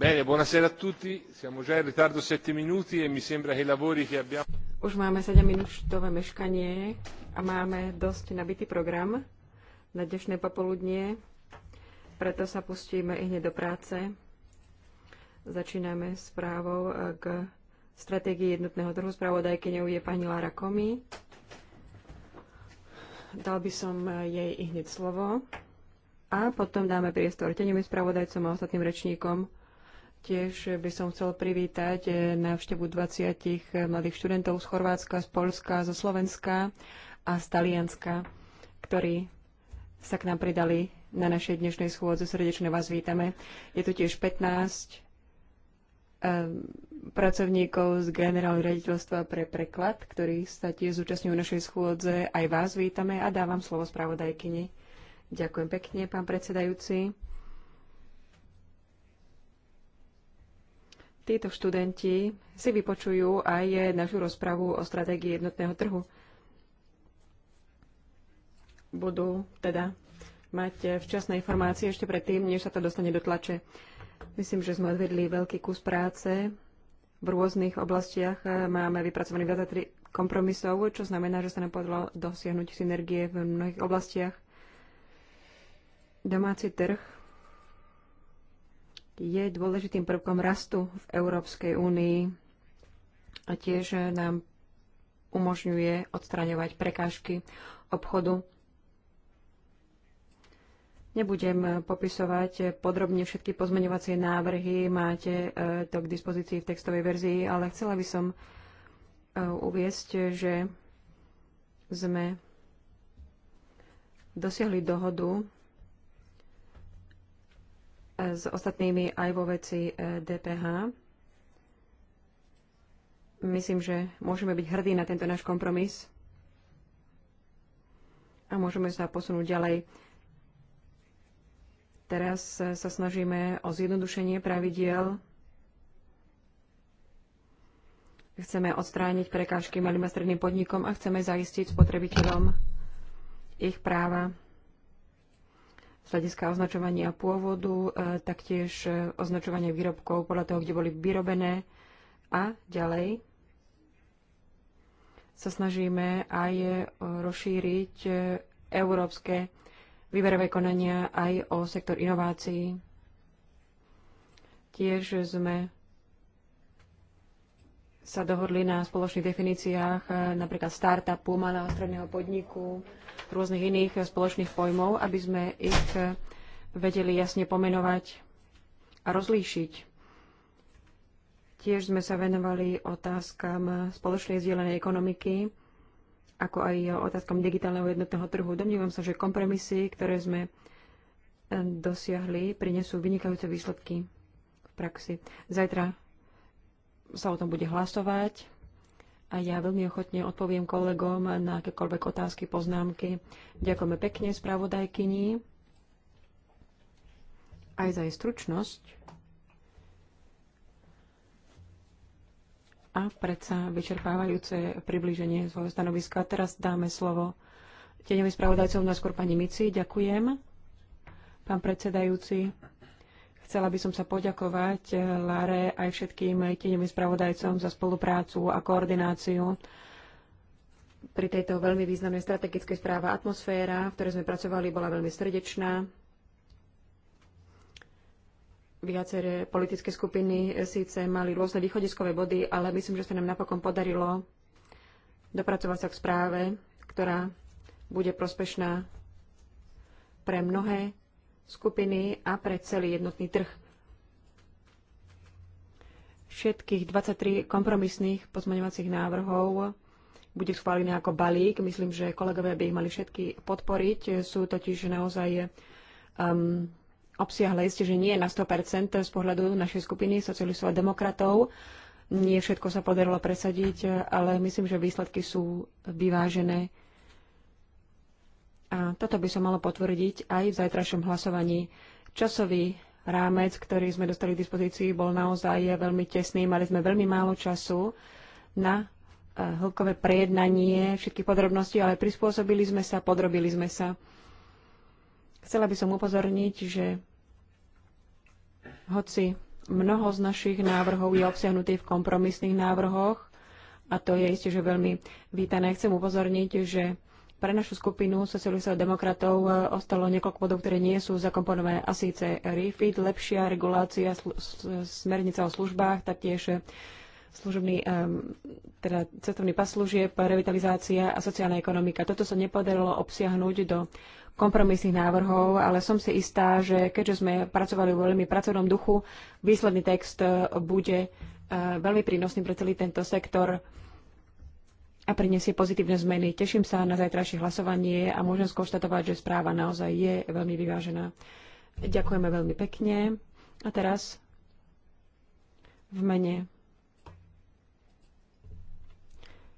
Bene, buonasera a tutti. Siamo già in ritardo 7 minuti e mi sembra che i lavori che abbiamo... Už máme 7-minútové meškanie a máme dosť nabitý program na dnešné popoludnie, preto sa pustíme i hneď do práce. Začíname s právou eh, k stratégii jednotného trhu. Spravodajkyňou je pani Lara Komi. Dal by som eh, jej i hneď slovo a potom dáme priestor tenevým spravodajcom a ostatným rečníkom Tiež by som chcel privítať eh, návštevu 20 eh, mladých študentov z Chorvátska, z Polska, zo Slovenska a z Talianska, ktorí sa k nám pridali na našej dnešnej schôdze. Srdečne vás vítame. Je tu tiež 15 eh, pracovníkov z generálneho raditeľstva pre preklad, ktorí sa tiež zúčastňujú našej schôdze. Aj vás vítame a dávam slovo spravodajkyni. Ďakujem pekne, pán predsedajúci. Títo študenti si vypočujú aj našu rozpravu o stratégii jednotného trhu. Budú teda mať včasné informácie ešte predtým, než sa to dostane do tlače. Myslím, že sme odvedli veľký kus práce. V rôznych oblastiach máme vypracovaný viac kompromisov, čo znamená, že sa nám podarilo dosiahnuť synergie v mnohých oblastiach. Domáci trh je dôležitým prvkom rastu v Európskej únii a tiež nám umožňuje odstraňovať prekážky obchodu. Nebudem popisovať podrobne všetky pozmeňovacie návrhy, máte e, to k dispozícii v textovej verzii, ale chcela by som e, uviesť, že sme dosiahli dohodu s ostatnými aj vo veci e, DPH. Myslím, že môžeme byť hrdí na tento náš kompromis a môžeme sa posunúť ďalej. Teraz sa snažíme o zjednodušenie pravidiel. Chceme odstrániť prekážky malým a stredným podnikom a chceme zaistiť spotrebiteľom ich práva z hľadiska označovania pôvodu, e, taktiež e, označovanie výrobkov podľa toho, kde boli vyrobené a ďalej sa snažíme aj e, rozšíriť európske výberové konania aj o sektor inovácií. Tiež sme sa dohodli na spoločných definíciách e, napríklad startupu, malého stredného podniku, rôznych iných e, spoločných pojmov, aby sme ich e, vedeli jasne pomenovať a rozlíšiť. Tiež sme sa venovali otázkam spoločnej zdieľanej ekonomiky, ako aj otázkam digitálneho jednotného trhu. Domnívam sa, že kompromisy, ktoré sme dosiahli, prinesú vynikajúce výsledky v praxi. Zajtra sa o tom bude hlasovať a ja veľmi ochotne odpoviem kolegom na akékoľvek otázky, poznámky. Ďakujeme pekne spravodajkyni aj za jej stručnosť. A predsa vyčerpávajúce približenie svojho stanoviska. Teraz dáme slovo tieňovým spravodajcom, najskôr pani Mici. Ďakujem. Pán predsedajúci, Chcela by som sa poďakovať eh, Lare aj všetkým tieňovým spravodajcom za spoluprácu a koordináciu pri tejto veľmi významnej strategickej správe atmosféra, v ktorej sme pracovali, bola veľmi srdečná. Viaceré politické skupiny eh, síce mali rôzne východiskové body, ale myslím, že sa nám napokon podarilo dopracovať sa k správe, ktorá bude prospešná pre mnohé skupiny a pre celý jednotný trh. Všetkých 23 kompromisných pozmeňovacích návrhov bude schválené ako balík. Myslím, že kolegovia by ich mali všetky podporiť. Sú totiž naozaj um, obsiahle, isté, že nie na 100% z pohľadu našej skupiny socialistov a demokratov. Nie všetko sa podarilo presadiť, ale myslím, že výsledky sú vyvážené. A toto by sa malo potvrdiť aj v zajtrajšom hlasovaní. Časový rámec, ktorý sme dostali k dispozícii, bol naozaj veľmi tesný. Mali sme veľmi málo času na e, hĺbkové prejednanie všetkých podrobností, ale prispôsobili sme sa, podrobili sme sa. Chcela by som upozorniť, že hoci mnoho z našich návrhov je obsiahnutých v kompromisných návrhoch, a to je isté, že veľmi vítané. Chcem upozorniť, že pre našu skupinu socialistov a demokratov e, ostalo niekoľko bodov, ktoré nie sú zakomponované a síce REFIT, lepšia regulácia, smernica o službách, taktiež e, služobný, e, teda cestovný pas služieb, revitalizácia a sociálna ekonomika. Toto sa nepodarilo obsiahnuť do kompromisných návrhov, ale som si istá, že keďže sme pracovali vo veľmi pracovnom duchu, výsledný text bude veľmi prínosný pre celý tento sektor a prinesie pozitívne zmeny. Teším sa na zajtrajšie hlasovanie a môžem skonštatovať, že správa naozaj je veľmi vyvážená. Ďakujeme veľmi pekne. A teraz v mene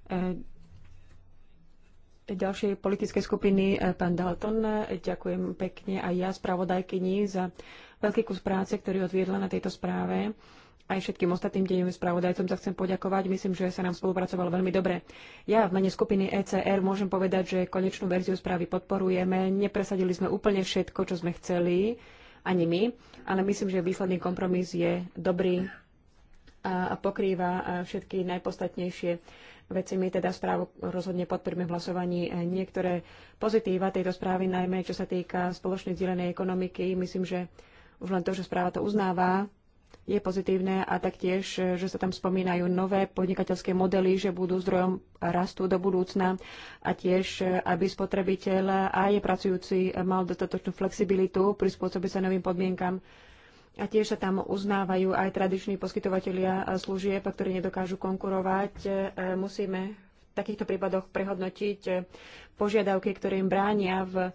eh, ďalšej politickej skupiny eh, pán Dalton. Ďakujem pekne aj ja spravodajkyni za veľký kus práce, ktorý odviedla na tejto správe aj všetkým ostatným deňovým spravodajcom sa chcem poďakovať. Myslím, že sa nám spolupracovalo veľmi dobre. Ja v mene skupiny ECR môžem povedať, že konečnú verziu správy podporujeme. Nepresadili sme úplne všetko, čo sme chceli, ani my, ale myslím, že výsledný kompromis je dobrý a pokrýva všetky najpodstatnejšie veci. My teda správu rozhodne podporíme v hlasovaní. E, niektoré pozitíva tejto správy, najmä čo sa týka spoločnej zdieľanej ekonomiky, myslím, že už len to, že správa to uznáva, je pozitívne a taktiež, že sa tam spomínajú nové podnikateľské modely, že budú zdrojom rastu do budúcna a tiež, aby spotrebiteľ a je pracujúci mal dostatočnú flexibilitu, prispôsobiť sa novým podmienkam. A tiež sa tam uznávajú aj tradiční poskytovateľia služieb, ktorí nedokážu konkurovať. Musíme v takýchto prípadoch prehodnotiť požiadavky, ktoré im bránia v eh,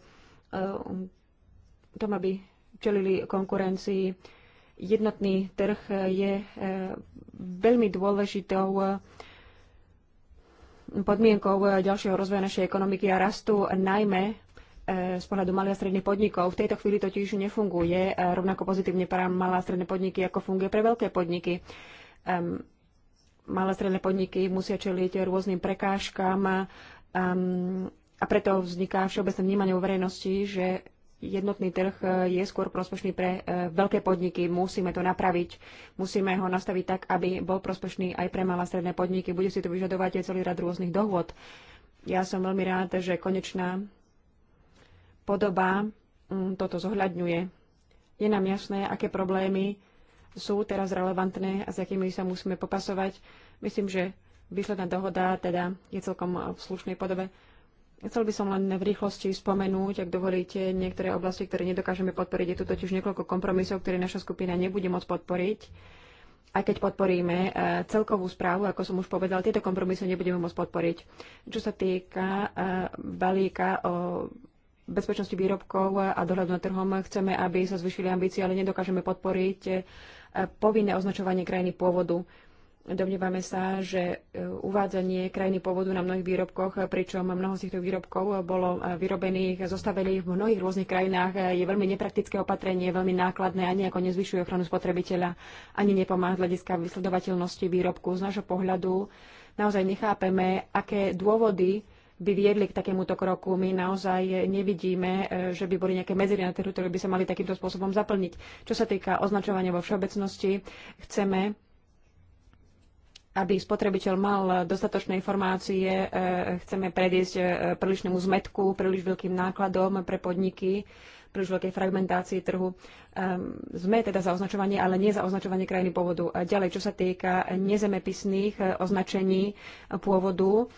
tom, aby čelili konkurencii Jednotný trh je e, veľmi dôležitou e, podmienkou e, ďalšieho rozvoja našej ekonomiky a rastu, najmä z pohľadu malých a stredných podnikov. V tejto chvíli totiž nefunguje rovnako pozitívne pre malé a stredné podniky, ako funguje pre veľké podniky. malé a stredné podniky musia čeliť rôznym prekážkam a preto vzniká všeobecné vnímanie u verejnosti, že jednotný trh e, je skôr prospešný pre e, veľké podniky. Musíme to napraviť, musíme ho nastaviť tak, aby bol prospešný aj pre malé stredné podniky. Bude si to vyžadovať aj celý rad rôznych dohôd. Ja som veľmi rád, že konečná podoba mm, toto zohľadňuje. Je nám jasné, aké problémy sú teraz relevantné a s akými sa musíme popasovať. Myslím, že výsledná dohoda teda je celkom v slušnej podobe. Chcel by som len v rýchlosti spomenúť, ak dovolíte, niektoré oblasti, ktoré nedokážeme podporiť. Je tu totiž niekoľko kompromisov, ktoré naša skupina nebude môcť podporiť. Aj keď podporíme e, celkovú správu, ako som už povedal, tieto kompromisy nebudeme môcť podporiť. Čo sa týka e, balíka o bezpečnosti výrobkov a dohľadu na trhom, chceme, aby sa zvyšili ambície, ale nedokážeme podporiť e, povinné označovanie krajiny pôvodu Domnievame sa, že e, uvádzanie krajiny pôvodu na mnohých výrobkoch, e, pričom mnoho z týchto výrobkov e, bolo vyrobených, zostavených v mnohých rôznych krajinách, je veľmi nepraktické opatrenie, veľmi nákladné a nejako nezvyšuje ochranu spotrebiteľa, ani nepomáha z hľadiska vysledovateľnosti výrobku. Z nášho pohľadu naozaj nechápeme, aké dôvody by viedli k takémuto kroku. My naozaj nevidíme, že by boli nejaké medzery na trhu, ktoré by sa mali takýmto spôsobom zaplniť. Čo sa týka označovania vo všeobecnosti, chceme aby spotrebiteľ mal dostatočné informácie, e, chceme predísť e, prílišnému zmetku, príliš veľkým nákladom pre podniky, príliš veľkej fragmentácii trhu. Ehm, sme teda za označovanie, ale nie za označovanie krajiny pôvodu. Ďalej, čo sa týka nezemepisných e, označení pôvodu,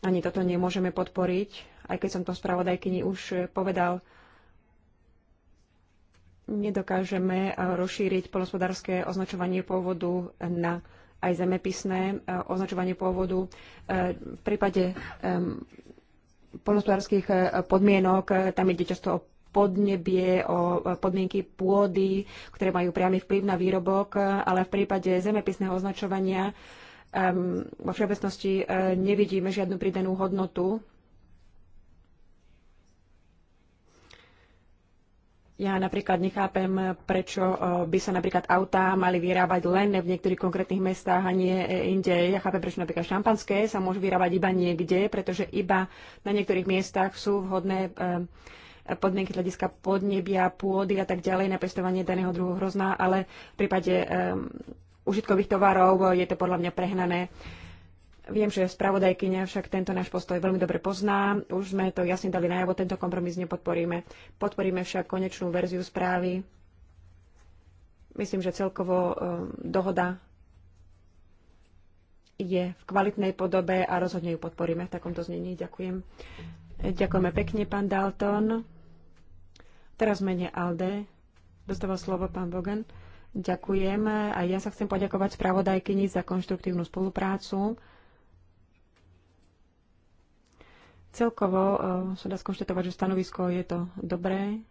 ani toto nemôžeme podporiť, aj keď som to spravodajkyni už povedal nedokážeme rozšíriť polospodárske označovanie pôvodu na aj zemepisné e, označovanie pôvodu. E, v prípade e, polnospodárských podmienok tam ide často o podnebie, o podmienky pôdy, ktoré majú priamy vplyv na výrobok, ale v prípade zemepisného označovania vo všeobecnosti nevidíme žiadnu pridanú hodnotu Ja napríklad nechápem, prečo eh, by sa napríklad autá mali vyrábať len v niektorých konkrétnych mestách a nie eh, inde. Ja chápem, prečo napríklad šampanské sa môžu vyrábať iba niekde, pretože iba na niektorých miestach sú vhodné eh, podmienky hľadiska podnebia, pôdy a tak ďalej na pestovanie daného druhu hrozná, ale v prípade užitkových tovarov je to podľa mňa prehnané. Viem, že spravodajkyňa však tento náš postoj veľmi dobre pozná. Už sme to jasne dali najavo, tento kompromis nepodporíme. Podporíme však konečnú verziu správy. Myslím, že celkovo um, dohoda je v kvalitnej podobe a rozhodne ju podporíme v takomto znení. Ďakujem. Ďakujeme pekne, pán Dalton. Teraz mene Alde. Dostáva slovo pán Bogan. Ďakujem. A ja sa chcem poďakovať spravodajkyni za konštruktívnu spoluprácu Celkovo uh, sa dá skonštatovať, že stanovisko je to dobré.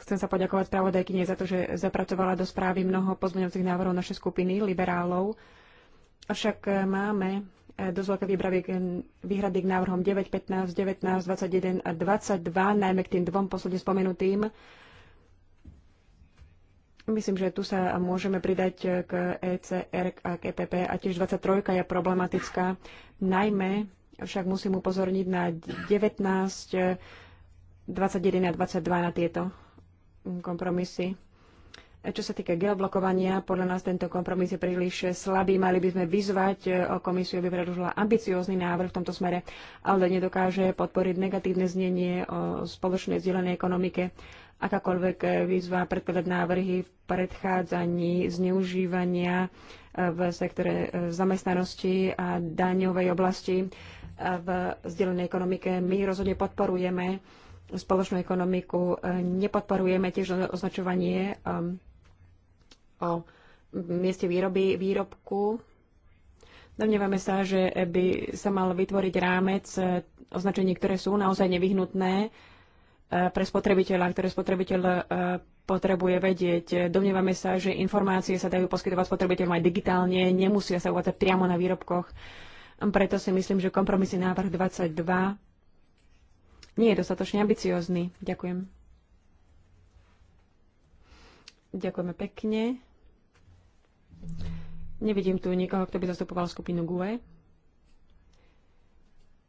Chcem sa poďakovať spravodajkyne za to, že zapracovala do správy mnoho pozmeňovacích návrhov našej skupiny liberálov. Avšak eh, máme eh, dosť veľké výhrady k návrhom 9, 15, 19, 21 a 22, najmä k tým dvom posledne spomenutým Myslím, že tu sa môžeme pridať k ECR a k EPP a tiež 23 je problematická. Najmä však musím upozorniť na 19, 21 a 22 na tieto kompromisy. Čo sa týka geoblokovania, podľa nás tento kompromis je príliš slabý. Mali by sme vyzvať eh, komisiu, aby predložila ambiciózny návrh v tomto smere, ale nedokáže podporiť negatívne znenie o spoločnej zdieľanej ekonomike akákoľvek eh, výzva predkladať návrhy v predchádzaní zneužívania eh, v sektore eh, zamestnanosti a daňovej oblasti v zdieľanej ekonomike. My rozhodne podporujeme spoločnú ekonomiku, nepodporujeme tiež označovanie ehm, o mieste výroby výrobku. Domnievame sa, že by sa mal vytvoriť rámec označení, ktoré sú naozaj nevyhnutné pre spotrebiteľa, ktoré spotrebiteľ e, potrebuje vedieť. Domnievame sa, že informácie sa dajú poskytovať spotrebiteľom aj digitálne, nemusia sa uvádzať priamo na výrobkoch. Preto si myslím, že kompromisný návrh 22 nie je dostatočne ambiciózny. Ďakujem. Ďakujeme pekne. Nevidím tu nikoho, kto by zastupoval skupinu GUE.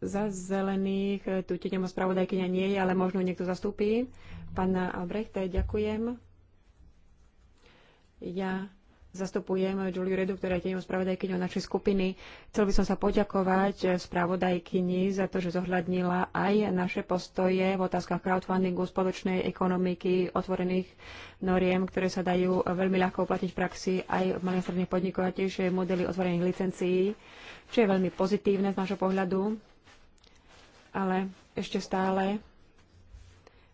Za zelených e, tu tieňom spravodajkyňa nie je, ale možno niekto zastúpi. Pán Albrecht, ďakujem. Ja zastupujem Juliu Redu, ktorá je tým spravodajkyňou našej skupiny. Chcel by som sa poďakovať spravodajkyni za to, že zohľadnila aj naše postoje v otázkach crowdfundingu, spoločnej ekonomiky, otvorených noriem, ktoré sa dajú veľmi ľahko uplatiť v praxi aj v malých stredných podnikoch a tiež modely otvorených licencií, čo je veľmi pozitívne z nášho pohľadu ale ešte stále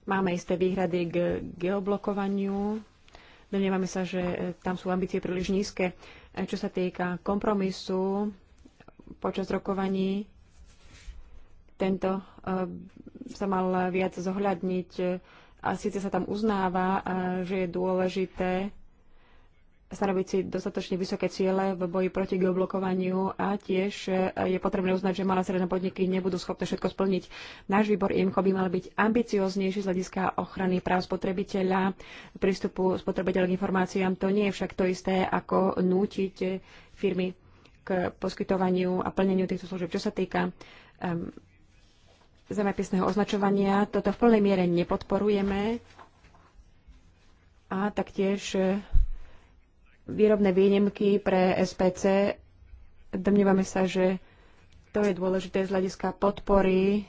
máme isté výhrady k geoblokovaniu. Domnievame sa, že e, tam sú ambície príliš nízke. E, čo sa týka kompromisu počas rokovaní, tento e, sa mal viac zohľadniť a síce sa tam uznáva, že je dôležité stanoviť si dostatočne vysoké ciele v boji proti geoblokovaniu a tiež e, je potrebné uznať, že malé stredné podniky nebudú schopné všetko splniť. Náš výbor IMCO by mal byť ambicioznejší z hľadiska ochrany práv spotrebiteľa, prístupu spotrebiteľa k informáciám. To nie je však to isté, ako nútiť firmy k poskytovaniu a plneniu týchto služieb. Čo sa týka um, zemepisného označovania, toto v plnej miere nepodporujeme a taktiež výrobné výnimky pre SPC. Domnievame sa, že to je dôležité z hľadiska podpory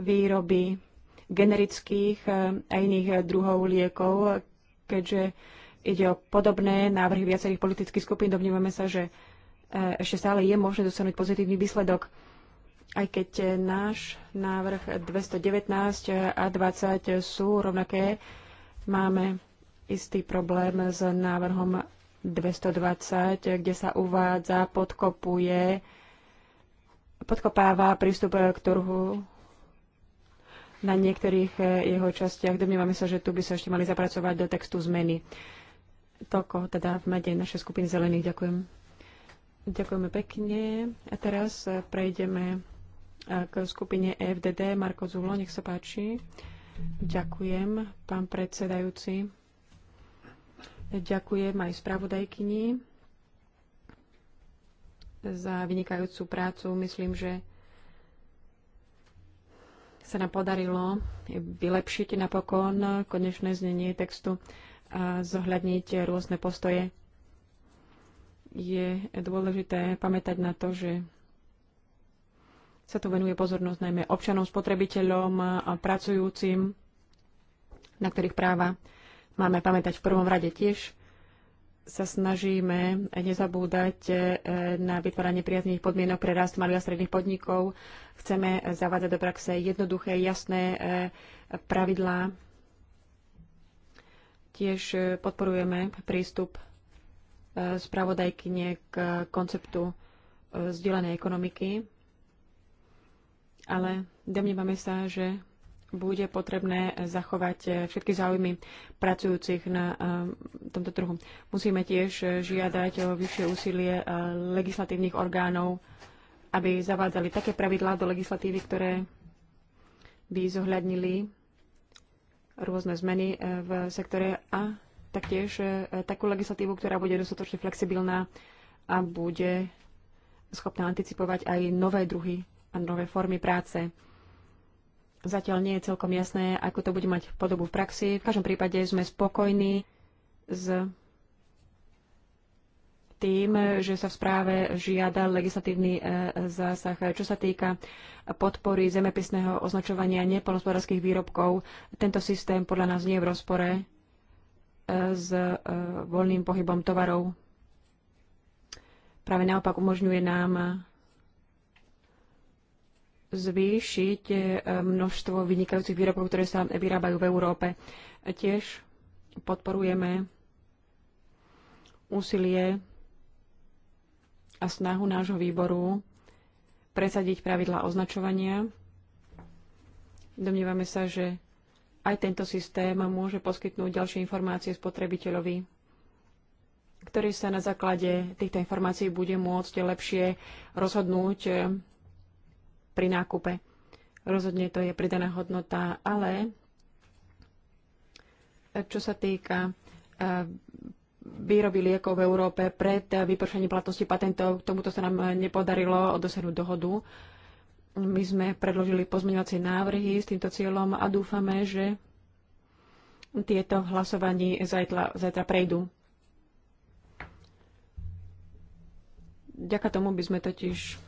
výroby generických eh, a iných eh, druhov liekov, keďže ide o podobné návrhy viacerých politických skupín. Domnívame sa, že eh, ešte stále je možné dosiahnuť pozitívny výsledok, aj keď náš návrh 219 a 20 sú rovnaké. Máme istý problém s návrhom 220, kde sa uvádza, podkopuje, podkopáva prístup k trhu na niektorých eh, jeho častiach. Domnívame sa, že tu by sa ešte mali zapracovať do textu zmeny. Toľko teda v mede našej skupiny zelených. Ďakujem. Ďakujeme pekne. A teraz eh, prejdeme eh, k skupine e FDD. Marko Zulo, nech sa páči. Ďakujem, pán predsedajúci. Ďakujem aj spravodajkyni za vynikajúcu prácu. Myslím, že sa nám podarilo vylepšiť napokon konečné znenie textu a zohľadniť rôzne postoje. Je dôležité pamätať na to, že sa tu venuje pozornosť najmä občanom, spotrebiteľom a pracujúcim, na ktorých práva máme pamätať v prvom rade tiež, sa snažíme nezabúdať e, na vytváranie priaznivých podmienok pre rast malých a stredných podnikov. Chceme zavádzať do praxe jednoduché, jasné e, pravidlá. Tiež e, podporujeme prístup spravodajkyne k konceptu zdieľanej ekonomiky, ale domnievame sa, že bude potrebné zachovať eh, všetky záujmy pracujúcich na eh, tomto trhu. Musíme tiež eh, žiadať o vyššie úsilie legislatívnych orgánov, aby zavádzali také pravidlá do legislatívy, ktoré by zohľadnili rôzne zmeny v sektore a taktiež takú legislatívu, ktorá bude dostatočne flexibilná a bude schopná anticipovať aj nové druhy a nové formy práce. Zatiaľ nie je celkom jasné, ako to bude mať podobu v praxi. V každom prípade sme spokojní s tým, že sa v správe žiada legislatívny e, zásah. Čo sa týka podpory zemepisného označovania nepolnospodárských výrobkov, tento systém podľa nás nie je v rozpore e, s e, voľným pohybom tovarov. Práve naopak umožňuje nám zvýšiť e, množstvo vynikajúcich výrobkov, ktoré sa vyrábajú v Európe. Tiež podporujeme úsilie a snahu nášho výboru presadiť pravidlá označovania. Domnievame sa, že aj tento systém môže poskytnúť ďalšie informácie spotrebiteľovi, ktorý sa na základe týchto informácií bude môcť lepšie rozhodnúť pri nákupe. Rozhodne to je pridaná hodnota, ale čo sa týka eh, výroby liekov v Európe pred vypršením platnosti patentov, tomuto sa nám nepodarilo dosiahnuť dohodu. My sme predložili pozmeňovacie návrhy s týmto cieľom a dúfame, že tieto v hlasovaní zajtra, zajtra prejdú. Ďaka tomu by sme totiž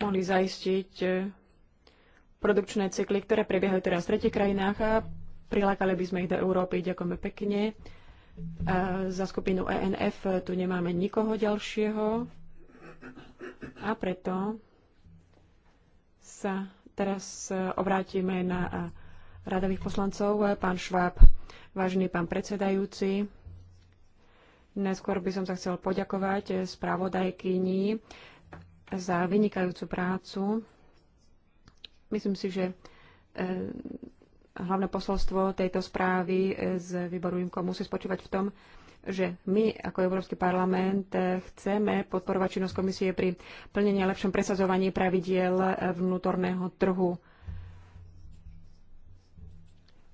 mohli zaistiť e, produkčné cykly, ktoré prebiehajú teraz v tretich krajinách a prilákali by sme ich do Európy. Ďakujeme pekne. A e, za skupinu ENF tu nemáme nikoho ďalšieho a preto sa teraz e, obrátime na radových poslancov. Pán Šváb, vážený pán predsedajúci, Neskôr by som sa chcel poďakovať spravodajkyni za vynikajúcu prácu. Myslím si, že e, hlavné posolstvo tejto správy e, z výboru IMCO musí spočívať v tom, že my ako Európsky parlament e, chceme podporovať činnosť komisie pri plnení a lepšom presazovaní pravidiel vnútorného trhu.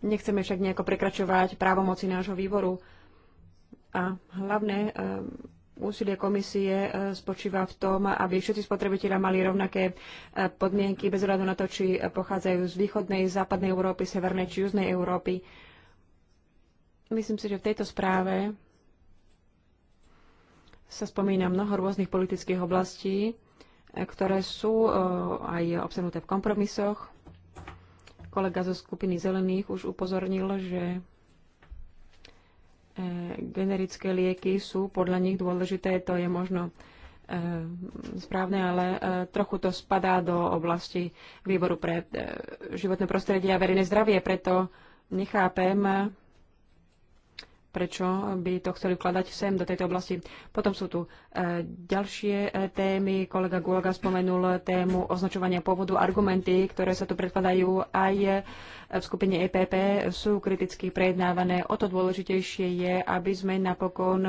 Nechceme však nejako prekračovať právomoci nášho výboru. A hlavné úsilie komisie e, spočíva v tom, aby všetci spotrebitelia mali rovnaké e, podmienky bez ohľadu na to, či e, pochádzajú z východnej, západnej Európy, severnej či južnej Európy. Myslím si, že v tejto správe sa spomína mnoho rôznych politických oblastí, ktoré sú aj obsahnuté v kompromisoch. Kolega zo skupiny zelených už upozornil, že E, generické lieky sú podľa nich dôležité, to je možno e, správne, ale e, trochu to spadá do oblasti výboru pre životné prostredie a verejné zdravie, preto nechápem, prečo by to chceli vkladať sem do tejto oblasti. Potom sú tu e, ďalšie e, témy. Kolega Gulaga spomenul tému označovania pôvodu. Argumenty, ktoré sa tu predkladajú aj e, v skupine EPP, sú kriticky prejednávané. O to dôležitejšie je, aby sme napokon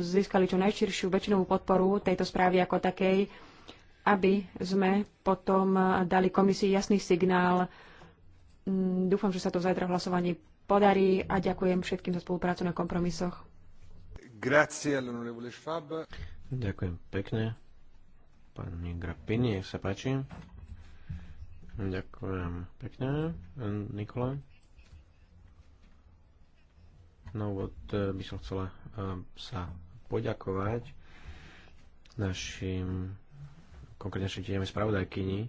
získali čo najširšiu väčšinovú podporu tejto správy ako takej, aby sme potom dali komisii jasný signál. Mm, dúfam, že sa to zajtra v hlasovaní podarí a ďakujem všetkým za spoluprácu na kompromisoch. Ďakujem pekne. Pani Grappini, nech sa páči. Ďakujem pekne, Nikola. no, vod eh, by som chcela eh, sa poďakovať našim konkrétne našej spravodajkyni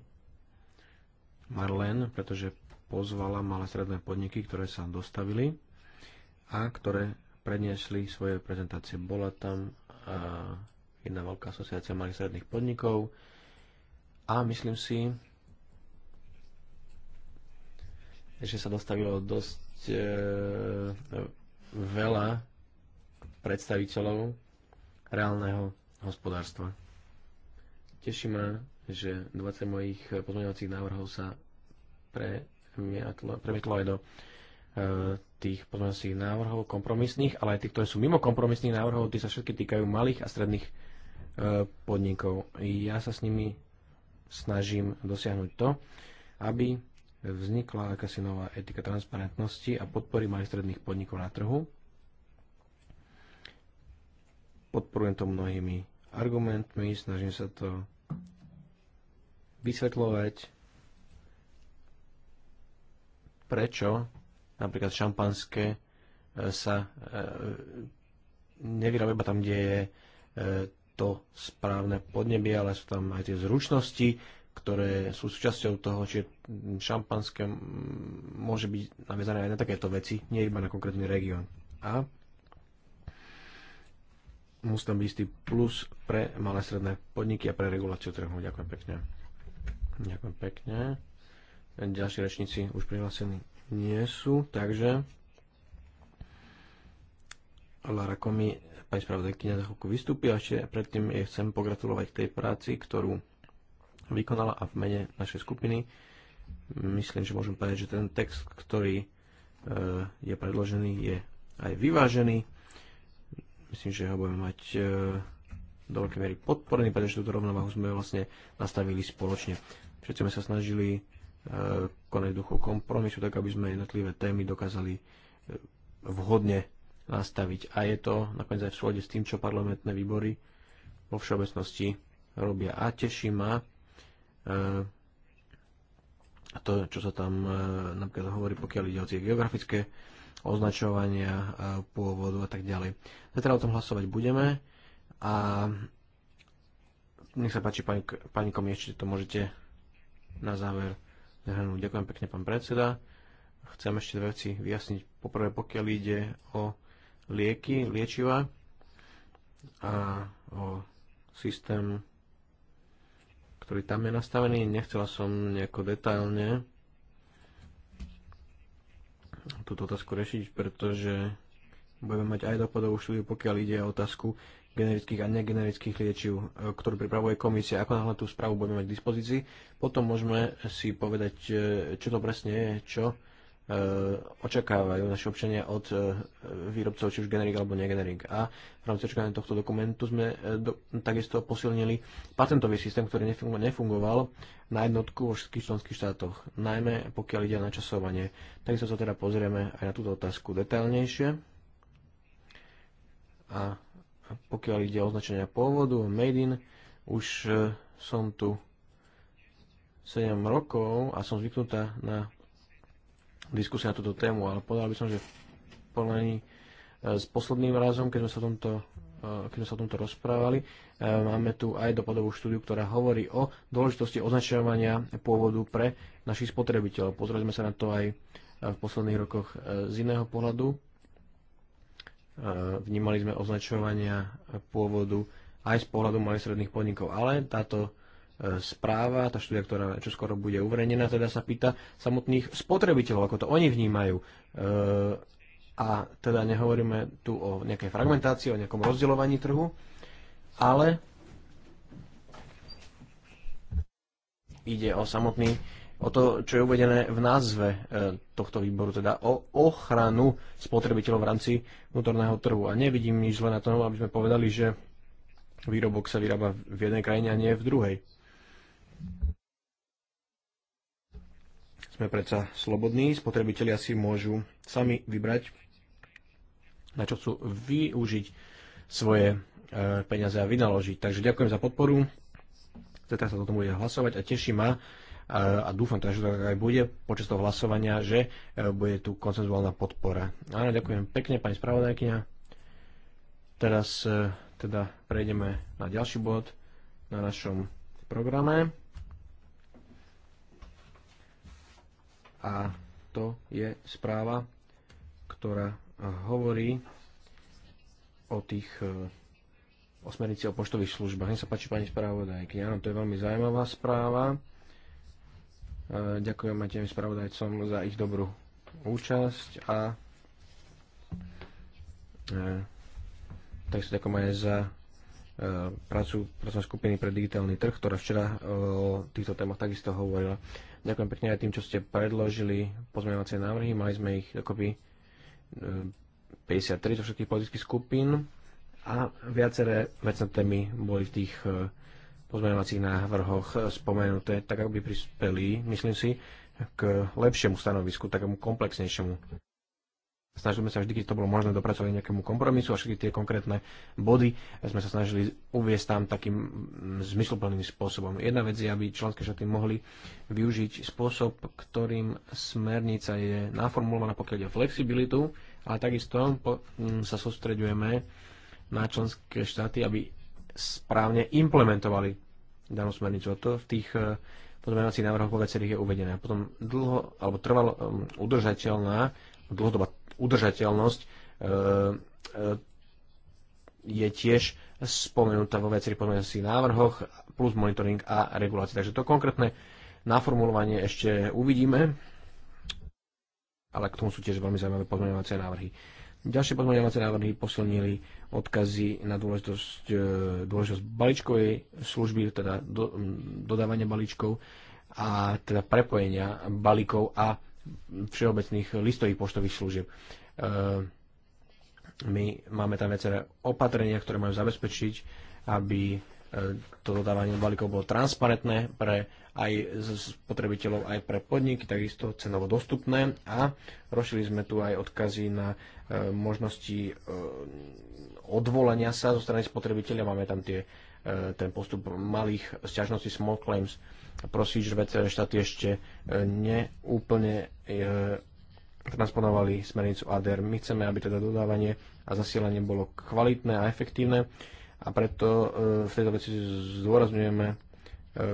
Marlen, pretože pozvala malé stredné podniky, ktoré sa dostavili a ktoré predniesli svoje prezentácie. Bola tam jedna veľká asociácia malých stredných podnikov a myslím si, že sa dostavilo dosť e, veľa predstaviteľov reálneho hospodárstva. Teší ma, že 20 mojich pozmeňovacích návrhov sa pre premietlo aj do e, tých pozmeňovacích návrhov kompromisných, ale aj tých, ktoré sú mimo kompromisných návrhov, tie sa všetky týkajú malých a stredných e, podnikov. Ja sa s nimi snažím dosiahnuť to, aby vznikla akási nová etika transparentnosti a podpory malých stredných podnikov na trhu. Podporujem to mnohými argumentmi, snažím sa to vysvetľovať prečo napríklad šampanské e, sa e, nevyrába iba tam, kde je e, to správne podnebie, ale sú tam aj tie zručnosti, ktoré sú súčasťou toho, čiže šampanské môže byť naviazané aj na takéto veci, nie iba na konkrétny región. A musí tam byť istý plus pre malé stredné podniky a pre reguláciu trhu. Ďakujem pekne. Ďakujem pekne. Ďalší rečníci už prihlásení nie sú, takže Lara Komi, pani spravodajkyňa, za chvíľku vystúpi a ešte predtým jej chcem pogratulovať k tej práci, ktorú vykonala a v mene našej skupiny myslím, že môžem povedať, že ten text, ktorý e, je predložený, je aj vyvážený. Myslím, že ho budeme mať e, do veľkej miery podporený, pretože túto rovnováhu sme vlastne nastavili spoločne. Všetci sme sa snažili konať duchu kompromisu, tak aby sme jednotlivé témy dokázali e, vhodne nastaviť. A je to nakoniec aj v súlade s tým, čo parlamentné výbory vo všeobecnosti robia. A teší ma e, to, čo sa tam e, napríklad hovorí, pokiaľ ide o tie geografické označovania pôvodu a tak ďalej. Zatiaľ o tom hlasovať budeme a nech sa páči, pani, pani Komi, ešte to môžete na záver Ďakujem pekne, pán predseda. Chcem ešte dve veci vyjasniť. Poprvé, pokiaľ ide o lieky, liečiva a o systém, ktorý tam je nastavený. Nechcela som nejako detailne túto otázku riešiť, pretože budeme mať aj dopadovú štúdiu, pokiaľ ide o otázku generických a negenerických liečiv, e, ktorú pripravuje komisia. Ako náhle tú správu budeme mať k dispozícii, potom môžeme si povedať, e, čo to presne je, čo e, očakávajú naši občania od výrobcov, či už generik alebo negenerik. A v rámci očakávania tohto dokumentu sme do, takisto posilnili patentový systém, ktorý nefungoval, nefungoval na jednotku vo všetkých členských štátoch, najmä pokiaľ ide o načasovanie. Takisto sa teda pozrieme aj na túto otázku detailnejšie. A pokiaľ ide o označenia pôvodu, made in, už e, som tu 7 rokov a som zvyknutá na diskusie na túto tému, ale povedal by som, že v porovnaní e, s posledným razom, keď sme sa o tomto e, keď sme sa o tomto rozprávali. Máme tu aj dopadovú štúdiu, ktorá hovorí o dôležitosti označovania pôvodu pre našich spotrebiteľov. Pozreli sme sa na to aj v posledných rokoch z iného pohľadu. Eh, vnímali sme označovania pôvodu aj z pohľadu malých stredných podnikov. Ale táto eh, správa, tá štúdia, ktorá čo skoro bude uverejnená, teda sa pýta samotných spotrebiteľov, ako to oni vnímajú. Eh, a teda nehovoríme tu o nejakej fragmentácii, o nejakom rozdeľovaní trhu, ale ide o samotný o to, čo je uvedené v názve e, tohto výboru, teda o ochranu spotrebiteľov v rámci vnútorného trhu. A nevidím nič len na tom, aby sme povedali, že výrobok sa vyrába v jednej krajine a nie v druhej. Sme predsa slobodní, spotrebitelia si môžu sami vybrať, na čo chcú využiť svoje e, peniaze a vynaložiť. Takže ďakujem za podporu. Teraz sa o tom bude hlasovať a teší ma, a dúfam teda, že to tak aj bude počas toho hlasovania, že e, bude tu koncenzuálna podpora. Áno, ďakujem pekne, pani spravodajkyňa. Teraz e, teda prejdeme na ďalší bod na našom programe. A to je správa, ktorá e, hovorí o tých o smernici o poštových službách. Nech sa páči pani správodajky. Áno, to je veľmi zaujímavá správa. E, ďakujem aj tým spravodajcom za ich dobrú účasť a e, tak ďakujem aj za e, prácu pracovnej skupiny pre digitálny trh, ktorá včera o týchto témach takisto hovorila. Ďakujem pekne aj tým, čo ste predložili pozmeňovacie návrhy. Mali sme ich dokopy 53 zo všetkých politických skupín a viaceré vecné témy boli v tých pozmeňovacích návrhoch spomenuté, tak aby prispeli, myslím si, k lepšiemu stanovisku, takému komplexnejšiemu. Snažíme sa vždy, keď to bolo možné, dopracovať nejakému kompromisu a všetky tie konkrétne body sme sa snažili uviesť tam takým zmysluplným spôsobom. Jedna vec je, aby členské štáty mohli využiť spôsob, ktorým smernica je naformulovaná, pokiaľ ide flexibilitu, ale takisto sa sústreďujeme na členské štáty, aby správne implementovali danú smernicu. A to v tých eh, pozmeňovacích návrhoch vo viacerých je uvedené. A potom dlho, alebo trvalo eh, udržateľná, dlhodobá udržateľnosť e, je tiež spomenutá vo viacerých pozmeňovacích návrhoch plus monitoring a regulácia. Takže to konkrétne naformulovanie ešte uvidíme, ale k tomu sú tiež veľmi zaujímavé pozmeňovacie návrhy. Ďalšie pozmeňovacie návrhy posilnili odkazy na dôležitosť, e, dôležitosť balíčkovej služby, teda do, dodávania balíčkov a teda prepojenia balíkov a všeobecných listových poštových služieb. E, my máme tam viaceré opatrenia, ktoré majú zabezpečiť, aby e, to dodávanie balíkov bolo transparentné pre aj spotrebiteľov, aj pre podniky, takisto cenovo dostupné a rozšili sme tu aj odkazy na možnosti odvolania sa zo strany spotrebiteľa. Máme tam tie, e, ten postup malých sťažností small claims procedure, veď e, štáty ešte e, neúplne transponovali smernicu ADR. My chceme, aby teda dodávanie a zasielanie bolo kvalitné a efektívne a preto v tejto veci zdôrazňujeme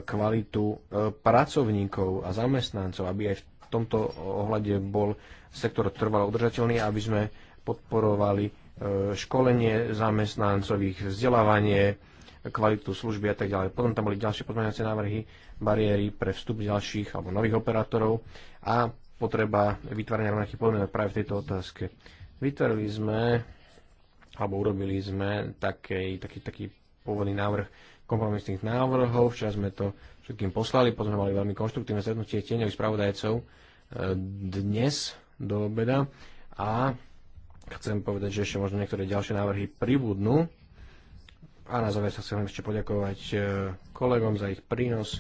kvalitu pracovníkov a zamestnancov, aby aj v tomto ohľade bol sektor trvalo udržateľný, aby sme podporovali školenie zamestnancových, vzdelávanie, kvalitu služby a tak ďalej. Potom tam boli ďalšie pozmeňovacie návrhy, bariéry pre vstup ďalších alebo nových operátorov a potreba vytvárania rovnakých podmienok práve v tejto otázke. Vytvorili sme alebo urobili sme taký, taký, taký pôvodný návrh kompromisných návrhov. Včera sme to všetkým poslali, potom sme mali veľmi konštruktívne stretnutie tieňových spravodajcov eh, dnes do obeda a Chcem povedať, že ešte možno niektoré ďalšie návrhy pribudnú. A na záver sa chcem ešte poďakovať e, kolegom za ich prínos,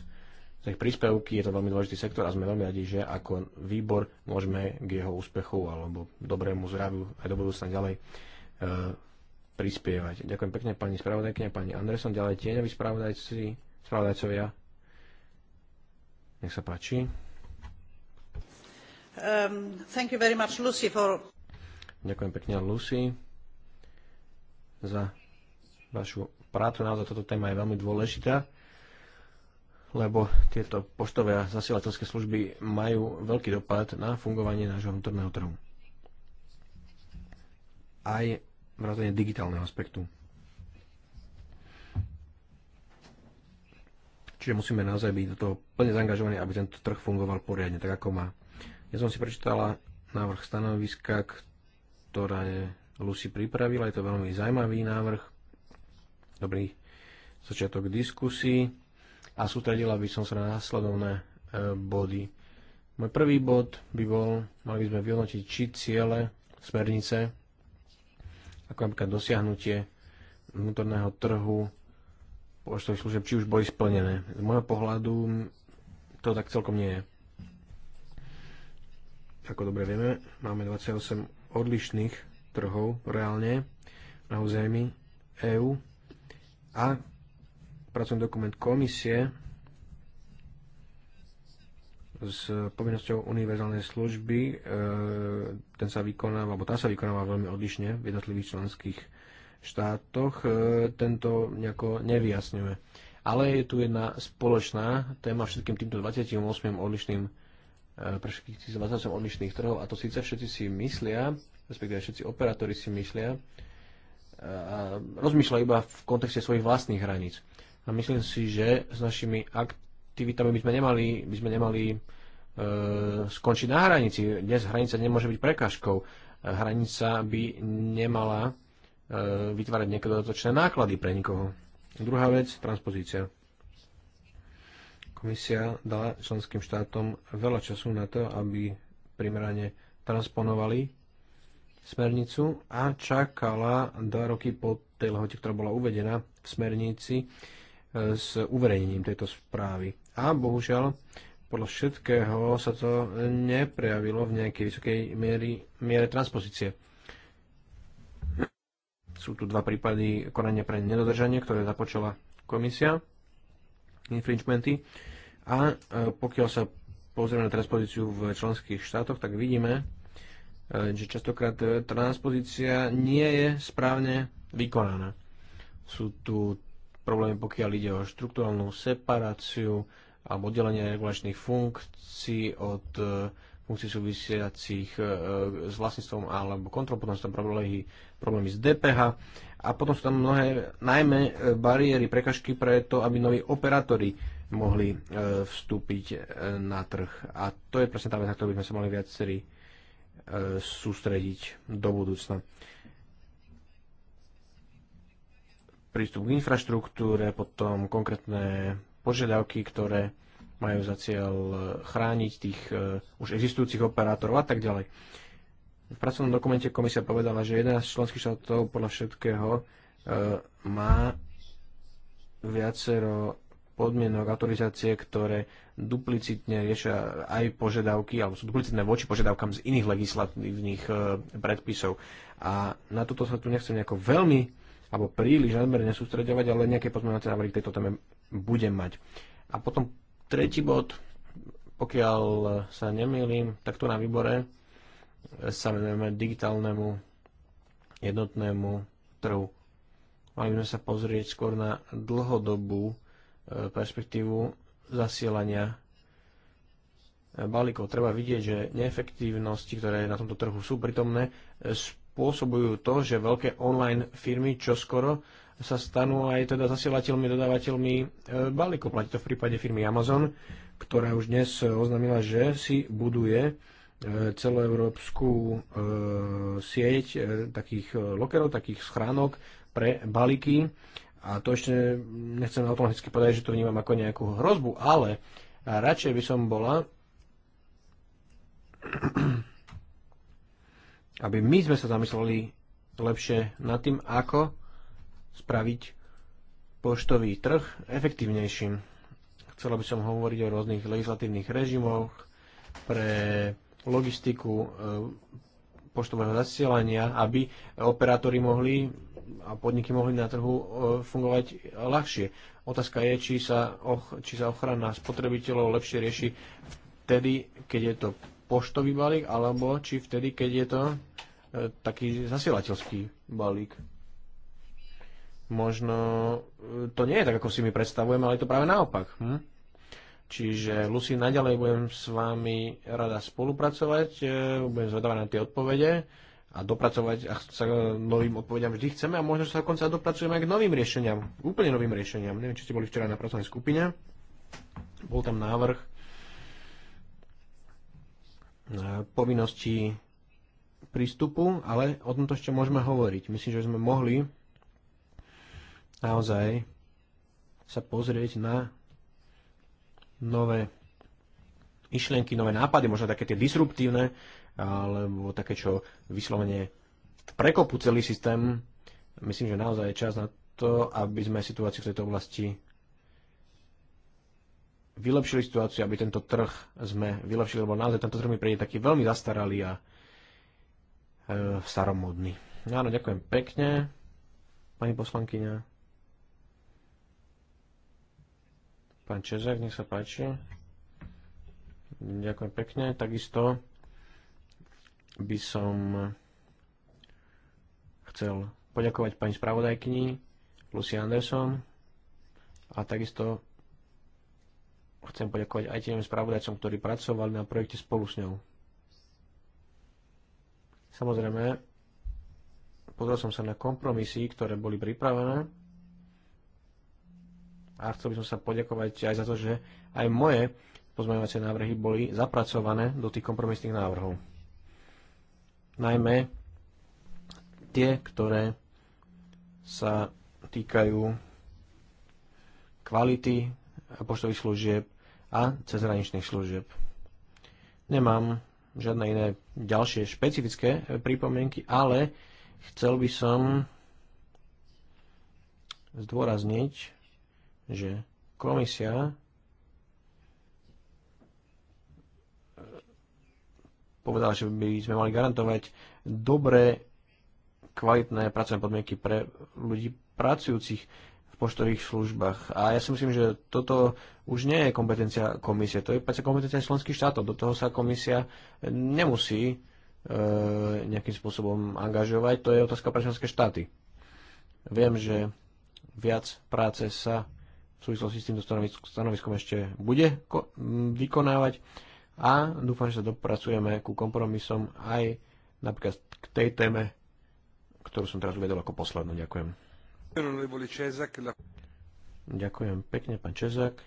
za ich príspevky. Je to veľmi dôležitý sektor a sme veľmi radi, že ako výbor môžeme k jeho úspechu alebo dobrému zdraviu aj do budúcna ďalej e, prispievať. Ďakujem pekne pani spravodajkyne, pani Anderson, ďalej tieňoví spravodajci, spravodajcovia. Nech sa páči. Um, thank you very much, Lucy, for... Ďakujem pekne Lucy za vašu prácu. Naozaj toto téma je veľmi dôležitá, lebo tieto poštové a zasielateľské služby majú veľký dopad na fungovanie nášho vnútorného trhu. Aj vrátane digitálneho aspektu. Čiže musíme naozaj byť do toho plne zaangažovaní, aby tento trh fungoval poriadne, tak ako má. Ja som si prečítala návrh stanoviska k ktoré Lucy pripravila. Je to veľmi zaujímavý návrh, dobrý začiatok diskusí a sústredila by som sa na následovné e, body. Môj prvý bod by bol, mali by sme vyhodnotiť, či ciele smernice, ako napríklad dosiahnutie vnútorného trhu poštových služieb, či už boli splnené. Z môjho pohľadu to tak celkom nie je. Ako dobre vieme, máme 28 odlišných trhov reálne na území EÚ a pracovný dokument komisie s povinnosťou univerzálnej služby, e, ten sa vykonáva, alebo tá sa vykonáva veľmi odlišne v jednotlivých členských štátoch, e, tento nejako nevyjasňuje. Ale je tu jedna spoločná téma všetkým týmto 28 odlišným Eh, pre všetkých tých zmazávcom odlišných trhov a to síce všetci si myslia, respektíve všetci operátori si myslia eh, a rozmýšľajú iba v kontexte svojich vlastných hraníc. A myslím si, že s našimi aktivitami by sme nemali, by sme nemali e, skončiť na hranici. Dnes hranica nemôže byť prekážkou. Hranica by nemala e, vytvárať nejaké dodatočné náklady pre nikoho. Druhá vec, transpozícia. Komisia dala členským štátom veľa času na to, aby primerane transponovali smernicu a čakala dva roky po tej lehote, ktorá bola uvedená v smernici e, s uverejnením tejto správy. A bohužiaľ, podľa všetkého sa to neprejavilo v nejakej vysokej miery, miere transpozície. Sú tu dva prípady konania pre nedodržanie, ktoré započala komisia infringementy. A e, pokiaľ sa pozrieme na transpozíciu v členských štátoch, tak vidíme, e, že častokrát e, transpozícia nie je správne vykonaná. Sú tu problémy, pokiaľ ide o štruktúralnú separáciu alebo oddelenie regulačných funkcií od funkcií súvisiacich s vlastníctvom alebo kontrolou, potom sú tam problémy, problémy s DPH a potom sú tam mnohé, najmä e, bariéry, prekažky pre to, aby noví operátori mohli e, vstúpiť e, na trh. A to je presne tá vec, na ktorú by sme sa mali viacerí sústrediť do budúcna. Prístup k infraštruktúre, potom konkrétne požiadavky, ktoré majú za cieľ chrániť tých už existujúcich operátorov a tak ďalej. V pracovnom dokumente komisia povedala, že 11 členských štátov podľa všetkého e, má viacero podmienok autorizácie, ktoré duplicitne riešia aj požiadavky, alebo sú duplicitné voči požiadavkám z iných legislatívnych e, predpisov. A na toto sa tu nechcem nejako veľmi alebo príliš nadmerne sústredovať, ale nejaké pozmeňovacie návrhy k tejto téme budem mať. A potom tretí bod, pokiaľ sa nemýlim, tak tu na výbore sa venujeme digitálnemu jednotnému trhu. Mali by sme sa pozrieť skôr na dlhodobú e, perspektívu zasielania e, balíkov. Treba vidieť, že neefektívnosti, ktoré na tomto trhu sú pritomné, e, spôsobujú to, že veľké online firmy čoskoro sa stanú aj teda zasielateľmi, dodávateľmi balíkov. Platí to v prípade firmy Amazon, ktorá už dnes oznámila, že si buduje E, celoeurópsku e, sieť e, takých lokerov, takých schránok pre balíky. A to ešte nechcem automaticky povedať, že to vnímam ako nejakú hrozbu, ale radšej by som bola, aby my sme sa zamysleli lepšie nad tým, ako spraviť poštový trh efektívnejším. Chcela by som hovoriť o rôznych legislatívnych režimoch pre logistiku e, poštového zasielania, aby operátori mohli a podniky mohli na trhu e, fungovať ľahšie. Otázka je, či sa, och, či sa ochrana spotrebiteľov lepšie rieši vtedy, keď je to poštový balík, alebo či vtedy, keď je to e, taký zasielateľský balík. Možno to nie je tak, ako si my predstavujeme, ale je to práve naopak. Hm? Čiže, Lucy, naďalej budem s vami rada spolupracovať, e, budem zvedavá na tie odpovede a dopracovať a sa novým odpovediam vždy chceme a možno sa dokonca dopracujeme aj k novým riešeniam, úplne novým riešeniam. Neviem, či ste boli včera na pracovnej skupine, bol tam návrh povinnosti prístupu, ale o tomto ešte môžeme hovoriť. Myslím, že sme mohli naozaj sa pozrieť na nové myšlienky, nové nápady, možno také tie disruptívne, alebo také, čo vyslovene prekopú celý systém. Myslím, že naozaj je čas na to, aby sme situáciu v tejto oblasti vylepšili situáciu, aby tento trh sme vylepšili, lebo naozaj tento trh mi príde taký veľmi zastaralý a e, staromodný. Áno, ďakujem pekne, pani poslankyňa. Pán Čezak, nech sa páči. Ďakujem pekne. Takisto by som chcel poďakovať pani spravodajkyni Lucy Anderson a takisto chcem poďakovať aj tým spravodajcom, ktorí pracovali na projekte spolu s ňou. Samozrejme, pozrel som sa na kompromisy, ktoré boli pripravené a chcel by som sa poďakovať aj za to, že aj moje pozmeňovacie návrhy boli zapracované do tých kompromisných návrhov. Najmä tie, ktoré sa týkajú kvality poštových služieb a cezhraničných služieb. Nemám žiadne iné ďalšie špecifické pripomienky, ale chcel by som zdôrazniť, že komisia povedala, že by sme mali garantovať dobré, kvalitné pracovné podmienky pre ľudí pracujúcich v poštových službách. A ja si myslím, že toto už nie je kompetencia komisie, to je kompetencia členských štátov. Do toho sa komisia nemusí e, nejakým spôsobom angažovať. To je otázka pre členské štáty. Viem, že viac práce sa v súvislosti s týmto stanoviskom ešte bude vykonávať a dúfam, že sa dopracujeme ku kompromisom aj napríklad k tej téme, ktorú som teraz uvedol ako poslednú. Ďakujem. Ďakujem pekne, pán Čezak.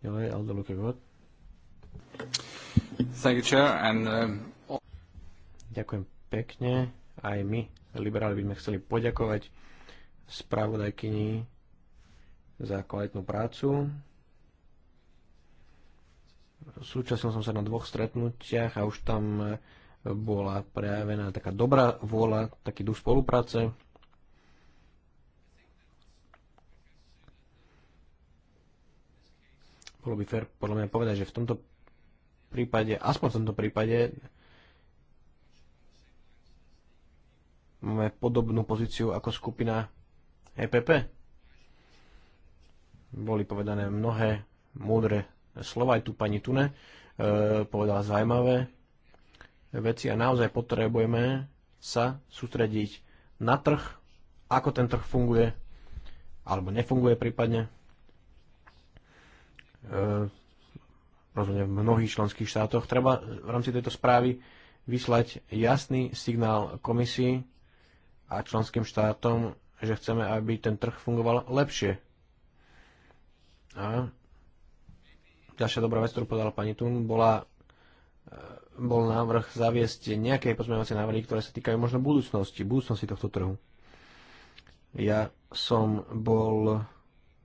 Ďalej, Aldo uh, Ďakujem pekne. Aj my, liberáli, by sme chceli poďakovať spravodajkyni za kvalitnú prácu. Súčasnil som sa na dvoch stretnutiach a už tam bola prejavená taká dobrá vôľa, taký duch spolupráce. Bolo by fér podľa mňa povedať, že v tomto prípade, aspoň v tomto prípade, máme podobnú pozíciu ako skupina EPP. Boli povedané mnohé múdre slova, aj tu pani Tune e, povedala zaujímavé veci a naozaj potrebujeme sa sústrediť na trh, ako ten trh funguje, alebo nefunguje prípadne. E, rozhodne v mnohých členských štátoch treba v rámci tejto správy vyslať jasný signál komisii a členským štátom, že chceme, aby ten trh fungoval lepšie. A ďalšia dobrá vec, ktorú podala pani Tun, bola, e, bol návrh zaviesť nejaké pozmeňovacie návrhy, ktoré sa týkajú možno budúcnosti, budúcnosti tohto trhu. Ja som bol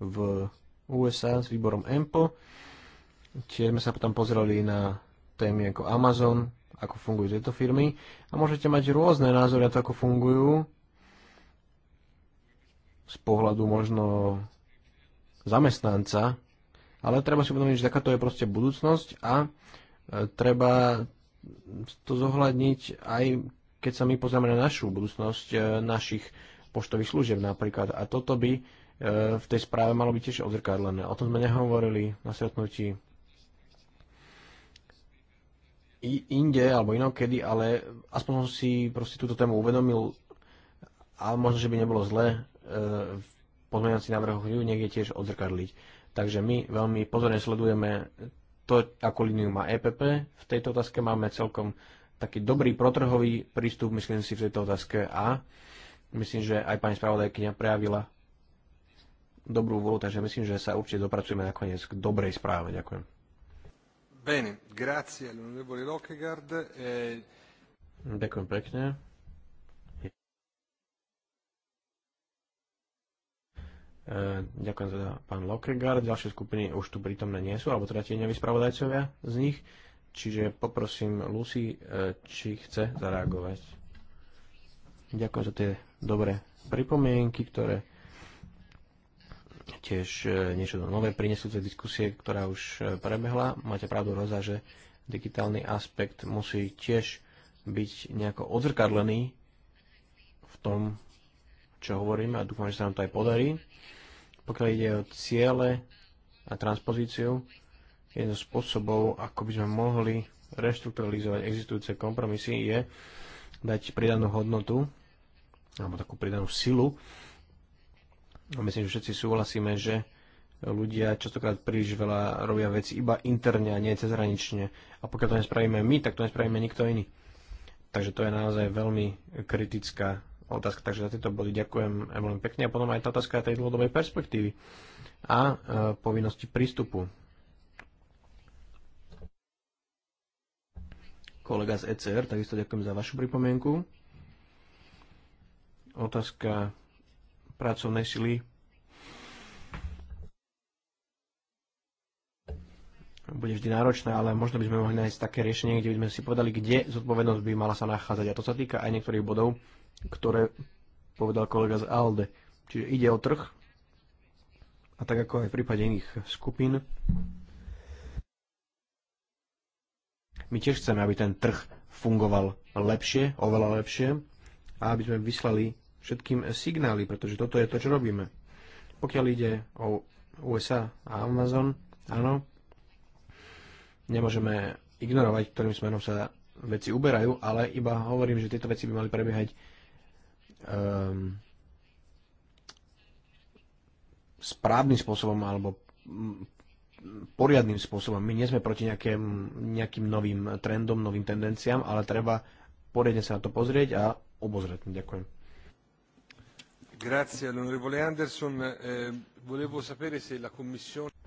v USA s výborom EMPO, tiež sme sa potom pozreli na témy ako Amazon, ako fungujú tieto firmy a môžete mať rôzne názory na to, ako fungujú z pohľadu možno zamestnanca, ale treba si uvedomiť, že takáto je proste budúcnosť a e, treba to zohľadniť aj keď sa my pozrieme na našu budúcnosť e, našich poštových služieb napríklad. A toto by e, v tej správe malo byť tiež odzrkadlené. O tom sme nehovorili na stretnutí inde alebo inokedy, ale aspoň som si proste túto tému uvedomil a možno, že by nebolo zle pozmeňovací návrh ju niekde tiež odzrkadliť. Takže my veľmi pozorne sledujeme to, ako líniu má EPP. V tejto otázke máme celkom taký dobrý protrhový prístup, myslím si, v tejto otázke a myslím, že aj pani spravodajkyňa prejavila dobrú vôľu, takže myslím, že sa určite dopracujeme nakoniec k dobrej správe. Ďakujem. Bene, grazie all'onorevole e- Ďakujem pekne. E, ďakujem teda pán Lokregard, ďalšie skupiny už tu prítomné nie sú, alebo teda tieňoví spravodajcovia z nich, čiže poprosím Lucy, e, či chce zareagovať. Ďakujem za tie dobré pripomienky, ktoré tiež e, niečo nové prinesú z diskusie, ktorá už prebehla. Máte pravdu, Roza, že digitálny aspekt musí tiež byť nejako odzrkadlený v tom, čo hovoríme a dúfam, že sa nám to aj podarí. Pokiaľ ide o ciele a transpozíciu, jeden zo spôsobov, ako by sme mohli reštrukturalizovať existujúce kompromisy, je dať pridanú hodnotu alebo takú pridanú silu. A myslím, že všetci súhlasíme, že ľudia častokrát príliš veľa robia veci iba interne a nie cezhranične. A pokiaľ to nespravíme my, tak to nespravíme nikto iný. Takže to je naozaj veľmi kritická otázka. Takže za tieto body ďakujem veľmi pekne. A potom aj tá otázka tej dlhodobej perspektívy a e, povinnosti prístupu. Kolega z ECR, takisto ďakujem za vašu pripomienku. Otázka pracovnej sily bude vždy náročné, ale možno by sme mohli nájsť také riešenie, kde by sme si povedali, kde zodpovednosť by mala sa nachádzať. A to sa týka aj niektorých bodov, ktoré povedal kolega z ALDE. Čiže ide o trh a tak ako aj v prípade iných skupín. My tiež chceme, aby ten trh fungoval lepšie, oveľa lepšie a aby sme vyslali všetkým signály, pretože toto je to, čo robíme. Pokiaľ ide o USA a Amazon, áno, nemôžeme ignorovať, ktorým smerom sa veci uberajú, ale iba hovorím, že tieto veci by mali prebiehať um, správnym spôsobom alebo mm, poriadným spôsobom. My nie sme proti nejakým, nejakým novým trendom, novým tendenciám, ale treba poriadne sa na to pozrieť a obozrieť. Ďakujem. Grazie, onorevole Anderson. Eh, volevo sapere se la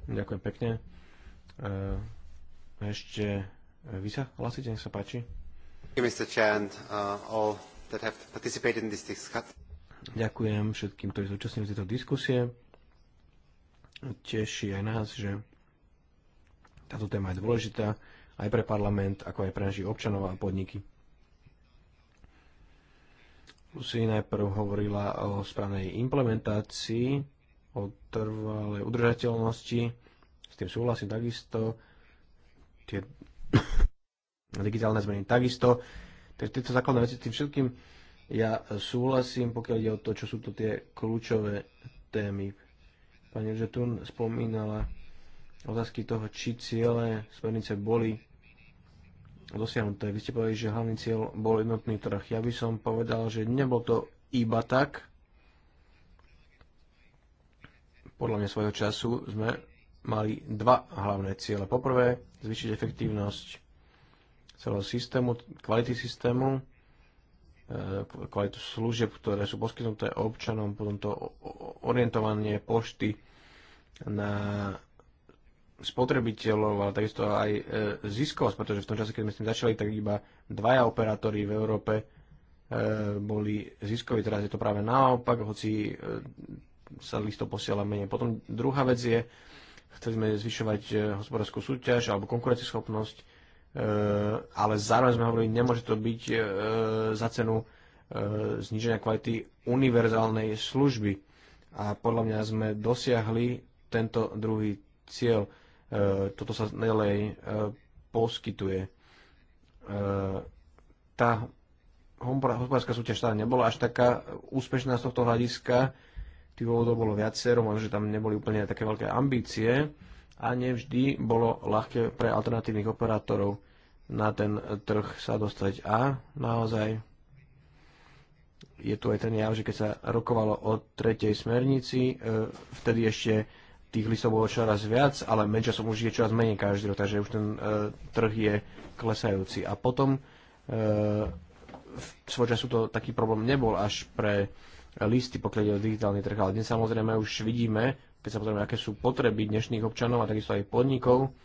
Ďakujem pekne. Eh, ešte e, vy sa hlasíte, nech sa páči. Uh, Ďakujem všetkým, ktorí zúčastnili tejto diskusie. Teší aj nás, že táto téma je dôležitá aj pre parlament, ako aj pre našich občanov a podniky. Si najprv hovorila o správnej implementácii, o trvalej udržateľnosti, s tým súhlasím takisto, tie digitálne zmeny takisto. Takže tieto základné veci, tým všetkým ja súhlasím, pokiaľ ide o to, čo sú to tie kľúčové témy. Pani Žetun spomínala otázky toho, či ciele smernice boli dosiahnuté. Vy ste povedali, že hlavný cieľ bol jednotný trh. Ja by som povedal, že nebol to iba tak. Podľa mňa svojho času sme mali dva hlavné ciele. Poprvé, zvýšiť efektívnosť celého systému, kvality systému, e, kvalitu služieb, ktoré sú poskytnuté občanom, potom to orientovanie pošty na spotrebiteľov, ale takisto aj e, ziskovosť, pretože v tom čase, keď sme s tým začali, tak iba dvaja operátori v Európe e, boli ziskoví, teraz je to práve naopak, hoci sa listo posiela menej. Potom druhá vec je Chceli sme zvyšovať e, hospodárskú súťaž alebo konkurencieschopnosť, e, ale zároveň sme hovorili, nemôže to byť e, za cenu zniženia kvality univerzálnej služby. A podľa mňa sme dosiahli tento druhý cieľ. Toto sa nelej poskytuje. Tá hospodárska súťaž tá teda nebola až taká úspešná z tohto hľadiska, Tých dôvodov bolo viacero, možno, že tam neboli úplne také veľké ambície a nevždy bolo ľahké pre alternatívnych operátorov na ten trh sa dostať. A naozaj je tu aj ten jav, že keď sa rokovalo o tretej smernici, e, vtedy ešte tých listov bolo čoraz viac, ale som už je čoraz menej každý rok, takže už ten e, trh je klesajúci. A potom e, svoj času to taký problém nebol až pre listy, pokiaľ ide o digitálny trh. Ale dnes samozrejme už vidíme, keď sa pozrieme, aké sú potreby dnešných občanov a takisto aj podnikov,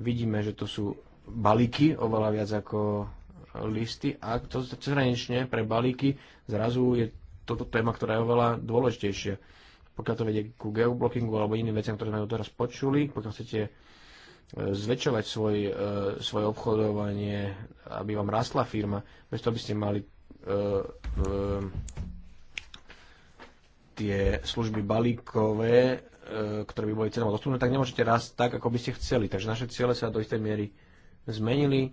vidíme, že to sú balíky oveľa viac ako listy a to cezhranične pre balíky zrazu je toto téma, ktorá je oveľa dôležitejšia. Pokiaľ to vedie ku geoblockingu alebo iným veciam, ktoré sme doteraz počuli, pokiaľ chcete e, zväčšovať svoj, e, svoje obchodovanie, aby vám rastla firma, bez toho by ste mali e, tie služby balíkové, e, ktoré by boli cenovo dostupné, tak nemôžete rásť tak, ako by ste chceli. Takže naše ciele sa do istej miery zmenili,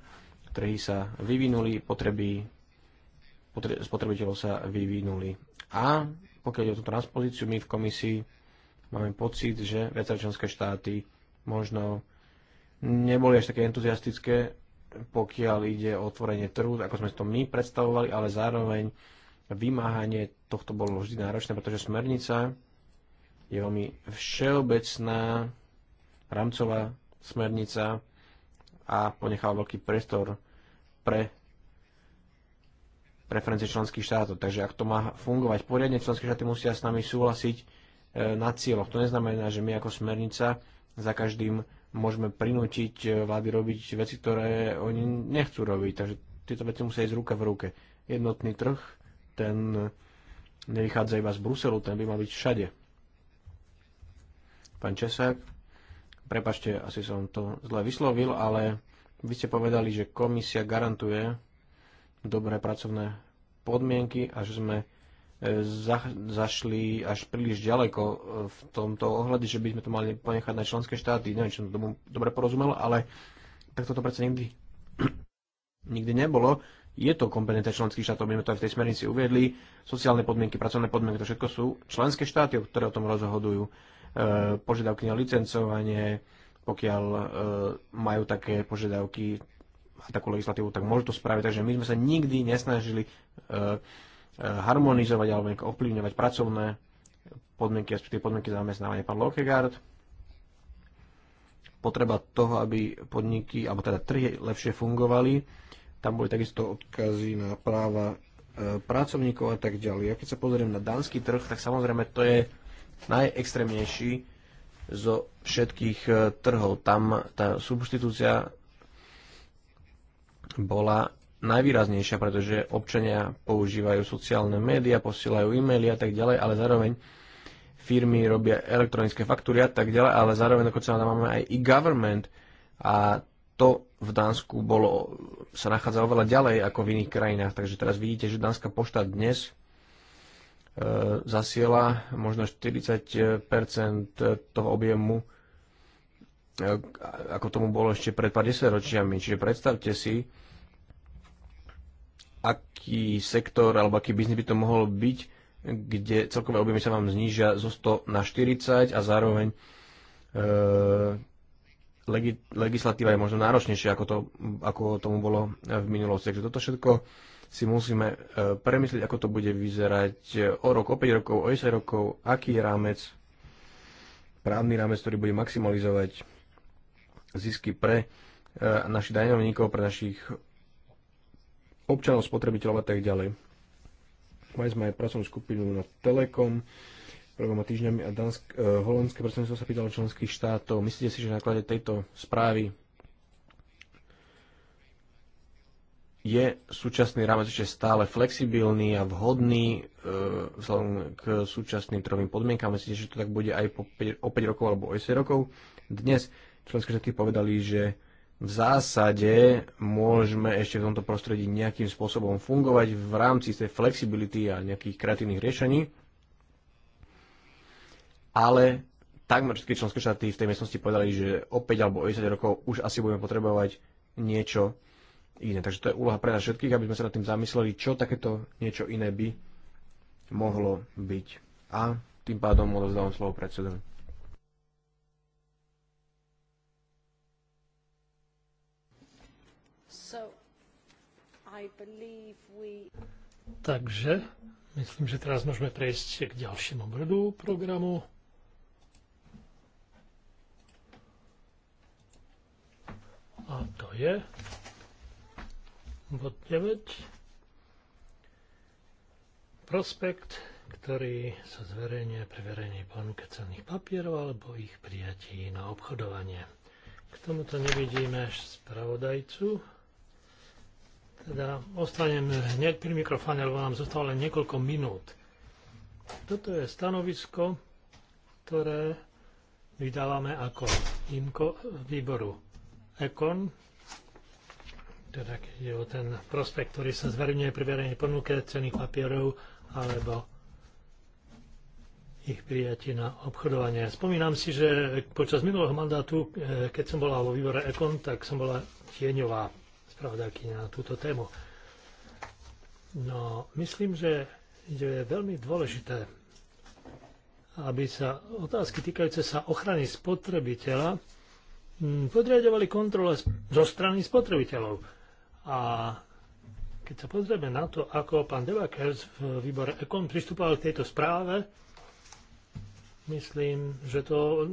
trhy sa vyvinuli, potreby potre, spotrebiteľov sa vyvinuli. A pokiaľ je o tú transpozíciu, my v komisii máme pocit, že viaceré členské štáty možno neboli až také entuziastické, pokiaľ ide o otvorenie trhu, ako sme to my predstavovali, ale zároveň vymáhanie tohto bolo vždy náročné, pretože smernica je veľmi všeobecná, rámcová smernica a ponecháva veľký priestor pre preferencie členských štátov. Takže ak to má fungovať poriadne, členské štáty musia s nami súhlasiť e, na cieľoch. To neznamená, že my ako smernica za každým môžeme prinútiť e, vlády robiť veci, ktoré oni nechcú robiť. Takže tieto veci musia ísť ruka v ruke. Jednotný trh ten nevychádza iba z Bruselu, ten by mal byť všade. Pán Česák, prepačte, asi som to zle vyslovil, ale vy ste povedali, že komisia garantuje dobré pracovné podmienky a že sme e, za, zašli až príliš ďaleko e, v tomto ohľade, že by sme to mali ponechať na členské štáty. Neviem, či som to dobre porozumel, ale takto to predsa nikdy, nikdy nebolo je to kompetencia členských štátov, my sme to aj v tej smernici uviedli. Sociálne podmienky, pracovné podmienky, to všetko sú členské štáty, ktoré o tom rozhodujú. E, požiadavky na licencovanie, pokiaľ e, majú také požiadavky a takú legislatívu, tak môžu to spraviť. Takže my sme sa nikdy nesnažili e, e harmonizovať alebo ovplyvňovať pracovné podmienky, respektíve podmienky zamestnávania. Pán Lokegaard, potreba toho, aby podniky, alebo teda trhy lepšie fungovali, tam boli takisto odkazy na práva e, pracovníkov a tak ďalej. Ja keď sa pozriem na dánsky trh, tak samozrejme to je najextrémnejší zo všetkých e, trhov. Tam tá substitúcia bola najvýraznejšia, pretože občania používajú sociálne médiá, posielajú e-maily a tak ďalej, ale zároveň firmy robia elektronické faktúry a tak ďalej, ale zároveň dokonca tam máme aj e-government a to v Dánsku bolo, sa nachádza oveľa ďalej ako v iných krajinách. Takže teraz vidíte, že Dánska pošta dnes e, zasiela možno 40 toho objemu, e, ako tomu bolo ešte pred 50 ročiami. Čiže predstavte si, aký sektor alebo aký biznis by to mohol byť, kde celkové objemy sa vám znížia zo 100 na 40 a zároveň e, legislatíva je možno náročnejšia, ako, to, ako tomu bolo v minulosti. Takže toto všetko si musíme e, premyslieť, ako to bude vyzerať e, o rok, o 5 rokov, o 10 rokov, aký je rámec, právny rámec, ktorý bude maximalizovať zisky pre e, našich daňovníkov, pre našich občanov, spotrebiteľov a tak ďalej. Mali sme aj pracovnú skupinu na Telekom, pred týždňami a Dansk, e, holandské predsedníctvo sa pýtalo členských štátov. Myslíte si, že na klade tejto správy je súčasný rámec ešte stále flexibilný a vhodný e, vzhľadom k súčasným trhovým podmienkám. Myslíte, že to tak bude aj po 5, o 5 rokov alebo o 10 rokov? Dnes členské štáty povedali, že v zásade môžeme ešte v tomto prostredí nejakým spôsobom fungovať v rámci tej flexibility a nejakých kreatívnych riešení ale takmer všetky členské štáty v tej miestnosti povedali, že o 5 alebo o 10 rokov už asi budeme potrebovať niečo iné. Takže to je úloha pre nás všetkých, aby sme sa nad tým zamysleli, čo takéto niečo iné by mohlo byť. A tým pádom odovzdávam slovo predsedom. So, we... Takže myslím, že teraz môžeme prejsť k ďalšiemu bodu programu. A to je bod 9. Prospekt, ktorý sa zverejňuje pri verejnej ponuke cenných papierov alebo ich prijatí na obchodovanie. K tomuto nevidíme spravodajcu. Teda ostanem hneď pri mikrofóne, lebo nám zostalo len niekoľko minút. Toto je stanovisko, ktoré vydávame ako výboru Ekon, teda keď je o ten prospekt, ktorý sa zverejňuje pri verejnej ponuke cených papierov alebo ich prijatie na obchodovanie. Spomínam si, že počas minulého mandátu, eh, keď som bola vo výbore Ekon, tak som bola tieňová spravodajkyňa na túto tému. No, myslím, že je veľmi dôležité, aby sa otázky týkajúce sa ochrany spotrebiteľa Mm, podriadovali kontrole zo strany spotrebiteľov. A keď sa pozrieme na to, ako pán Devakers v výbore EKON pristupoval k tejto správe, myslím, že to mm,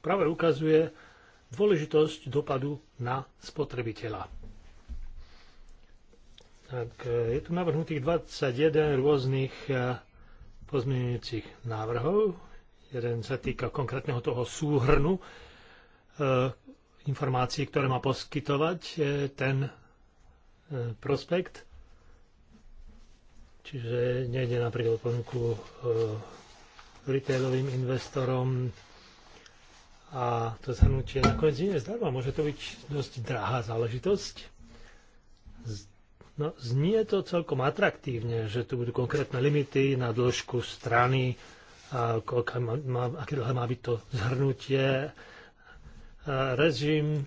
práve ukazuje dôležitosť dopadu na spotrebiteľa. Tak e, je tu navrhnutých 21 rôznych e, pozmeňujúcich návrhov. Jeden sa týka konkrétneho toho súhrnu Eh, informácií, ktoré má poskytovať eh, ten eh, prospekt. Čiže nejde napríklad o ponuku retailovým investorom a to zhrnutie nakoniec nie je zdarma. Môže to byť dosť drahá záležitosť. No, znie to celkom atraktívne, že tu budú konkrétne limity na dĺžku strany, a aké dlhé má byť to zhrnutie, režim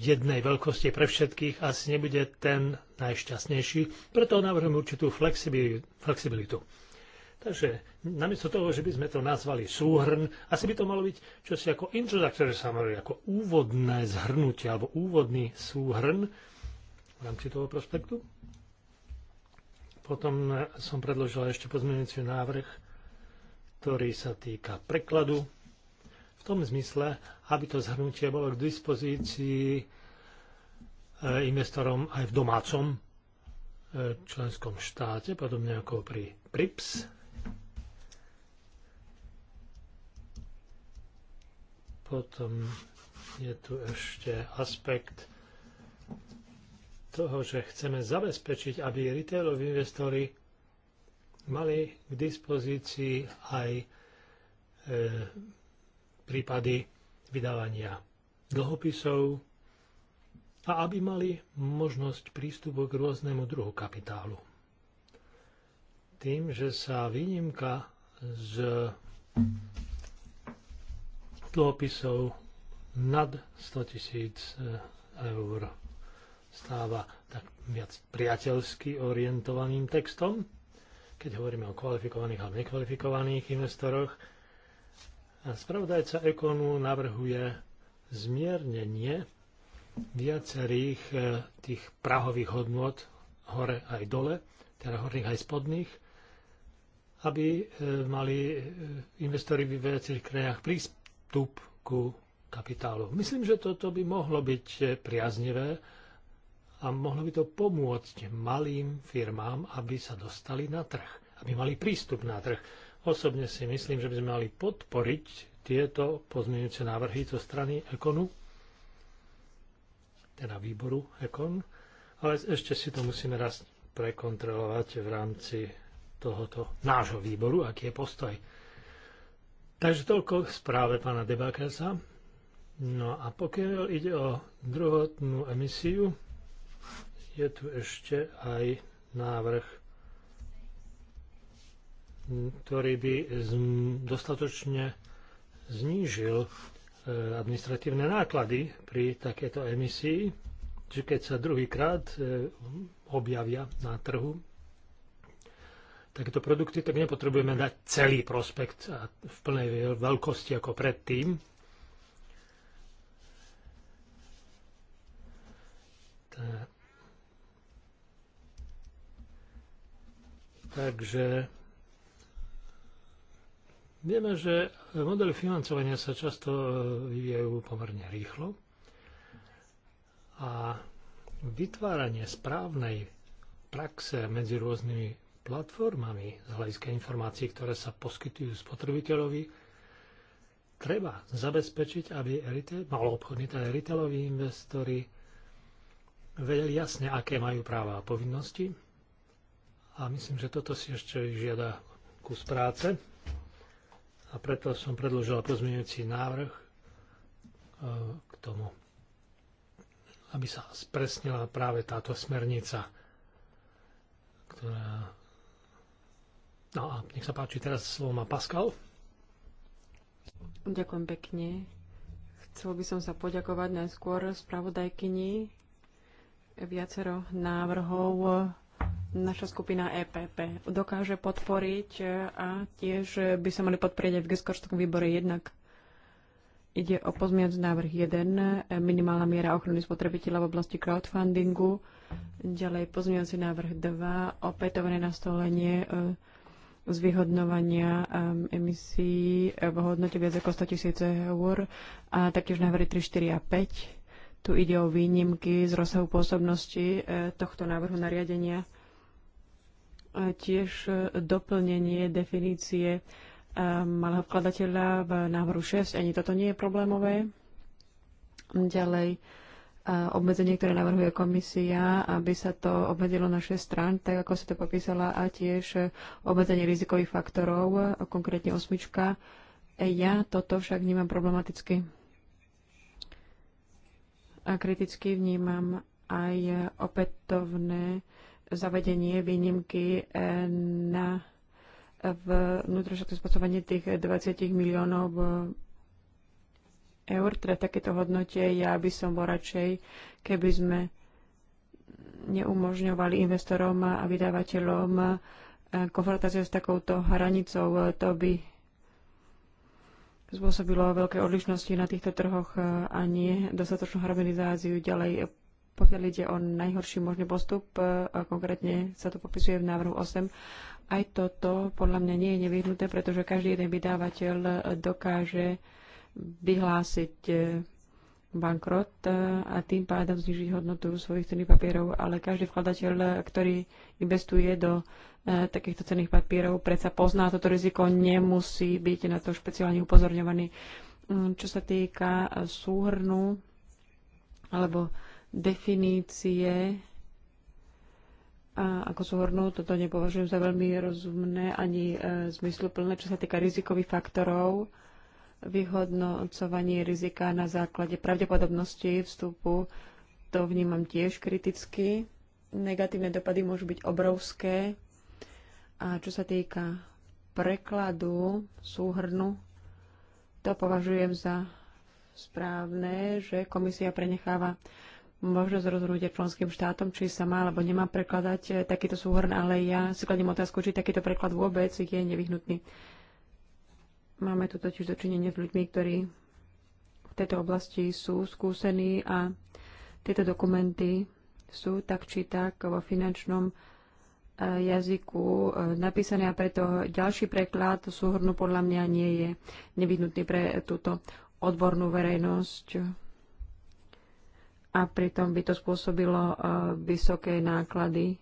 jednej veľkosti pre všetkých asi nebude ten najšťastnejší, preto navrhujem určitú flexibilitu. Takže namiesto toho, že by sme to nazvali súhrn, asi by to malo byť čosi ako introductory summary, ako úvodné zhrnutie alebo úvodný súhrn v rámci toho prospektu. Potom som predložil ešte pozmeňujúci návrh, ktorý sa týka prekladu tom zmysle, aby to zhrnutie bolo k dispozícii e, investorom aj v domácom e, členskom štáte, podobne ako pri PRIPS. Potom je tu ešte aspekt toho, že chceme zabezpečiť, aby retailoví investori mali k dispozícii aj e, prípady vydávania dlhopisov a aby mali možnosť prístupu k rôznemu druhu kapitálu. Tým, že sa výnimka z dlhopisov nad 100 tisíc e, eur stáva tak viac priateľsky orientovaným textom, keď hovoríme o kvalifikovaných alebo nekvalifikovaných investoroch, Spravodajca Ekonu navrhuje zmiernenie viacerých e, tých prahových hodnôt hore aj dole, teda horných aj spodných, aby e, mali e, investori v viacerých krajinách prístup ku kapitálu. Myslím, že toto by mohlo byť priaznivé a mohlo by to pomôcť malým firmám, aby sa dostali na trh, aby mali prístup na trh. Osobne si myslím, že by sme mali podporiť tieto pozmeňujúce návrhy zo strany Ekonu, teda výboru Ekon, ale ešte si to musíme raz prekontrolovať v rámci tohoto nášho výboru, aký je postoj. Takže toľko správe pána Debakersa. No a pokiaľ ide o druhotnú emisiu, je tu ešte aj návrh ktorý by dostatočne znížil e, administratívne náklady pri takéto emisii, čiže keď sa druhýkrát e, objavia na trhu takéto produkty, tak nepotrebujeme dať celý prospekt v plnej veľkosti ako predtým. Takže Vieme, že modely financovania sa často e, vyvíjajú pomerne rýchlo a vytváranie správnej praxe medzi rôznymi platformami z hľadiska informácií, ktoré sa poskytujú spotrebiteľovi, treba zabezpečiť, aby retail, obchodní teda retailoví investori vedeli jasne, aké majú práva a povinnosti. A myslím, že toto si ešte žiada kus práce a preto som predložila pozmeňujúci návrh e, k tomu, aby sa spresnila práve táto smernica, ktorá... No a nech sa páči, teraz slovo má Pascal. Ďakujem pekne. Chcel by som sa poďakovať najskôr spravodajkyni viacero návrhov naša skupina EPP dokáže podporiť e, a tiež e, by sa mali podporiť aj v geskorskom výbore jednak. Ide o pozmiac návrh 1, e, minimálna miera ochrany spotrebiteľa v oblasti crowdfundingu, ďalej pozmiaci návrh 2, opätovné nastolenie zvyhodnovania emisí v hodnote viac ako 100 tisíc eur a taktiež návrhy 3, 4 a 5. Tu ide o výnimky z rozsahu pôsobnosti tohto návrhu nariadenia tiež e, doplnenie definície e, malého vkladateľa v návrhu 6. Ani toto nie je problémové. Ďalej e, obmedzenie, ktoré navrhuje komisia, aby sa to obmedzilo na 6 strán, tak ako si to popísala, a tiež obmedzenie rizikových faktorov, konkrétne osmička. Ja toto však vnímam problematicky. A kriticky vnímam aj opätovné zavedenie výnimky eh, na eh, vnútroštátne spracovanie tých 20 miliónov eh, eur, teda takéto hodnotie, ja by som bol radšej, keby sme neumožňovali investorom a vydavateľom konfrontáciu s takouto hranicou. To by spôsobilo veľké odlišnosti na týchto trhoch a nie dostatočnú harmonizáciu ďalej pokiaľ ide o najhorší možný postup, e, a konkrétne sa to popisuje v návrhu 8, aj toto podľa mňa nie je nevyhnuté, pretože každý jeden vydávateľ dokáže vyhlásiť e, bankrot e, a tým pádom znižiť hodnotu svojich cenných papierov, ale každý vkladateľ, ktorý investuje do takýchto cenných papierov, predsa pozná toto riziko, nemusí byť na to špeciálne upozorňovaný. Mm, čo sa týka súhrnu alebo definície, a ako súhrnú, toto nepovažujem za veľmi rozumné ani e, zmysluplné, čo sa týka rizikových faktorov, vyhodnocovanie rizika na základe pravdepodobnosti vstupu, to vnímam tiež kriticky. Negatívne dopady môžu byť obrovské. A čo sa týka prekladu, súhrnu, to považujem za správne, že komisia prenecháva možnosť rozhodnúť členským štátom, či sa má alebo nemá prekladať eh, takýto súhrn, ale ja si kladím otázku, či takýto preklad vôbec je nevyhnutný. Máme tu totiž dočinenie s ľuďmi, ktorí v tejto oblasti sú skúsení a tieto dokumenty sú tak či tak vo finančnom eh, jazyku eh, napísané a preto ďalší preklad súhrnu podľa mňa nie je nevyhnutný pre túto odbornú verejnosť a pritom by to spôsobilo eh, vysoké náklady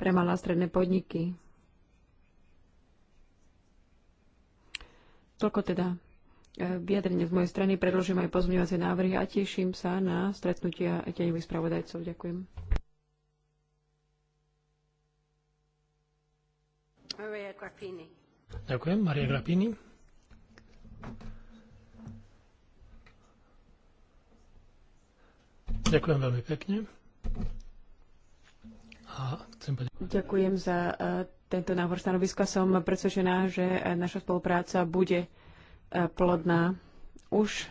pre malé a stredné podniky. Toľko teda eh, vyjadrenie z mojej strany, predložím aj pozmeňovacie návrhy a teším sa na stretnutia tieňových spravodajcov. Ďakujem. Maria Grappini. Ďakujem, Maria Grappini. Ďakujem veľmi pekne. A chcem Ďakujem za e, tento návrh stanoviska. Som presvedčená, že e, naša spolupráca bude e, plodná. Už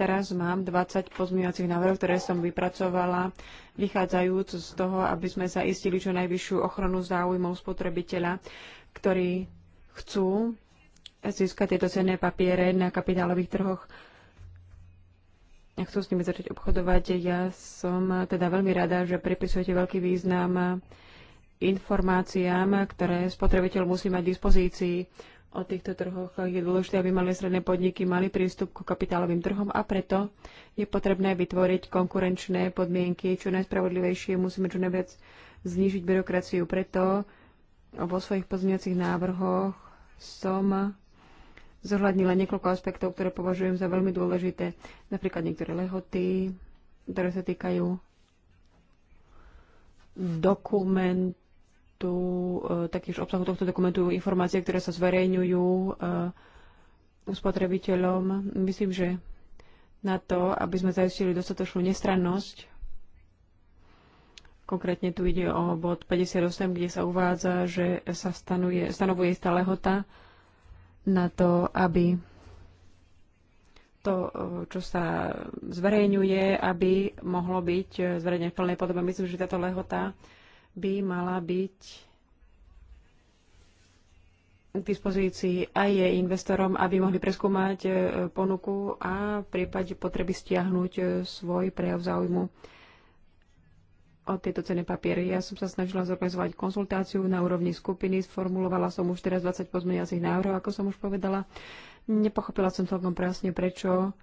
teraz mám 20 pozmeňovacích návrhov, ktoré som vypracovala, vychádzajúc z toho, aby sme zaistili čo najvyššiu ochranu záujmov spotrebiteľa, ktorí chcú získať tieto cenné papiere na kapitálových trhoch chcú s nimi začať obchodovať. Ja som teda veľmi rada, že pripisujete veľký význam informáciám, ktoré spotrebiteľ musí mať v dispozícii o týchto trhoch. Je dôležité, aby malé stredné podniky mali prístup ku kapitálovým trhom a preto je potrebné vytvoriť konkurenčné podmienky, čo najspravodlivejšie musíme čo najviac znížiť byrokraciu. Preto vo svojich pozmeňovacích návrhoch som zohľadnila niekoľko aspektov, ktoré považujem za veľmi dôležité, napríklad niektoré lehoty, ktoré sa týkajú dokumentu, e, takýž obsahu tohto dokumentu, informácie, ktoré sa zverejňujú e, spotrebiteľom. Myslím, že na to, aby sme zajistili dostatočnú nestrannosť, konkrétne tu ide o bod 58, kde sa uvádza, že sa stanuje, stanovuje istá lehota, na to, aby to, čo sa zverejňuje, aby mohlo byť zverejne v plnej podobe. Myslím, že táto lehota by mala byť k dispozícii aj jej investorom, aby mohli preskúmať ponuku a v prípade potreby stiahnuť svoj prejav záujmu o tieto cenné papiery. Ja som sa snažila zorganizovať konzultáciu na úrovni skupiny, sformulovala som už teraz 20 pozmeňacích návrhov, ako som už povedala. Nepochopila som celkom prásne, prečo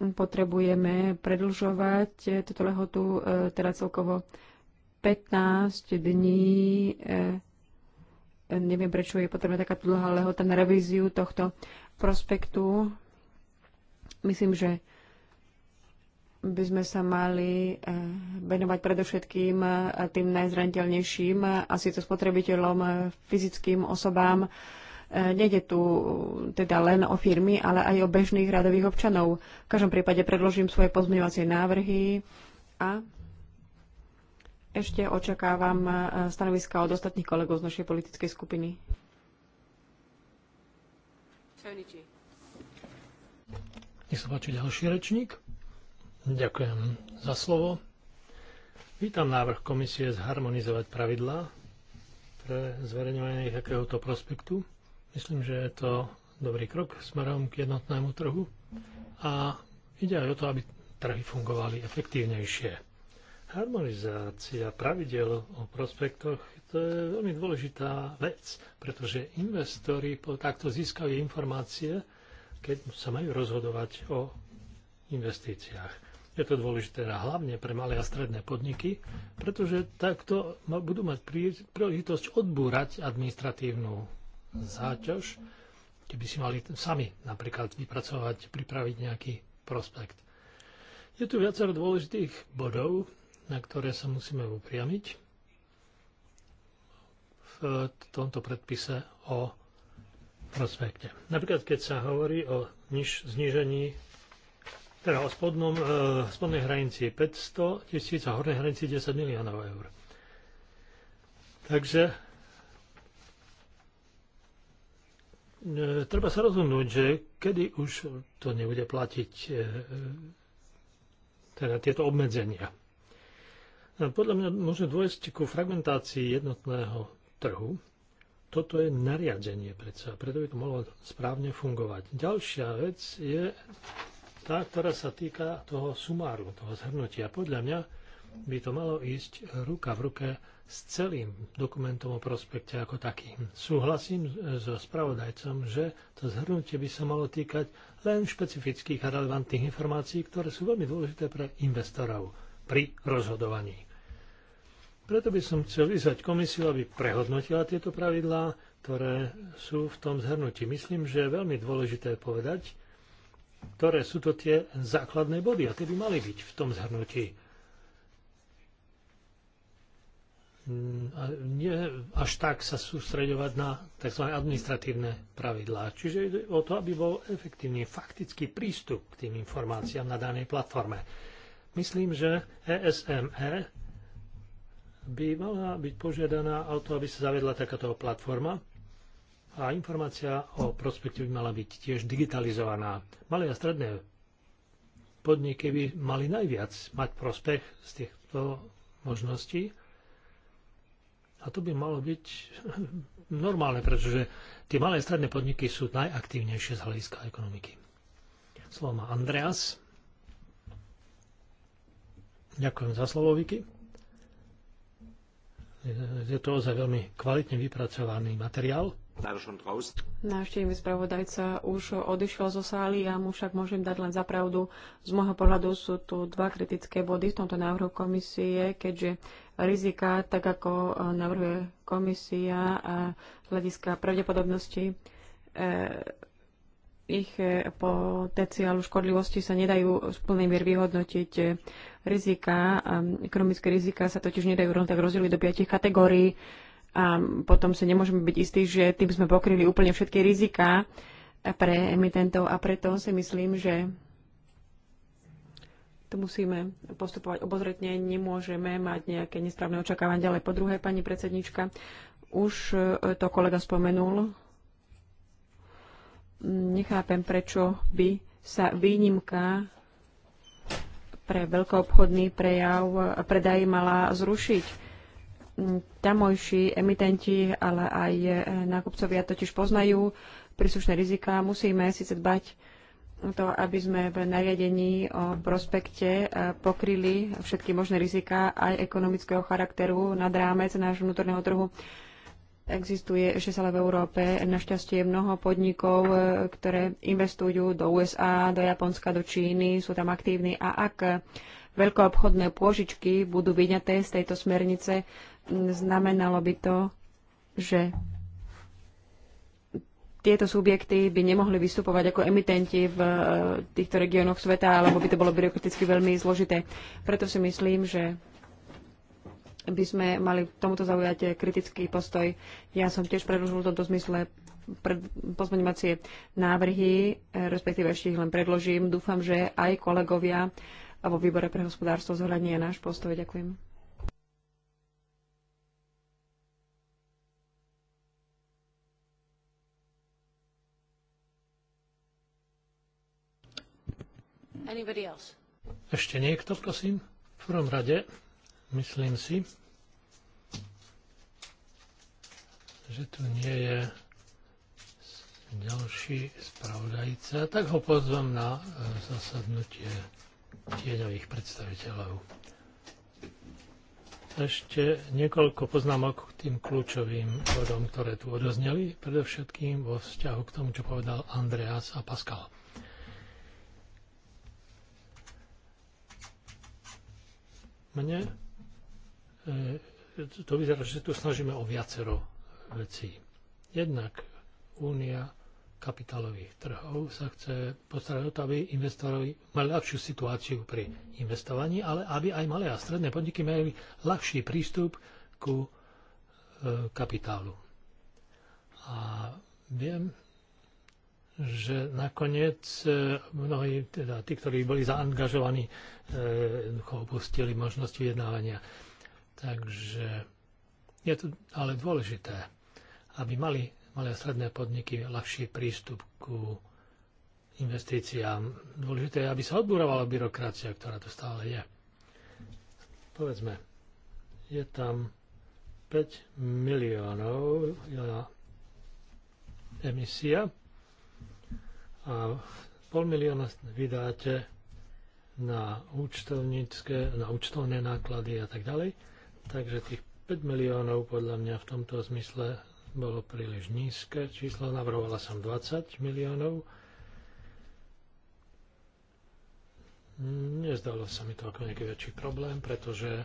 potrebujeme predlžovať túto lehotu, e, teda celkovo 15 dní. E, e, neviem, prečo je potrebná taká dlhá lehota na revíziu tohto prospektu. Myslím, že by sme sa mali eh, venovať predovšetkým eh, tým najzraniteľnejším, asi to spotrebiteľom, eh, fyzickým osobám. Nejde tu teda len o firmy, ale aj o bežných radových občanov. V každom prípade predložím svoje pozmeňovacie návrhy a ešte očakávam stanoviska od ostatných kolegov z našej politickej skupiny. Nech sa páči ďalší rečník. Ďakujem za slovo. Vítam návrh komisie zharmonizovať pravidlá pre zverejňovanie takéhoto prospektu. Myslím, že je to dobrý krok smerom k jednotnému trhu a ide aj o to, aby trhy fungovali efektívnejšie. Harmonizácia pravidel o prospektoch to je veľmi dôležitá vec, pretože investori takto získajú informácie, keď sa majú rozhodovať o investíciách. Je to dôležité hlavne pre malé a stredné podniky, pretože takto budú mať príležitosť odbúrať administratívnu záťaž, keby si mali sami napríklad vypracovať, pripraviť nejaký prospekt. Je tu viacero dôležitých bodov, na ktoré sa musíme upriamiť v tomto predpise o prospekte. Napríklad, keď sa hovorí o znižení teda o spodnom, e, spodnej hranici 500 tisíc a hornej hranici 10 miliónov eur. Takže e, treba sa rozhodnúť, že kedy už to nebude platiť e, teda tieto obmedzenia. E, podľa mňa môže dôjsť ku fragmentácii jednotného trhu. Toto je nariadenie predsa, preto by to mohlo správne fungovať. Ďalšia vec je tá, ktorá sa týka toho sumáru, toho zhrnutia. Podľa mňa by to malo ísť ruka v ruke s celým dokumentom o prospekte ako takým. Súhlasím so spravodajcom, že to zhrnutie by sa malo týkať len špecifických a relevantných informácií, ktoré sú veľmi dôležité pre investorov pri rozhodovaní. Preto by som chcel vyzvať komisiu, aby prehodnotila tieto pravidlá, ktoré sú v tom zhrnutí. Myslím, že je veľmi dôležité povedať, ktoré sú to tie základné body a tie by mali byť v tom zhrnutí. Mm, a nie až tak sa sústreďovať na tzv. administratívne pravidlá. Čiže ide o to, aby bol efektívny faktický prístup k tým informáciám na danej platforme. Myslím, že ESME e by mala byť požiadaná o to, aby sa zavedla takáto platforma, a informácia o prospekte by mala byť tiež digitalizovaná. Malé a stredné podniky by mali najviac mať prospech z týchto možností a to by malo byť normálne, pretože tie malé a stredné podniky sú najaktívnejšie z hľadiska ekonomiky. Slovo má Andreas. Ďakujem za slovo, Viki. Je to ozaj veľmi kvalitne vypracovaný materiál. Návštevný spravodajca už odišiel zo sály, ja mu však môžem dať len zapravdu. Z môjho pohľadu sú tu dva kritické body v tomto návrhu komisie, keďže rizika, tak ako e, navrhuje komisia a e, hľadiska pravdepodobnosti, e, ich potenciálu škodlivosti sa nedajú v plnej mier vyhodnotiť. Rizika, ekonomické rizika sa totiž nedajú rovno tak rozdeliť do piatich kategórií a potom si nemôžeme byť istí, že tým sme pokryli úplne všetky riziká pre emitentov a preto si myslím, že tu musíme postupovať obozretne, nemôžeme mať nejaké nesprávne očakávania. Ďalej po druhé, pani predsednička, už e, to kolega spomenul, nechápem, prečo by sa výnimka pre veľkoobchodný prejav predaj mala zrušiť tamojší emitenti, ale aj e, nákupcovia totiž poznajú príslušné rizika. Musíme síce dbať to, aby sme v nariadení o prospekte e, pokryli všetky možné rizika aj ekonomického charakteru nad rámec nášho vnútorného trhu. Existuje ešte stále v Európe našťastie mnoho podnikov, e, ktoré investujú do USA, do Japonska, do Číny, sú tam aktívni a ak veľkoobchodné pôžičky budú vyňaté z tejto smernice, Znamenalo by to, že tieto subjekty by nemohli vystupovať ako emitenti v e, týchto regiónoch sveta, alebo by to bolo byrokraticky veľmi zložité. Preto si myslím, že by sme mali tomuto zaujať kritický postoj. Ja som tiež predložil v tomto zmysle pozmeňovacie návrhy, e, respektíve ešte ich len predložím. Dúfam, že aj kolegovia vo výbore pre hospodárstvo zohľadnia náš postoj. Ďakujem. Anybody else? Ešte niekto, prosím? V prvom rade, myslím si, že tu nie je ďalší spravodajca, tak ho pozvem na e, zasadnutie tieňových predstaviteľov. Ešte niekoľko poznámok k tým kľúčovým bodom, ktoré tu odozneli, predovšetkým vo vzťahu k tomu, čo povedal Andreas a Pascal. mne e, to vyzerá, že tu snažíme o viacero vecí. Jednak únia kapitálových trhov sa chce postarať o to, aby investori mali ľahšiu situáciu pri investovaní, ale aby aj malé a stredné podniky mali ľahší prístup ku e, kapitálu. A viem, že nakoniec e, mnohí, teda tí, ktorí boli zaangažovaní, e, jednoducho opustili možnosť vyjednávania. Takže je to ale dôležité, aby mali malé a stredné podniky ľahší prístup ku investíciám. Dôležité je, aby sa odbúrovala byrokracia, ktorá tu stále je. Povedzme, je tam 5 miliónov emisia a pol milióna vydáte na účtovnícke, na účtovné náklady a tak ďalej. Takže tých 5 miliónov podľa mňa v tomto zmysle bolo príliš nízke číslo. Navrhovala som 20 miliónov. Nezdalo sa mi to ako nejaký väčší problém, pretože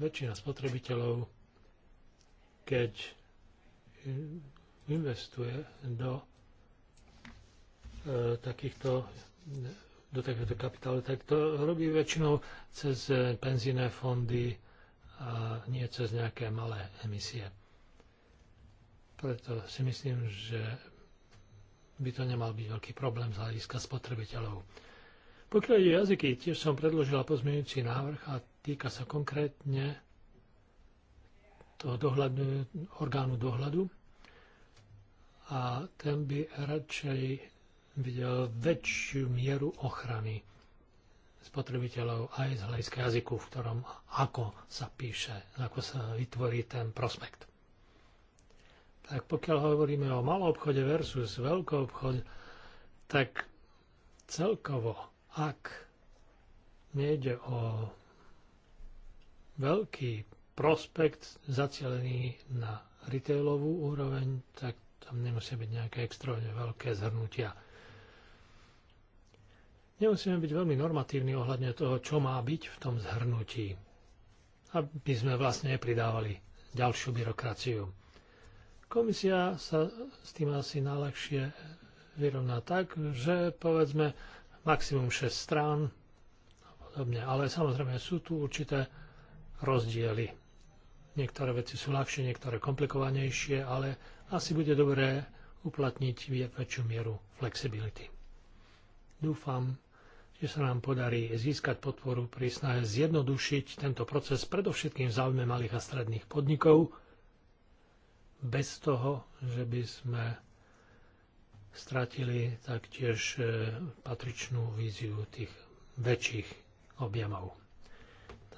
väčšina spotrebiteľov, keď investuje do E, takýchto do takéhoto kapitálu, tak to robí väčšinou cez e, penzíne fondy a nie cez nejaké malé emisie. Preto si myslím, že by to nemal byť veľký problém z hľadiska spotrebiteľov. Pokiaľ ide jazyky, tiež som predložila pozmeňujúci návrh a týka sa konkrétne toho dohľadu, orgánu dohľadu a ten by radšej videl väčšiu mieru ochrany spotrebiteľov aj z hľadiska jazyku, v ktorom ako sa píše, ako sa vytvorí ten prospekt. Tak pokiaľ hovoríme o malom obchode versus veľký obchod, tak celkovo, ak nejde o veľký prospekt zacielený na retailovú úroveň, tak tam nemusia byť nejaké extrémne veľké zhrnutia nemusíme byť veľmi normatívni ohľadne toho, čo má byť v tom zhrnutí, aby sme vlastne nepridávali ďalšiu byrokraciu. Komisia sa s tým asi najlepšie vyrovná tak, že povedzme maximum 6 strán a podobne. Ale samozrejme sú tu určité rozdiely. Niektoré veci sú ľahšie, niektoré komplikovanejšie, ale asi bude dobré uplatniť väčšiu mieru flexibility. Dúfam, že sa nám podarí získať podporu pri snahe zjednodušiť tento proces predovšetkým v záujme malých a stredných podnikov, bez toho, že by sme stratili taktiež e, patričnú víziu tých väčších objemov.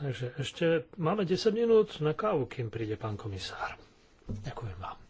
Takže ešte máme 10 minút na kávu, kým príde pán komisár. Ďakujem vám.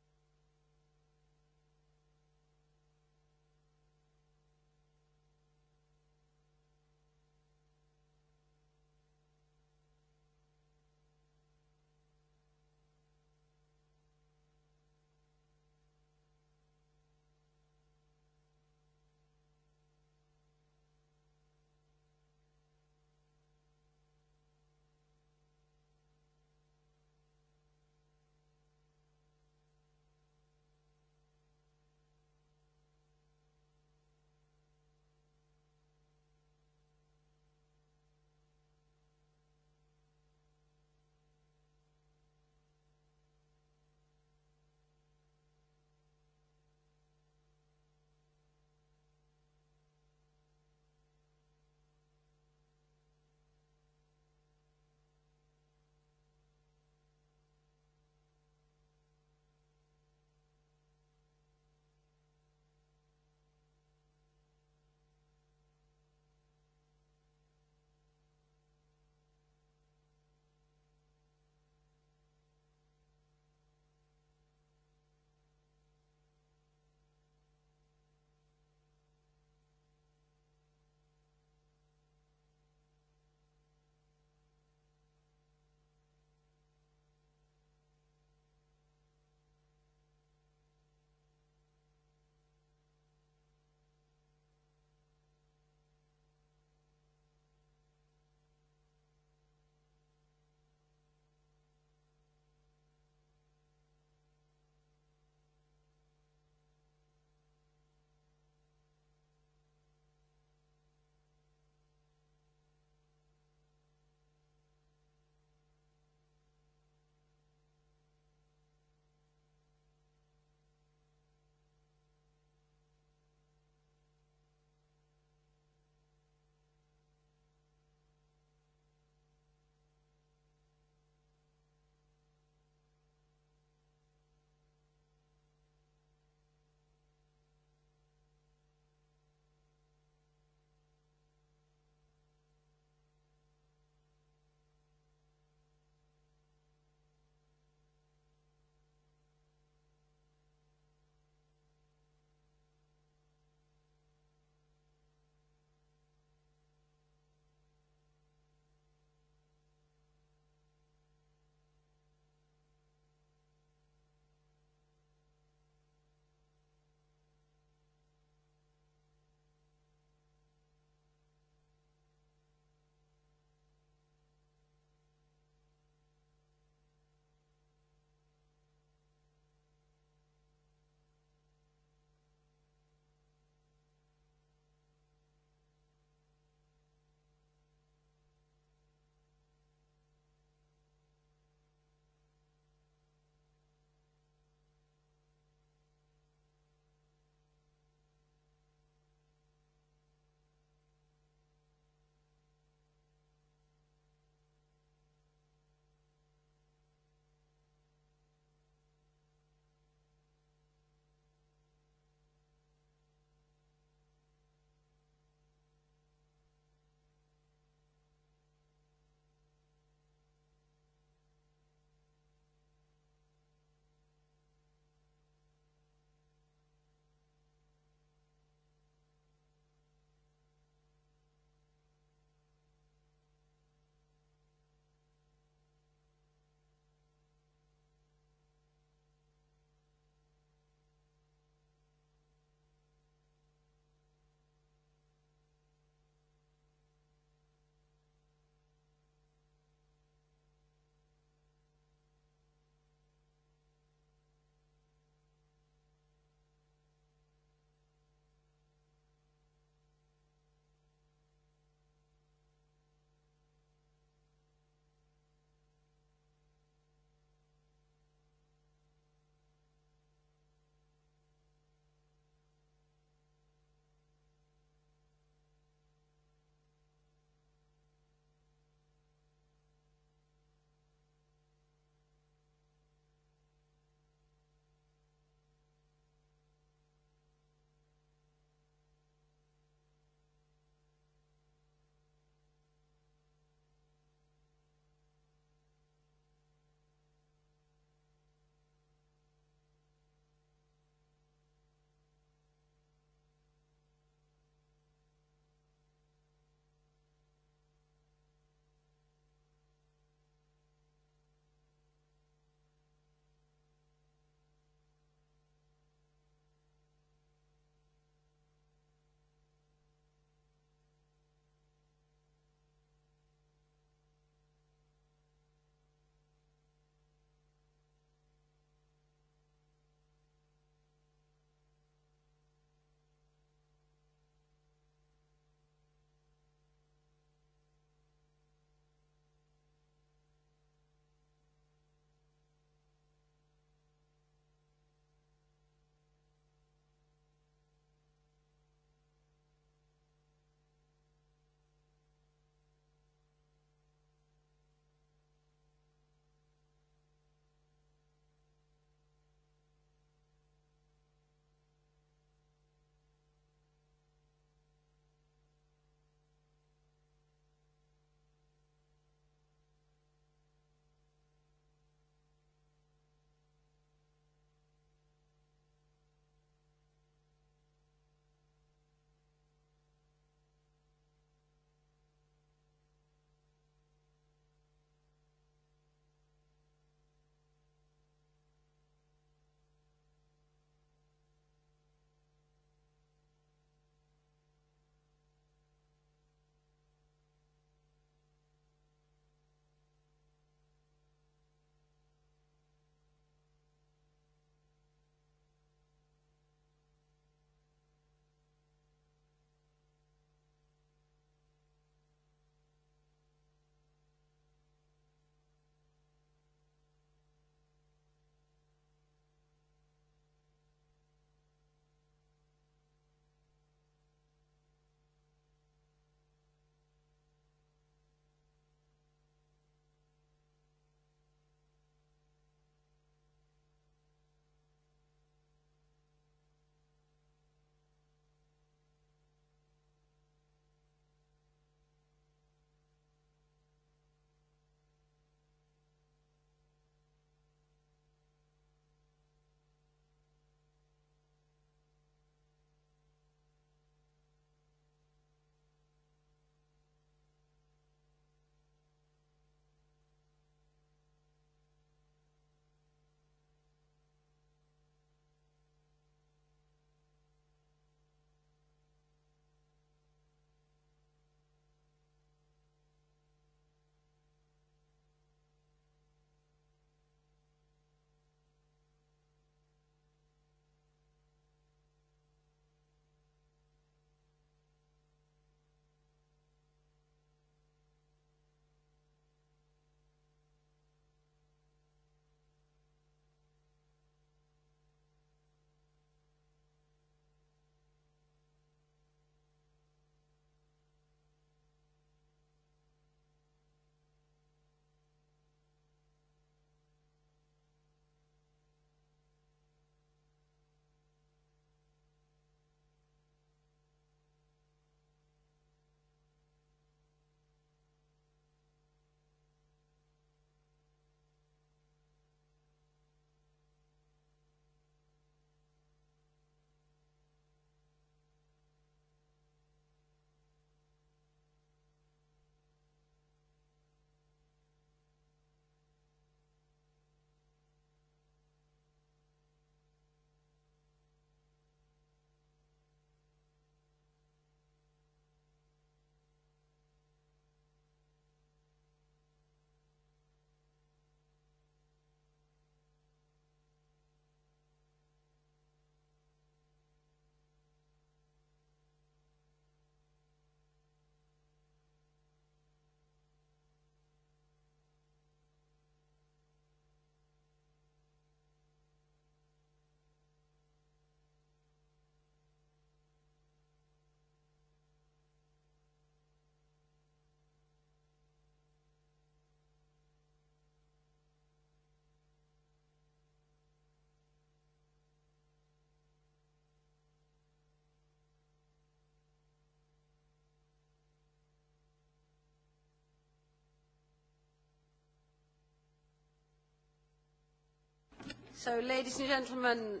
So, ladies and gentlemen...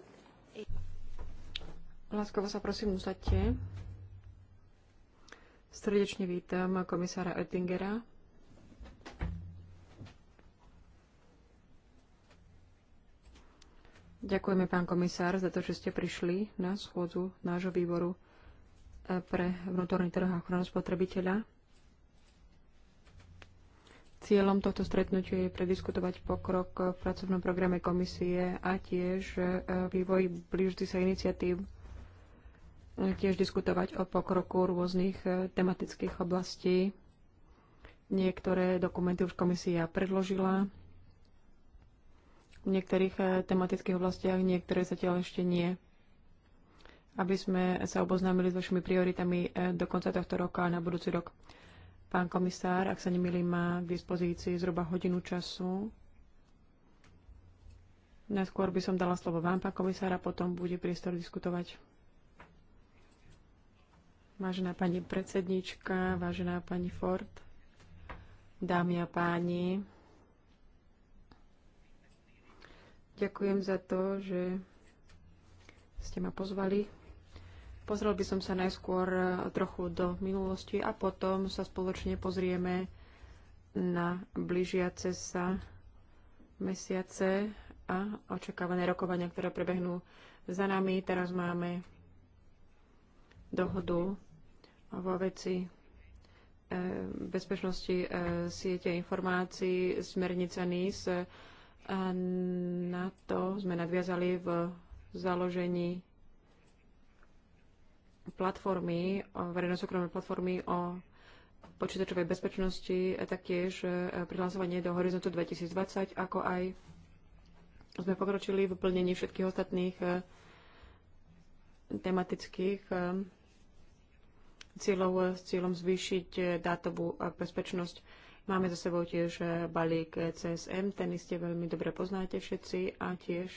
Láskovo sa prosím usaďte. Srdečne vítam komisára Oettingera. Ďakujeme, pán komisár, za to, že ste prišli na schôdzu nášho výboru eh, pre vnútorný trh a ochranu spotrebiteľa. Cieľom tohto stretnutia je prediskutovať pokrok v pracovnom programe komisie a tiež e, vývoj blížci sa iniciatív e, tiež diskutovať o pokroku rôznych e, tematických oblastí. Niektoré dokumenty už komisia predložila. V niektorých tematických oblastiach niektoré zatiaľ ešte nie. Aby sme sa oboznámili s vašimi prioritami do konca tohto roka a na budúci rok. Pán komisár, ak sa nemýlim, má k dispozícii zhruba hodinu času. Najskôr by som dala slovo vám, pán komisár, a potom bude priestor diskutovať. Vážená pani predsednička, vážená pani Ford, dámy a páni, ďakujem za to, že ste ma pozvali Pozrel by som sa najskôr e, trochu do minulosti a potom sa spoločne pozrieme na blížiace sa mesiace a očakávané rokovania, ktoré prebehnú za nami. Teraz máme dohodu vo veci e, bezpečnosti e, siete informácií, smernica NIS. A na to sme nadviazali v založení platformy, verejno-súkromné platformy o počítačovej bezpečnosti, taktiež e, prihlasovanie do horizontu 2020, ako aj sme pokročili v plnení všetkých ostatných e, tematických e, cieľov s cieľom zvýšiť dátovú bezpečnosť. Máme za sebou tiež balík CSM, ten iste veľmi dobre poznáte všetci a tiež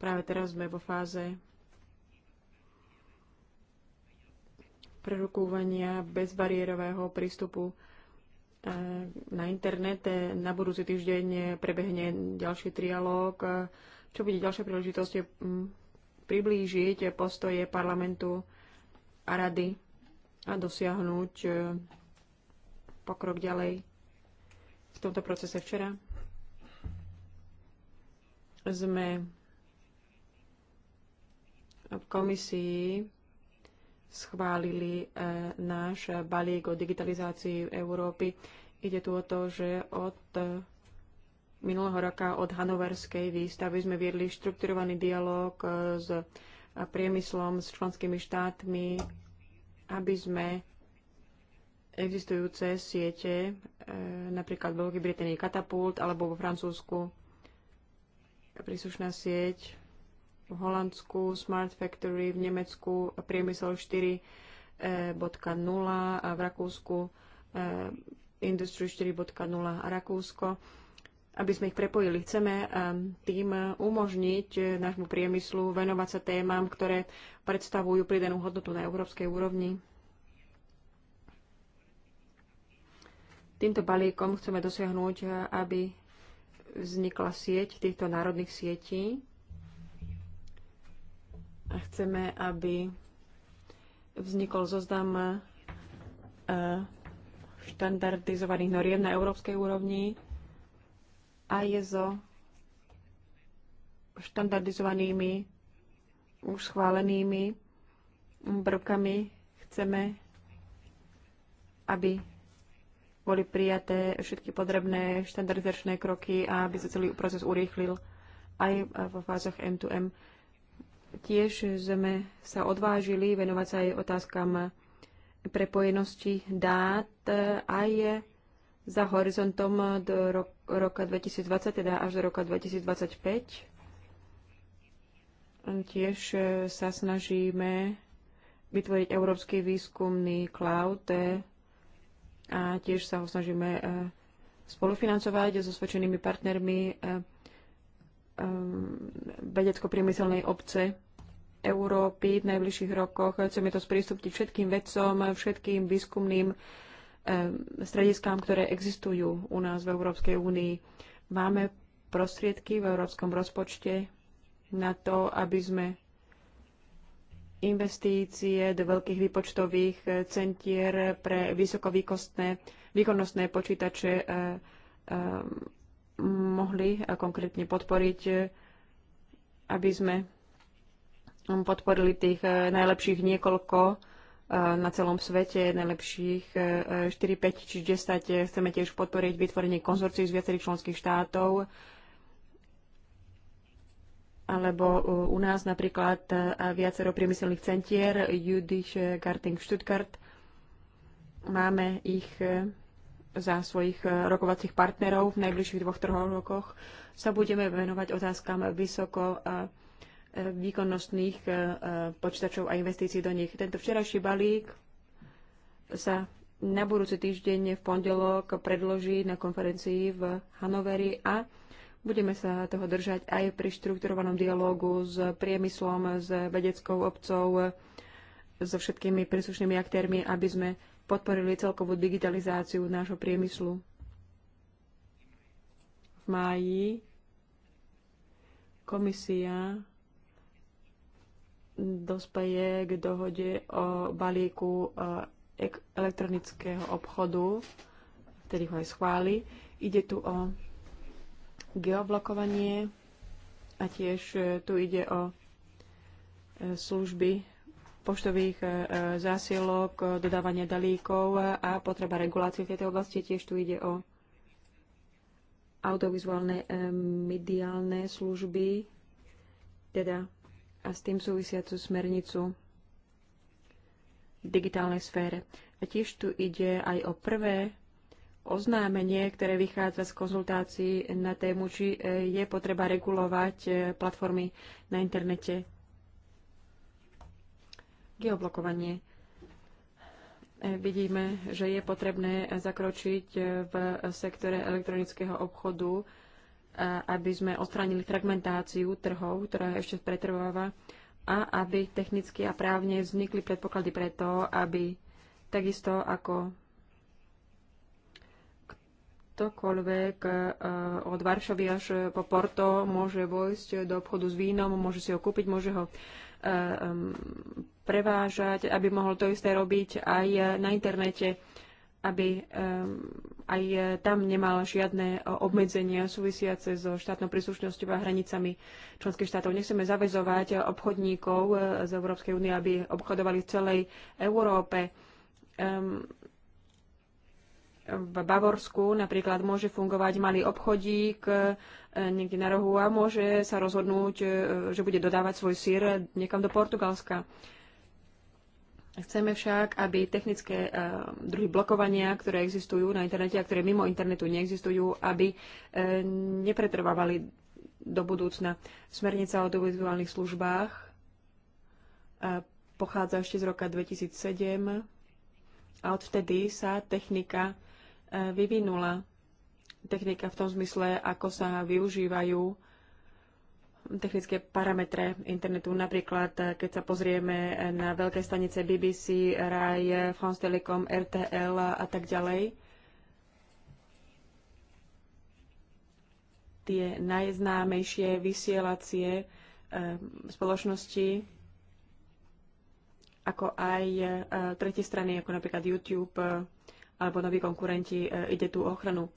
práve teraz sme vo fáze prerokovania bezbariérového prístupu eh, na internete Na budúci týždeň prebehne ďalší trialóg, čo bude ďalšia príležitosť mm, priblížiť postoje parlamentu a rady a dosiahnuť eh, pokrok ďalej v tomto procese včera. Sme v komisii schválili e, náš balík o digitalizácii Európy. Ide tu o to, že od e, minulého roka od Hanoverskej výstavy sme viedli štrukturovaný dialog e, s priemyslom, s členskými štátmi, aby sme existujúce siete, napríklad v Veľkej Británii Katapult alebo vo Francúzsku príslušná sieť v Holandsku, Smart Factory v Nemecku, Priemysel 4.0 e, a v Rakúsku e, Industry 4.0 a Rakúsko, aby sme ich prepojili. Chceme e, tým umožniť nášmu priemyslu venovať sa témam, ktoré predstavujú pridanú hodnotu na európskej úrovni. Týmto balíkom chceme dosiahnuť, aby vznikla sieť týchto národných sietí, a chceme, aby vznikol zoznam e, štandardizovaných noriem na európskej úrovni a je so štandardizovanými už schválenými prvkami. Chceme, aby boli prijaté všetky potrebné štandardizačné kroky a aby sa celý proces urýchlil aj vo fázach M2M. Tiež sme sa odvážili venovať sa aj otázkam prepojenosti dát aj za horizontom do ro roka 2020, teda až do roka 2025. Tiež sa snažíme vytvoriť európsky výskumný cloud a tiež sa ho snažíme eh, spolufinancovať so svedčenými partnermi eh, Um, vedecko-priemyselnej obce Európy v najbližších rokoch. Chceme to sprístupniť všetkým vedcom, všetkým výskumným um, strediskám, ktoré existujú u nás v Európskej únii. Máme prostriedky v európskom rozpočte na to, aby sme investície do veľkých výpočtových eh, centier pre vysokovýkonnostné výkonnostné počítače eh, eh, mohli eh, konkrétne podporiť, eh, aby sme podporili tých eh, najlepších niekoľko na celom svete, najlepších 4, 5 či 10. Chceme tiež podporiť vytvorenie konzorcií z viacerých členských štátov, alebo u nás napríklad viacero priemyselných centier, Judith Garting Stuttgart. Máme ich za svojich e, rokovacích partnerov v najbližších dvoch, troch rokoch sa budeme venovať otázkam vysoko e, e, výkonnostných počítačov a investícií do nich. Tento včerajší balík sa na budúci týždeň v pondelok predloží na konferencii v Hanoveri a budeme sa toho držať aj pri štrukturovanom dialogu s priemyslom, s vedeckou obcov, so všetkými príslušnými aktérmi, aby sme podporili celkovú digitalizáciu nášho priemyslu. V máji komisia dospeje k dohode o balíku eh, elektronického obchodu, ktorý ho aj schváli. Ide tu o geoblokovanie a tiež eh, tu ide o eh, služby poštových e, e, zásielok, e, dodávania dalíkov a potreba regulácie v tejto oblasti. Tiež tu ide o audiovizuálne mediálne služby, teda a s tým súvisiacu smernicu v digitálnej sfére. A tiež tu ide aj o prvé oznámenie, ktoré vychádza z konzultácií na tému, či je potreba regulovať platformy na internete. Geoblokovanie. E, vidíme, že je potrebné zakročiť v sektore elektronického obchodu, e, aby sme odstránili fragmentáciu trhov, ktorá ešte pretrváva, a aby technicky a právne vznikli predpoklady preto, aby takisto ako ktokoľvek e, od Varšavy až po Porto môže vojsť do obchodu s vínom, môže si ho kúpiť, môže ho prevážať, aby mohol to isté robiť aj na internete, aby aj tam nemal žiadne obmedzenia súvisiace so štátnou príslušnosťou a hranicami členských štátov. Nechceme zavezovať obchodníkov eh, z Európskej únie, aby obchodovali v celej Európe. V Bavorsku napríklad môže fungovať malý obchodík eh, niekde na rohu a môže sa rozhodnúť, eh, že bude dodávať svoj sír niekam do Portugalska. Chceme však, aby technické eh, druhy blokovania, ktoré existujú na internete a ktoré mimo internetu neexistujú, aby eh, nepretrvávali do budúcna. Smernica o audiovizuálnych službách eh, pochádza ešte z roka 2007 a odvtedy sa technika vyvinula. Technika v tom zmysle, ako sa využívajú technické parametre internetu. Napríklad, eh, keď sa pozrieme eh, na veľké stanice BBC, RAI, eh, France Telecom, RTL a tak ďalej, tie najznámejšie vysielacie spoločnosti, ako aj tretie strany, ako napríklad YouTube alebo noví konkurenti, ide tu o ochranu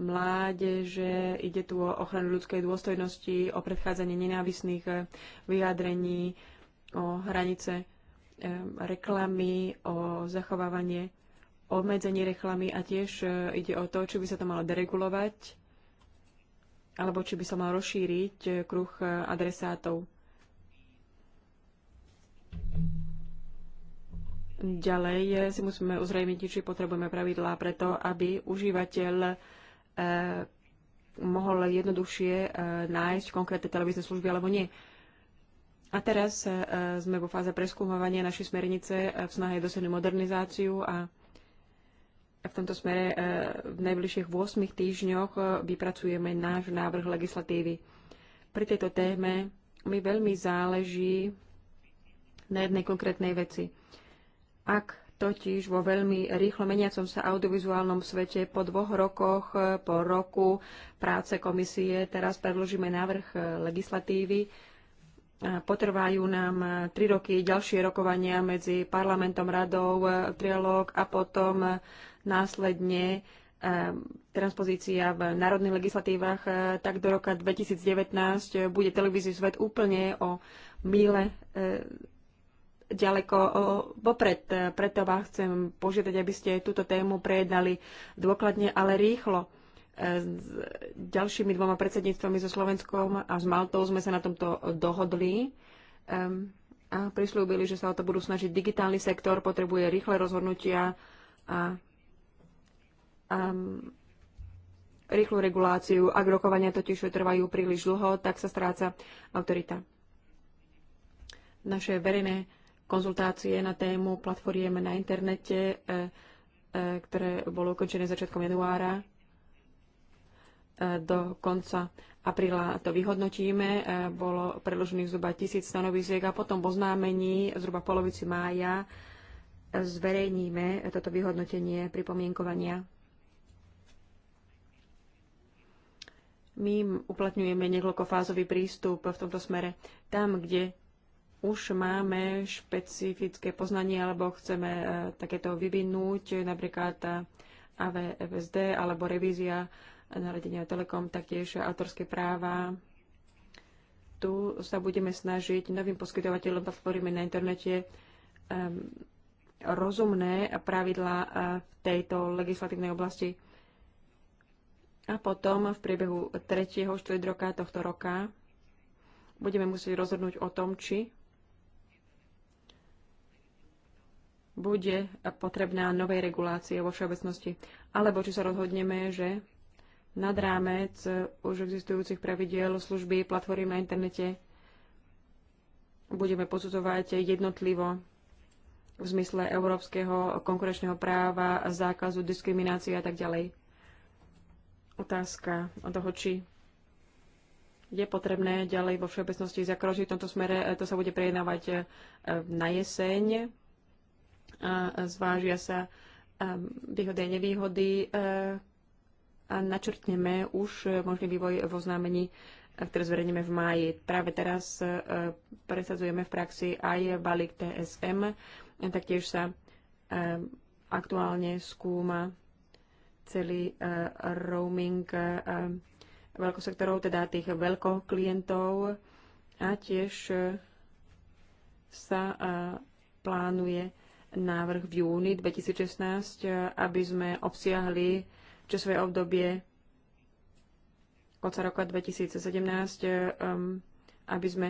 mládeže, ide tu o ochranu ľudskej dôstojnosti, o predchádzanie nenávisných eh, vyjadrení, o hranice eh, reklamy, o zachovávanie, obmedzenie reklamy a tiež eh, ide o to, či by sa to malo deregulovať alebo či by sa mal rozšíriť kruh adresátov. Ďalej si musíme uzrejmiť, či potrebujeme pravidlá preto, aby užívateľ Eh, mohol jednoduchšie eh, nájsť konkrétne televízne služby alebo nie. A teraz eh, sme vo fáze preskúmovania našej smernice v snahe dosiahnuť modernizáciu a v tomto smere v najbližších 8 týždňoch vypracujeme náš návrh legislatívy. Pri tejto téme mi veľmi záleží na jednej konkrétnej veci. Ak totiž vo veľmi rýchlo meniacom sa audiovizuálnom svete po dvoch rokoch, e, po roku práce komisie, teraz predložíme návrh e, legislatívy. E, potrvajú nám tri roky ďalšie rokovania medzi parlamentom, radou, trialóg a potom následne transpozícia v národných legislatívach, tak do roka 2019 bude televíziu svet úplne o míle ďaleko vopred. Preto vás chcem požiadať, aby ste túto tému prejednali dôkladne, ale rýchlo. E, s ďalšími dvoma predsedníctvami so Slovenskom a s Maltou sme sa na tomto dohodli a prislúbili, že sa o to budú snažiť. Digitálny sektor potrebuje rýchle rozhodnutia a, a rýchlu reguláciu. Ak rokovania totiž trvajú príliš dlho, tak sa stráca autorita. Naše verejné konzultácie na tému platformiem na internete, e, e, ktoré bolo ukončené začiatkom januára e, do konca apríla to vyhodnotíme. Bolo predložených zhruba tisíc stanovisiek a potom oznámení zhruba polovici mája zverejníme toto vyhodnotenie pripomienkovania. My uplatňujeme niekoľkofázový prístup v tomto smere. Tam, kde už máme špecifické poznanie alebo chceme e, takéto vyvinúť, napríklad e, AVFSD alebo revízia e, naradenia Telekom, taktiež autorské práva. Tu sa budeme snažiť novým poskytovateľom platformy na internete um, rozumné pravidlá v tejto legislatívnej oblasti. A potom v priebehu 3. 4. roka tohto roka budeme musieť rozhodnúť o tom, či bude potrebná novej regulácie vo všeobecnosti. Alebo či sa rozhodneme, že nad rámec už existujúcich pravidiel služby platformy na internete budeme posudzovať jednotlivo v zmysle európskeho konkurenčného práva, zákazu diskriminácie a tak ďalej. Otázka o toho, či je potrebné ďalej vo všeobecnosti zakročiť v tomto smere. To sa bude prejednávať eh, na jeseň a zvážia sa um, výhody a nevýhody uh, a načrtneme už uh, možný vývoj v oznámení, uh, ktoré zverejneme v máji. Práve teraz presadzujeme v praxi aj balík TSM, taktiež sa um, aktuálne skúma celý roaming veľkosektorov, teda tých veľkoklientov a tiež sa plánuje návrh v júni 2016, eh, aby sme obsiahli časové obdobie konca roka 2017, eh, aby sme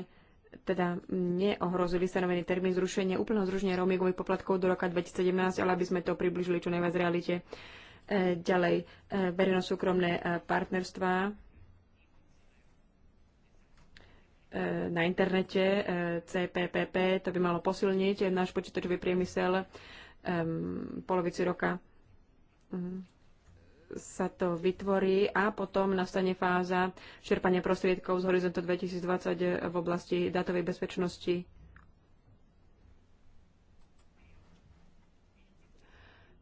teda neohrozili stanovený termín zrušenia, úplného zrušenia roamingových poplatkov do roka 2017, ale aby sme to približili čo najviac realite. Eh, ďalej, verejno-súkromné partnerstvá E, na internete e, CPPP, to by malo posilniť náš počítačový priemysel um, polovici roka um, sa to vytvorí a potom nastane fáza čerpania prostriedkov z horizontu 2020 v oblasti datovej bezpečnosti.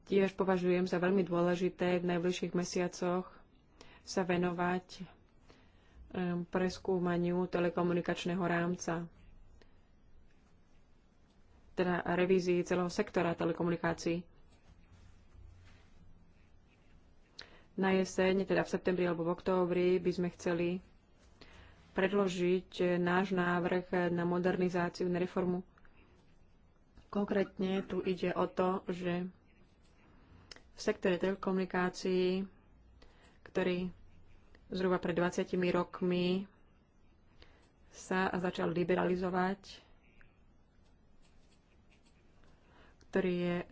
Tiež považujem za veľmi dôležité v najbližších mesiacoch sa venovať preskúmaniu telekomunikačného rámca, teda revízii celého sektora telekomunikácií. Na jeseň, teda v septembri alebo v októbri, by sme chceli predložiť náš návrh na modernizáciu, na reformu. Konkrétne tu ide o to, že v sektore telekomunikácií, ktorý Zhruba pred 20 rokmi sa začal liberalizovať, ktorý je eh,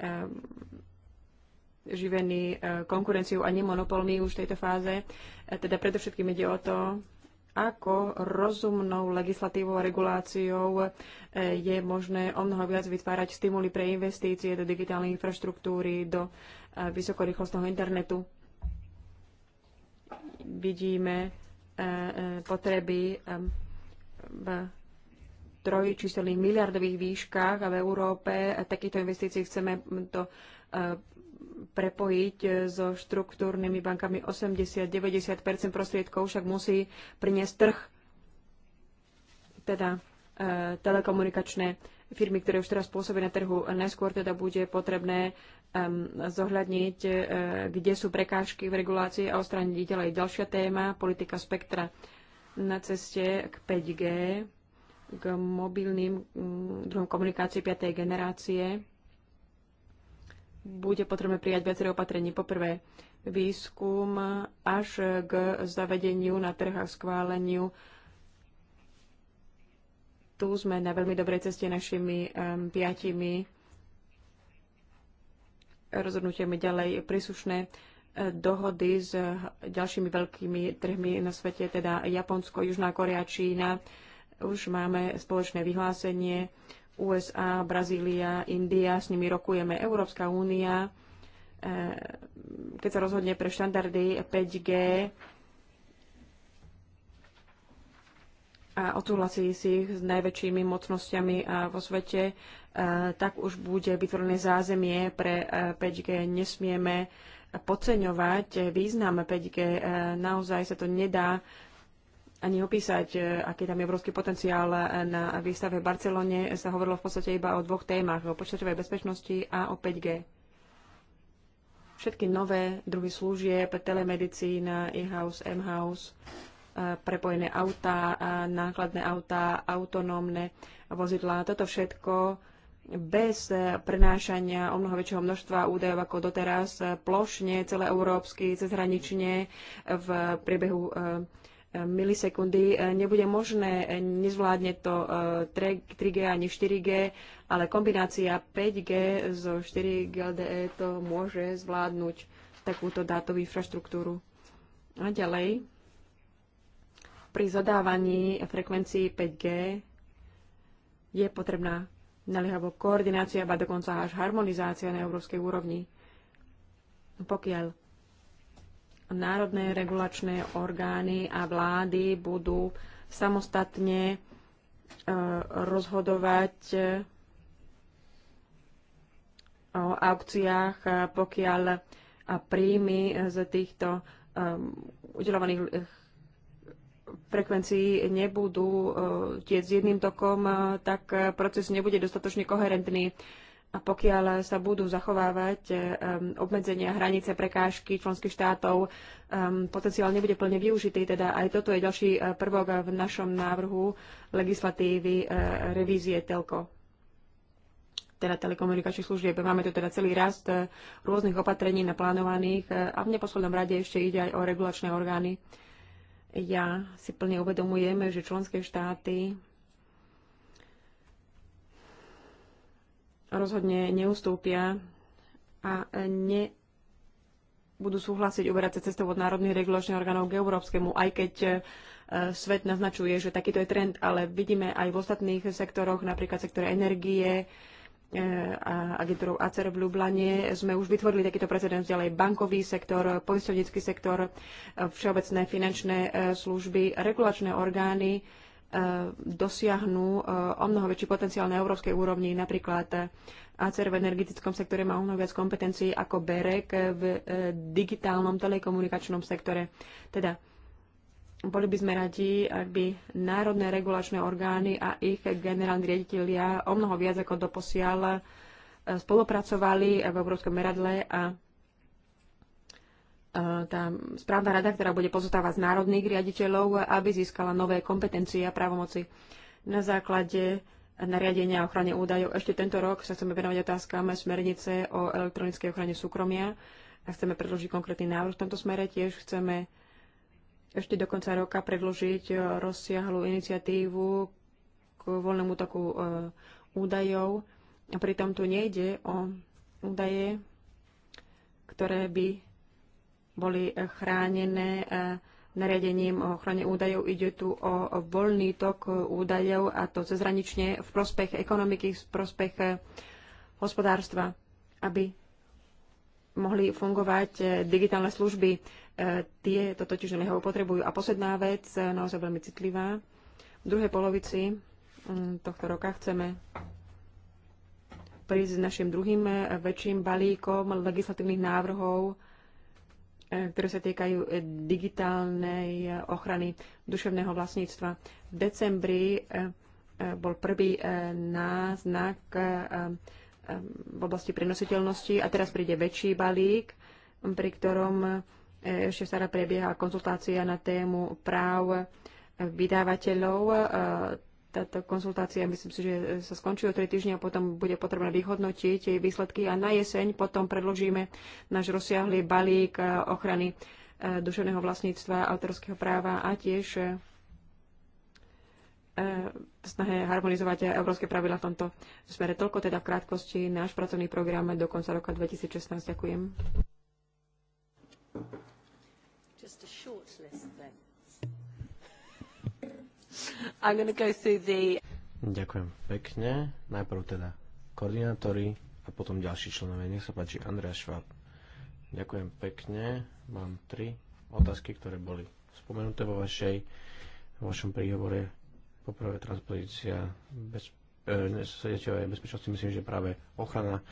živený eh, konkurenciou a nemonopolný už v tejto fáze. Eh, teda predovšetkým ide o to, ako rozumnou legislatívou a reguláciou je možné o mnoho viac vytvárať stimuly pre investície do digitálnej infraštruktúry, do vysokorýchlostného internetu vidíme e, e, potreby e, v trojčíselných miliardových výškach a v Európe takýchto investícií chceme to prepojiť so štruktúrnymi bankami 80-90 prostriedkov, však musí priniesť trh, teda telekomunikačné firmy, ktoré už teraz pôsobia na trhu. Neskôr teda bude potrebné Um, zohľadniť, uh, kde sú prekážky v regulácii a ostraniť ich ďalej. Ďalšia téma, politika spektra na ceste k 5G, k mobilným mm, druhom komunikácie 5. generácie. Bude potrebné prijať viaceré opatrení. Poprvé, výskum až k zavedeniu na trh a schváleniu tu sme na veľmi dobrej ceste našimi um, piatimi rozhodnutiami ďalej príslušné e, dohody s ďalšími veľkými trhmi na svete, teda Japonsko, Južná Korea, Čína. Už máme spoločné vyhlásenie USA, Brazília, India, s nimi rokujeme Európska únia. E, keď sa rozhodne pre štandardy 5G, a odsúhlasí si ich s najväčšími mocnosťami vo svete, tak už bude vytvorené zázemie pre 5G. Nesmieme podceňovať význam 5G. Naozaj sa to nedá ani opísať, aký tam je obrovský potenciál. Na výstave v Barcelone sa hovorilo v podstate iba o dvoch témach, o počítačovej bezpečnosti a o 5G. Všetky nové druhy služieb, telemedicína, e-house, m-house, prepojené autá, nákladné autá, autonómne vozidlá. Toto všetko bez prenášania o mnoho väčšieho množstva údajov ako doteraz, plošne, európsky, cezhranične v priebehu e, e, milisekundy e, nebude možné, nezvládne to 3G ani 4G, ale kombinácia 5G so 4G LDE to môže zvládnuť takúto dátovú infraštruktúru. A ďalej pri zadávaní frekvencií 5G je potrebná naliehavo koordinácia, ba dokonca až harmonizácia na európskej úrovni. Pokiaľ národné regulačné orgány a vlády budú samostatne e, rozhodovať e, o aukciách, pokiaľ príjmy z týchto e, udelovaných frekvencií nebudú e, tie s jedným tokom, e, tak proces nebude dostatočne koherentný. A pokiaľ sa budú zachovávať e, obmedzenia, hranice, prekážky členských štátov, potenciál nebude plne využitý. Teda aj toto je ďalší prvok v našom návrhu legislatívy revízie telko teda telekomunikačných služieb. Máme tu teda celý rast rôznych opatrení naplánovaných a v neposlednom rade ešte ide aj o regulačné orgány. Ja si plne uvedomujem, že členské štáty rozhodne neustúpia a ne budú súhlasiť uberať sa cestou od národných regulačných orgánov k európskemu, aj keď e, svet naznačuje, že takýto je trend, ale vidíme aj v ostatných sektoroch, napríklad sektore energie, E, a agentúrou ACER v Ljubljane. sme už vytvorili takýto precedens ďalej bankový sektor, poistovnícky sektor, e, všeobecné finančné e, služby, regulačné orgány dosiahnu o mnoho väčší potenciál na európskej úrovni. Napríklad ACER v energetickom sektore má o mnoho viac kompetencií ako BEREK v digitálnom telekomunikačnom sektore. Teda boli by sme radi, ak by národné regulačné orgány a ich generálni riaditeľia o mnoho viac ako doposiaľ e, spolupracovali v Európskom meradle a e, tá správna rada, ktorá bude pozostávať z národných riaditeľov, aby získala nové kompetencie a právomoci. Na základe nariadenia o ochrane údajov ešte tento rok sa chceme venovať otázkam smernice o elektronickej ochrane súkromia a chceme predložiť konkrétny návrh v tomto smere. Tiež chceme ešte do konca roka predložiť e, rozsiahlu iniciatívu k voľnému toku e, údajov. A pritom tu nejde o údaje, ktoré by boli chránené e, nariadením o ochrane údajov. Ide tu o voľný tok údajov a to cezhranične v prospech ekonomiky, v prospech hospodárstva, aby mohli fungovať e, digitálne služby. E, tie to totiž neho potrebujú. A posledná vec, e, naozaj veľmi citlivá. V druhej polovici tohto roka chceme prísť s našim druhým väčším balíkom legislatívnych návrhov, ktoré sa týkajú digitálnej ochrany duševného vlastníctva. V decembri bol prvý náznak v oblasti prenositeľnosti a teraz príde väčší balík, pri ktorom e, ešte stále prebieha konzultácia na tému práv vydávateľov. E, táto konzultácia, myslím si, že sa skončí o 3 týždne a potom bude potrebné vyhodnotiť jej výsledky a na jeseň potom predložíme náš rozsiahly balík e, ochrany duševného vlastníctva, autorského práva a tiež E, v snahe harmonizovať európske pravidla v tomto smere. Toľko teda v krátkosti náš pracovný program do konca roka 2016. Ďakujem. Go the... Ďakujem pekne. Najprv teda koordinátori a potom ďalší členovia. Nech sa páči, Andrea Šváb. Ďakujem pekne. Mám tri otázky, ktoré boli spomenuté vo, vašej, vo vašom príhovore Poprvé transpozícia bez, e, bezpečnosti, myslím, že práve ochrana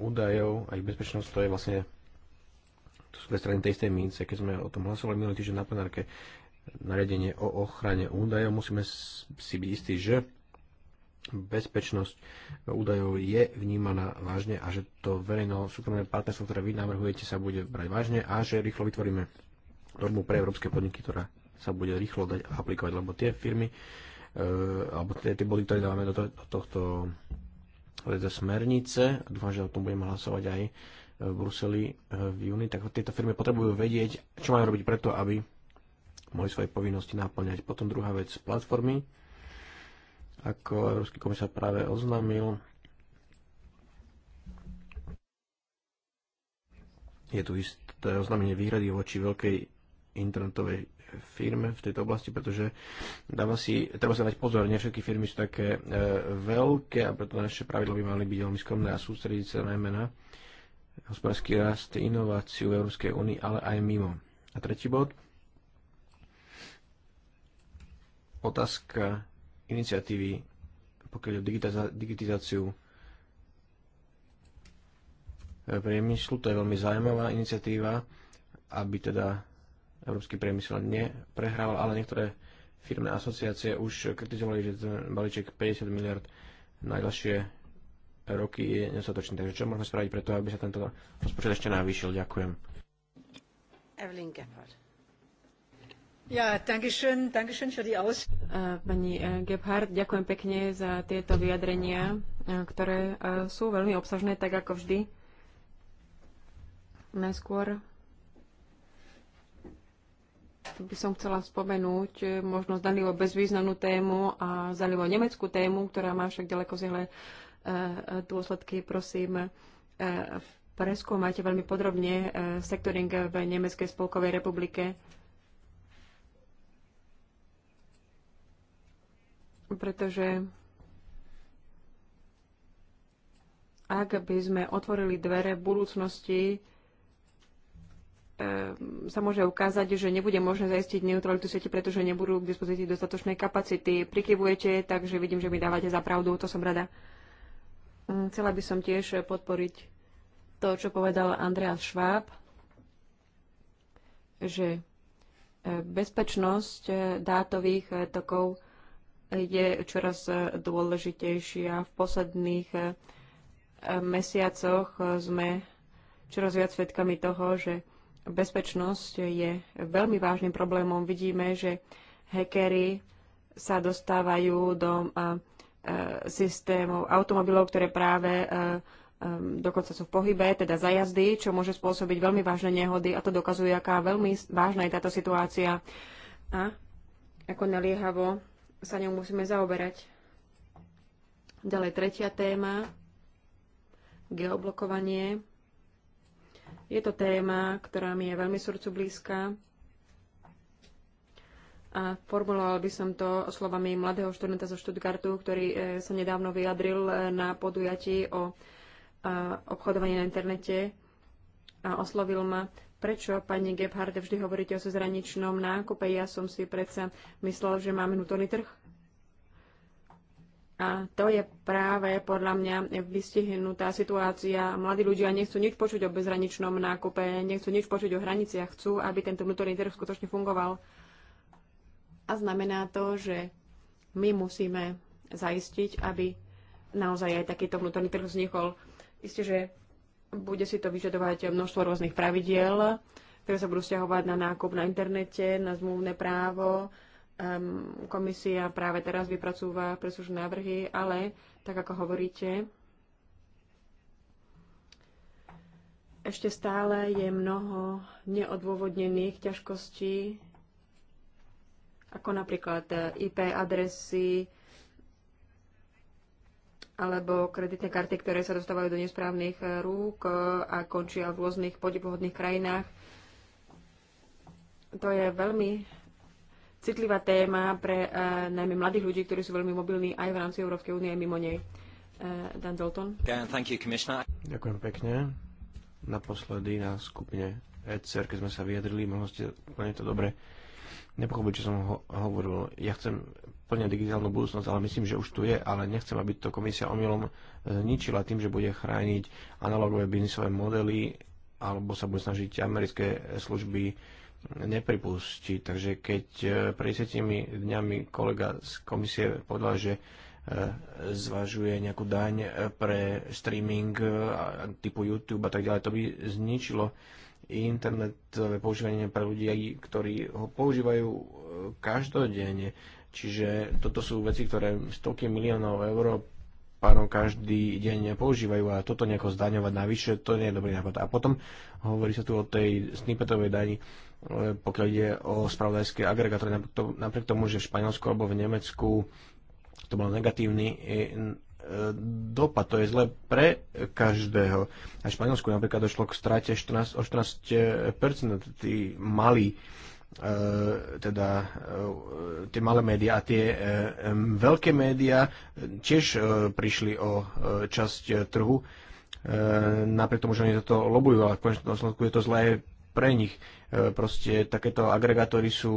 údajov a ich bezpečnosť to je vlastne to sú dve strany tej istej mince. Keď sme o tom hlasovali minulý týždeň na plenárke nariadenie o ochrane údajov, musíme si byť istí, že bezpečnosť údajov je vnímaná vážne a že to verejno-súkromné partnerstvo, ktoré vy navrhujete, sa bude brať vážne a že rýchlo vytvoríme normu pre európske podniky, ktorá sa bude rýchlo dať aplikovať, lebo tie firmy, E, alebo tie, tie body, ktoré dávame do, to, do tohto do smernice, a dúfam, že o tom budeme hlasovať aj v Bruseli e, v júni, tak tieto firmy potrebujú vedieť, čo majú robiť preto, aby mohli svoje povinnosti naplňať. Potom druhá vec, platformy. Ako Európsky komisár práve oznámil, je tu isté oznámenie výhrady voči veľkej internetovej firm v tejto oblasti, pretože dáva si, treba sa dať pozor, nie všetky firmy sú také e, veľké a preto naše pravidlo by mali byť veľmi skromné a sústrediť sa najmä na hospodársky rast, inováciu v Európskej únii, ale aj mimo. A tretí bod. Otázka iniciatívy, pokiaľ o digitizáciu e, priemyslu, to je veľmi zaujímavá iniciatíva, aby teda európsky priemysel neprehrával, ale niektoré firmné asociácie už kritizovali, že ten balíček 50 miliard najľahšie roky je nedostatočný. Takže čo môžeme spraviť preto, aby sa tento rozpočet ešte navýšil? Ďakujem. Evelyn Gephardt. Ja, dankeschön, dankeschön für die Aus. Pani e, Gebhardt, ďakujem pekne za tieto vyjadrenia, e, ktoré e, sú veľmi obsažné, tak ako vždy. Najskôr by som chcela spomenúť e, možno zdanlivo bezvýznamnú tému a zdanlivo nemeckú tému, ktorá má však ďaleko zihle e, dôsledky. Prosím, e, preskúmajte veľmi podrobne sektoring v Nemeckej spolkovej republike. Pretože ak by sme otvorili dvere budúcnosti, Ehm, sa môže ukázať, že nebude možné zaistiť neutralitu siete, pretože nebudú k dispozícii dostatočnej kapacity. Prikyvujete, takže vidím, že mi dávate za pravdu, to som rada. Mm, chcela by som tiež podporiť to, čo povedal Andreas Schwab, že e, bezpečnosť e, dátových e, tokov je čoraz dôležitejšia. V posledných mesiacoch sme čoraz viac svedkami toho, že bezpečnosť je veľmi vážnym problémom. Vidíme, že hackery sa dostávajú do systémov automobilov, ktoré práve dokonca sú v pohybe, teda za jazdy, čo môže spôsobiť veľmi vážne nehody a to dokazuje, aká veľmi vážna je táto situácia a ako naliehavo sa ňou musíme zaoberať. Ďalej tretia téma, geoblokovanie. Je to téma, ktorá mi je veľmi srdcu blízka. A formuloval by som to slovami mladého študenta zo Stuttgartu, ktorý e, sa nedávno vyjadril e, na podujatí o e, obchodovaní na internete a oslovil ma, prečo, pani Gebhardt, vždy hovoríte o sezraničnom nákupe. Ja som si predsa myslel, že máme nutorný trh. A to je práve podľa mňa vystihnutá situácia. Mladí ľudia nechcú nič počuť o bezhraničnom nákupe, nechcú nič počuť o hraniciach, chcú, aby tento vnútorný trh skutočne fungoval. A znamená to, že my musíme zaistiť, aby naozaj aj takýto vnútorný trh vznikol. Isté, že bude si to vyžadovať množstvo rôznych pravidiel, ktoré sa budú stiahovať na nákup na internete, na zmluvné právo, Ehm, komisia práve teraz vypracúva presúžené návrhy, ale tak ako hovoríte, ešte stále je mnoho neodôvodnených ťažkostí, ako napríklad e, IP adresy alebo kreditné karty, ktoré sa dostávajú do nesprávnych e, rúk e, a končia v rôznych podivhodných krajinách. To je veľmi citlivá téma pre uh, najmä mladých ľudí, ktorí sú veľmi mobilní aj v rámci Európskej únie, aj mimo nej. Uh, Dan Dalton. You, Ďakujem pekne. Naposledy na skupine ECR, keď sme sa vyjadrili, mohli ste úplne to dobre nepochopili, čo som ho- hovoril. Ja chcem plne digitálnu budúcnosť, ale myslím, že už tu je, ale nechcem, aby to komisia omylom zničila eh, tým, že bude chrániť analogové biznisové modely alebo sa bude snažiť americké služby nepripustí. Takže keď e, pred 10 dňami kolega z komisie povedal, že e, zvažuje nejakú daň e, pre streaming typu YouTube a tak ďalej, to by zničilo internetové používanie pre ľudí, ktorí ho používajú každodenne. Čiže toto sú veci, ktoré stovky miliónov eur pánov každý deň používajú a toto nejako zdaňovať navyše, to nie je dobrý nápad. A potom hovorí sa tu o tej snippetovej dani E, pokiaľ ide o spravodajské agregátory, napriek tomu, že v Španielsku alebo v Nemecku to bol negatívny e, e, dopad, to je zle pre každého. A v Španielsku napríklad došlo k strate 14, o 14%, tí malí teda tie malé médiá a tie veľké médiá tiež prišli o časť trhu napriek tomu, že oni toto lobujú, ale v konečnom dôsledku je to zlé pre nich. E, proste takéto agregátory sú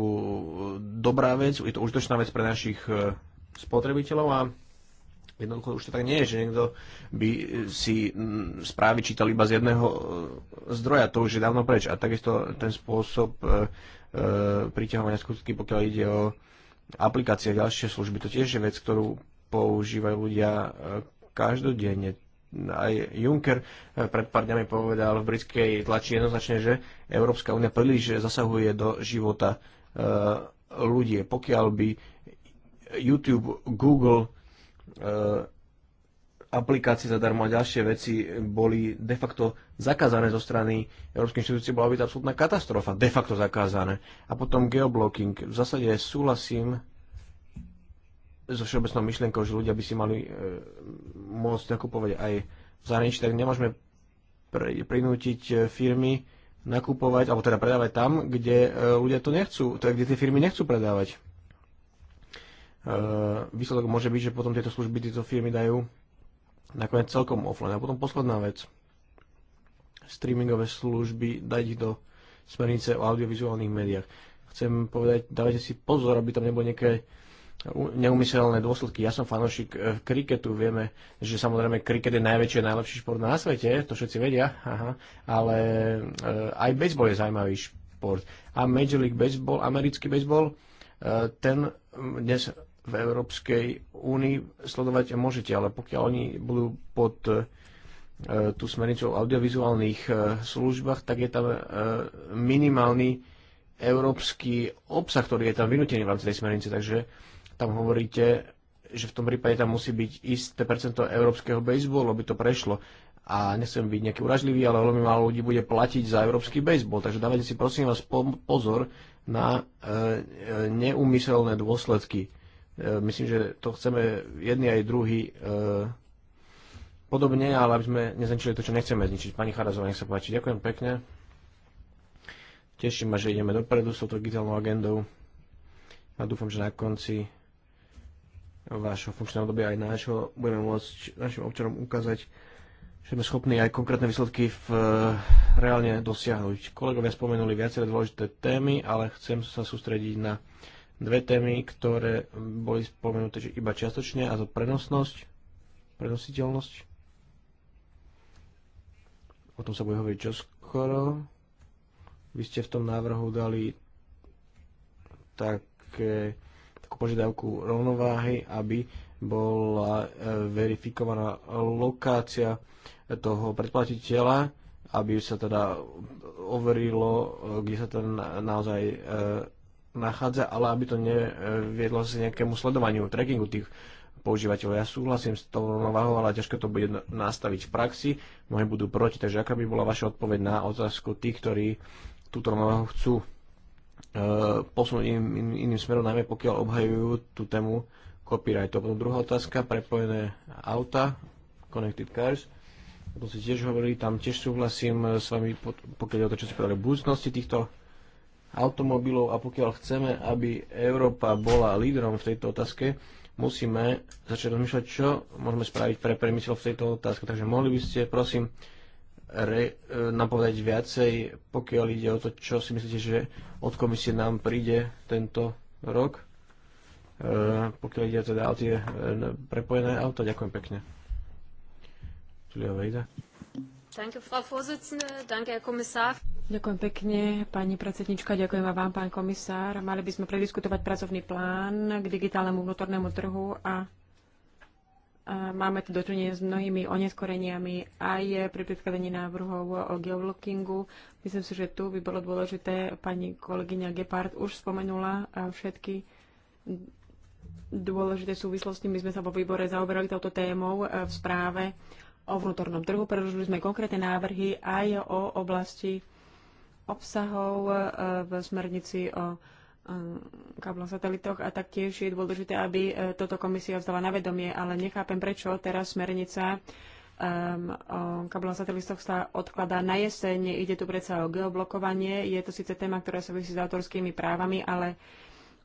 dobrá vec, je to užitočná vec pre našich e, spotrebiteľov a Jednoducho už to tak nie je, že niekto by e, si správy čítal iba z jedného zdroja, to už je dávno preč. A takisto ten spôsob priťahovania skutky, pokiaľ ide o aplikácie a ďalšie služby, to tiež je vec, ktorú používajú ľudia každodenne aj Juncker eh, pred pár dňami povedal v britskej tlači jednoznačne, že Európska únia príliš zasahuje do života eh, ľudí. Pokiaľ by YouTube, Google, eh, aplikácie zadarmo a ďalšie veci boli de facto zakázané zo strany Európskej inštitúcie, bola by to absolútna katastrofa, de facto zakázané. A potom geoblocking. V zásade súhlasím so všeobecnou myšlienkou, že ľudia by si mali e, môcť nakupovať aj v zahraničí, tak nemôžeme pr- prinútiť e, firmy nakupovať, alebo teda predávať tam, kde e, ľudia to nechcú, teda kde tie firmy nechcú predávať. E, výsledok môže byť, že potom tieto služby tieto firmy dajú nakoniec celkom offline. A potom posledná vec. Streamingové služby dať ich do smernice o audiovizuálnych médiách. Chcem povedať, dávajte si pozor, aby tam nebolo nejaké neumyselné dôsledky. Ja som fanúšik e, kriketu, vieme, že samozrejme kriket je najväčší a najlepší šport na svete, to všetci vedia, aha, ale e, aj baseball je zaujímavý šport. A Major League Baseball, americký baseball, e, ten dnes v Európskej únii sledovať môžete, ale pokiaľ oni budú pod tú smernicu o audiovizuálnych službách, tak je tam minimálny európsky obsah, ktorý je tam vynútený v rámci tej smernice. Takže tam hovoríte, že v tom prípade tam musí byť isté percento európskeho baseballu, aby to prešlo. A nechcem byť nejaký uražlivý, ale veľmi málo ľudí bude platiť za európsky baseball. Takže dávajte si prosím vás pozor na e, e, neumyselné dôsledky. E, myslím, že to chceme jedni aj druhý e, podobne, ale aby sme nezničili to, čo nechceme zničiť. Pani Charazová, nech sa páči. Ďakujem pekne. Teším ma, že ideme dopredu s touto digitálnou agendou a dúfam, že na konci vášho funkčného obdobia aj nášho, budeme môcť našim občanom ukázať, že sme schopní aj konkrétne výsledky v, eh, reálne dosiahnuť. Kolegovia spomenuli viaceré dôležité témy, ale chcem sa sústrediť na dve témy, ktoré boli spomenuté iba čiastočne, a to prenosnosť, prenositeľnosť. O tom sa bude hovoriť čoskoro. Vy ste v tom návrhu dali také takú požiadavku rovnováhy, aby bola e, verifikovaná lokácia toho predplatiteľa, aby sa teda overilo, e, kde sa ten naozaj e, nachádza, ale aby to neviedlo sa nejakému sledovaniu, trackingu tých používateľov. Ja súhlasím s tou rovnováhou, ale ťažko to bude nastaviť v praxi. Mnohí budú proti, takže aká by bola vaša odpoveď na otázku tých, ktorí túto rovnováhu chcú Eh, posunúť iným, iným smerom, najmä pokiaľ obhajujú tú tému copyrightov Potom druhá otázka, prepojené auta, connected cars. To si tiež hovorili, tam tiež súhlasím eh, s vami, pokiaľ je o to, čo si povedali, budúcnosti týchto automobilov a pokiaľ chceme, aby Európa bola lídrom v tejto otázke, musíme začať rozmýšľať, čo môžeme spraviť pre premysel v tejto otázke. Takže mohli by ste, prosím, re, e, nám povedať viacej, pokiaľ ide o to, čo si myslíte, že od komisie nám príde tento rok, e, pokiaľ ide teda o tie e, prepojené auto. Ďakujem pekne. Ďakujem pekne, pani predsednička, ďakujem vám, pán komisár. Mali by sme prediskutovať pracovný plán k digitálnemu vnútornému trhu a Máme tu dočenie s mnohými oneskoreniami aj pri predkladaní návrhov o geoblockingu. Myslím si, že tu by bolo dôležité, pani kolegyňa Gepard už spomenula všetky dôležité súvislosti. My sme sa vo výbore zaoberali touto témou e, v správe o vnútornom trhu. Predložili sme konkrétne návrhy aj o oblasti obsahov e, v smernici o Eh, káblom satelitoch a taktiež je dôležité, aby eh, toto komisia vzdala na vedomie, ale nechápem, prečo teraz smernica um, o káblom satelitoch sa odkladá na jeseň. Ide tu predsa o geoblokovanie. Je to síce téma, ktorá súvisí s autorskými právami, ale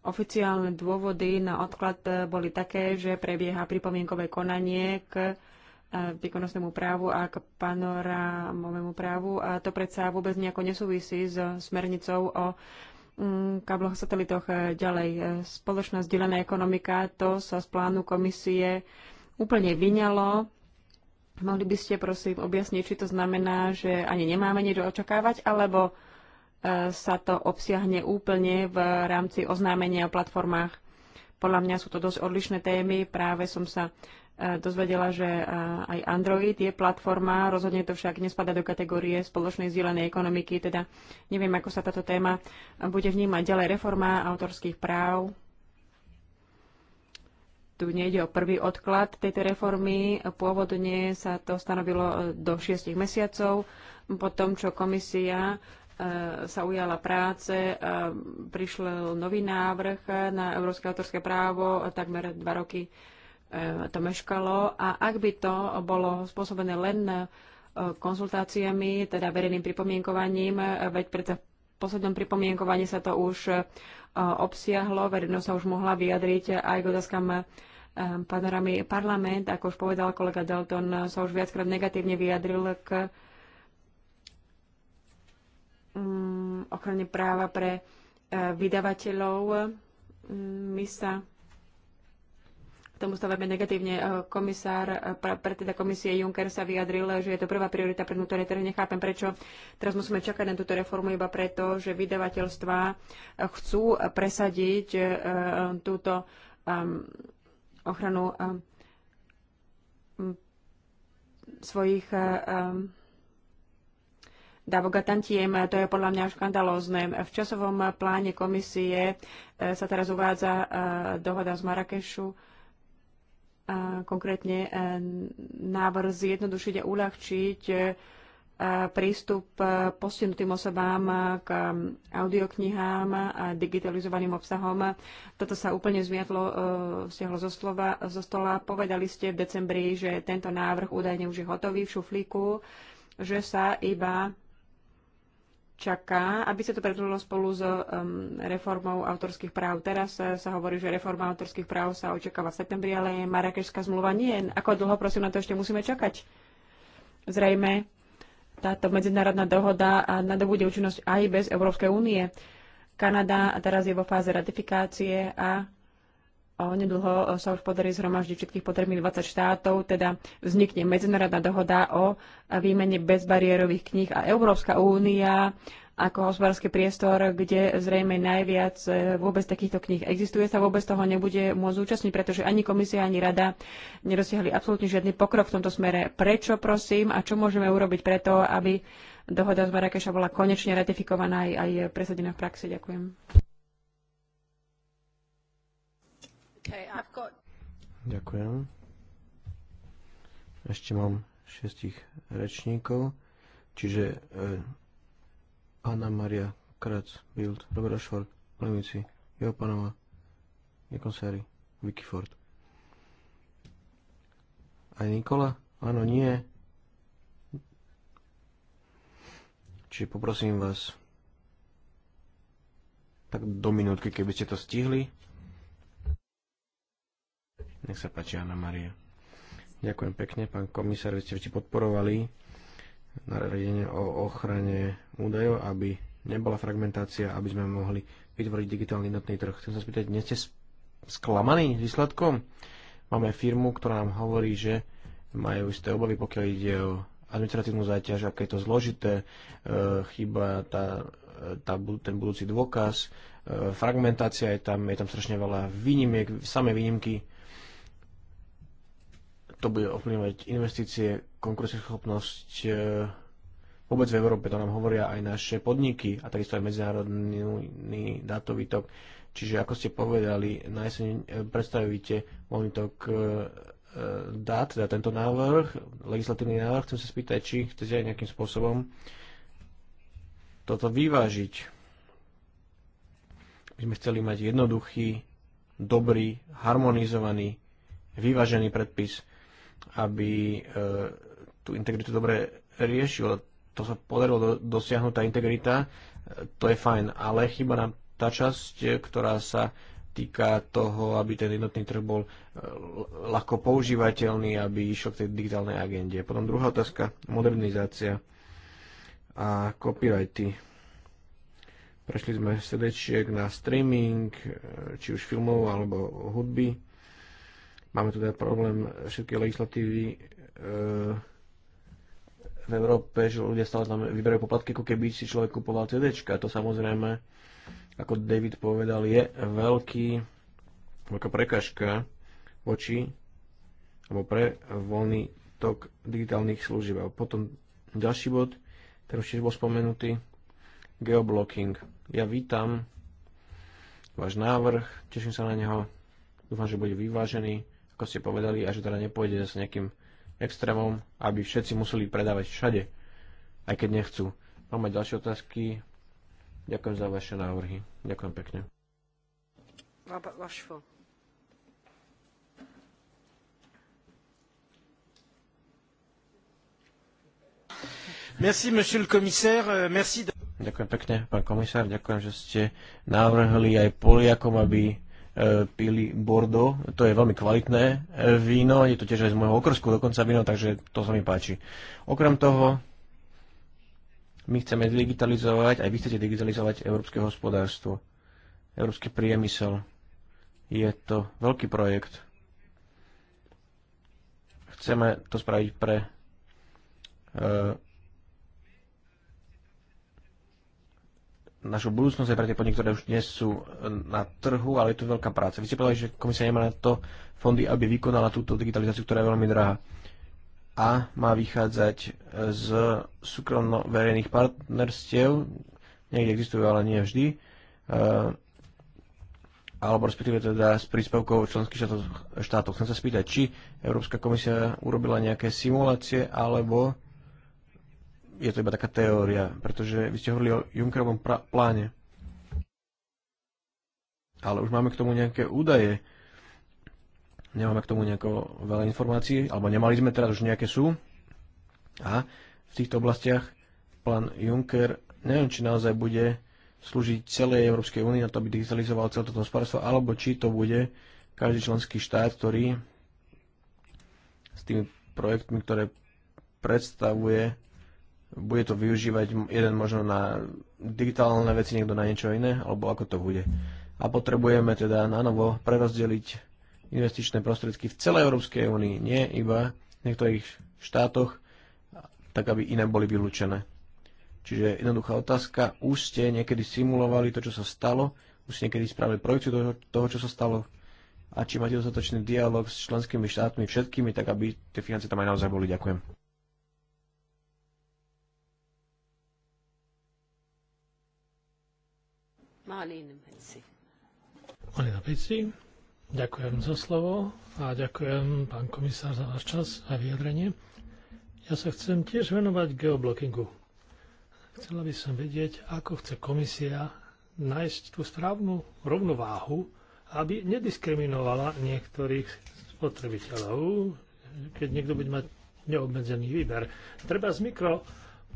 oficiálne dôvody na odklad eh, boli také, že prebieha pripomienkové konanie k výkonnostnému právu a k panorámovému právu. A to predsa vôbec nejako nesúvisí s smernicou o Mm, kábloch satelitoch e, ďalej. E, spoločná zdieľaná ekonomika, to sa z plánu komisie úplne vyňalo. Mohli by ste prosím objasniť, či to znamená, že ani nemáme niečo očakávať, alebo e, sa to obsiahne úplne v rámci oznámenia o platformách. Podľa mňa sú to dosť odlišné témy. Práve som sa dozvedela, že aj Android je platforma, rozhodne to však nespada do kategórie spoločnej zielenej ekonomiky, teda neviem, ako sa táto téma bude vnímať ďalej reforma autorských práv. Tu nejde o prvý odklad tejto reformy. Pôvodne sa to stanovilo e, do 6 mesiacov. Po tom, čo komisia e, sa ujala práce, e, prišiel nový návrh na európske autorské právo takmer dva roky E, to meškalo a ak by to bolo spôsobené len e, konzultáciami, teda verejným pripomienkovaním, e, veď predsa v poslednom pripomienkovaní sa to už obsiahlo, verejnosť sa už mohla vyjadriť aj k otázkam panorami Parlament, ako už povedal kolega Dalton, sa už viackrát negatívne vyjadril k mm, ochrane práva pre vydavateľov. Mm, my sa k tomu stavíme negatívne. E, komisár, e, predseda komisie Juncker sa vyjadril, že je to prvá priorita pre vnútorné trhy. Nechápem, prečo teraz musíme čakať na túto reformu iba preto, že vydavateľstva e, chcú presadiť túto ochranu svojich dávok a tantiem, to je podľa mňa škandalózne. V časovom pláne komisie sa teraz uvádza dohoda z Marrakešu, konkrétne e, návrh zjednodušiť a uľahčiť e, prístup e, postihnutým osobám k audioknihám a digitalizovaným obsahom. Toto sa úplne zmiatlo, stiahlo zo, slova, zo stola. Povedali ste v decembri, že tento návrh údajne už je hotový v šuflíku, že sa iba čaká, aby sa to predlilo spolu s um, reformou autorských práv. Teraz eh, sa hovorí, že reforma autorských práv sa očakáva v septembri, ale Marrakešská zmluva nie. Ako dlho, prosím, na to ešte musíme čakať? Zrejme, táto medzinárodná dohoda eh, nadobude účinnosť aj bez Európskej únie. Kanada teraz je vo fáze ratifikácie a Onedlho e, sa už podarí zhromaždiť všetkých potrebných 20 štátov, teda vznikne medzinárodná dohoda o e, výmene bezbariérových kníh a Európska únia ako hospodársky priestor, kde zrejme najviac e, vôbec takýchto kníh existuje, sa vôbec toho nebude môcť zúčastniť, pretože ani komisia, ani rada nedosiahli absolútne žiadny pokrok v tomto smere. Prečo, prosím, a čo môžeme urobiť preto, aby dohoda z Marrakeša bola konečne ratifikovaná aj, aj presadená v praxi? Ďakujem. Okay, I've got... Ďakujem. Ešte mám šiestich rečníkov, čiže eh, Anna Maria Krac, Bild, Robert Ashford, Lemici, Jopanova, Nikonsari, Vicky Ford. A Nikola? Áno, nie. Čiže poprosím vás tak do minútky, keby ste to stihli. Nech sa páči, Anna Maria. Ďakujem pekne, pán komisár, že ste vždy podporovali nariadenie o ochrane údajov, aby nebola fragmentácia, aby sme mohli vytvoriť digitálny jednotný trh. Chcem sa spýtať, nie ste sklamaní výsledkom? Máme firmu, ktorá nám hovorí, že majú isté obavy, pokiaľ ide o administratívnu záťaž, aké je to zložité, e, chyba tá, tá, ten budúci dôkaz, e, fragmentácia je tam, je tam strašne veľa výnimiek, samé výnimky to bude ovplyvňovať investície, konkurencieschopnosť e, vôbec v Európe, to nám hovoria aj naše podniky a takisto aj medzinárodný dátový tok. Čiže ako ste povedali, na jeseň predstavíte voľný tok e, e, dát, teda tento návrh, legislatívny návrh, chcem sa spýtať, či chcete aj nejakým spôsobom toto vyvážiť. My sme chceli mať jednoduchý, dobrý, harmonizovaný, vyvážený predpis, aby e, tú integritu dobre riešil. To sa podarilo dosiahnuť, tá integrita, e, to je fajn, ale chyba nám tá časť, e, ktorá sa týka toho, aby ten jednotný trh bol ľahko používateľný, aby išiel k tej digitálnej agende. Potom druhá otázka, modernizácia a copyrighty. Prešli sme sedečiek na streaming, či už filmov alebo hudby. Máme tu teda problém všetky legislatívy e, v Európe, že ľudia stále tam vyberajú poplatky, ako keby si človek kupoval CD. To samozrejme, ako David povedal, je veľký, veľká prekažka voči alebo pre voľný tok digitálnych služieb. A potom ďalší bod, ktorý už bol spomenutý, geoblocking. Ja vítam váš návrh, teším sa na neho, dúfam, že bude vyvážený ako ste povedali, a že teda nepôjde s nejakým extrémom, aby všetci museli predávať všade, aj keď nechcú. No, Máme ďalšie otázky. Ďakujem za vaše návrhy. Ďakujem pekne. Merci, monsieur le commissaire. Euh, merci. Ďakujem pekne, pán komisár. Ďakujem, že ste navrhli aj Poliakom, aby E, pili Bordeaux. To je veľmi kvalitné e, víno, je to tiež aj z môjho okrsku dokonca víno, takže to sa mi páči. Okrem toho, my chceme digitalizovať, aj vy chcete digitalizovať európske hospodárstvo, európsky priemysel. Je to veľký projekt. Chceme to spraviť pre e, našu budúcnosť aj pre tie podniky, ktoré už dnes sú e, na trhu, ale je to veľká práca. Vy ste povedali, že komisia nemá na to fondy, aby vykonala túto digitalizáciu, ktorá je veľmi drahá a má vychádzať e, z súkromno-verejných partnerstiev, niekde existujú, ale nie vždy, e, alebo respektíve teda s príspevkou členských štátov. Chcem sa spýtať, či Európska komisia urobila nejaké simulácie, alebo je to iba taká teória, pretože vy ste hovorili o Junckerovom pláne. Ale už máme k tomu nejaké údaje. Nemáme k tomu nejako veľa informácií, alebo nemali sme teraz už nejaké sú. A v týchto oblastiach plán Juncker, neviem, či naozaj bude slúžiť celej Európskej únii na to, aby digitalizoval celé toto spárstvo, alebo či to bude každý členský štát, ktorý s tými projektmi, ktoré predstavuje, bude to využívať jeden možno na digitálne veci, niekto na niečo iné, alebo ako to bude. A potrebujeme teda na novo prerozdeliť investičné prostriedky v celej Európskej únii, nie iba v niektorých štátoch, tak aby iné boli vylúčené. Čiže jednoduchá otázka, už ste niekedy simulovali to, čo sa stalo, už ste niekedy spravili projekciu toho, toho čo sa stalo a či máte dostatočný dialog s členskými štátmi všetkými, tak aby tie financie tam aj naozaj boli. Ďakujem. Malina Peci, ďakujem za slovo a ďakujem, pán komisár, za váš čas a vyjadrenie. Ja sa chcem tiež venovať geoblockingu. Chcela by som vedieť, ako chce komisia nájsť tú správnu rovnováhu, aby nediskriminovala niektorých spotrebiteľov, keď niekto bude mať neobmedzený výber. Treba z mikro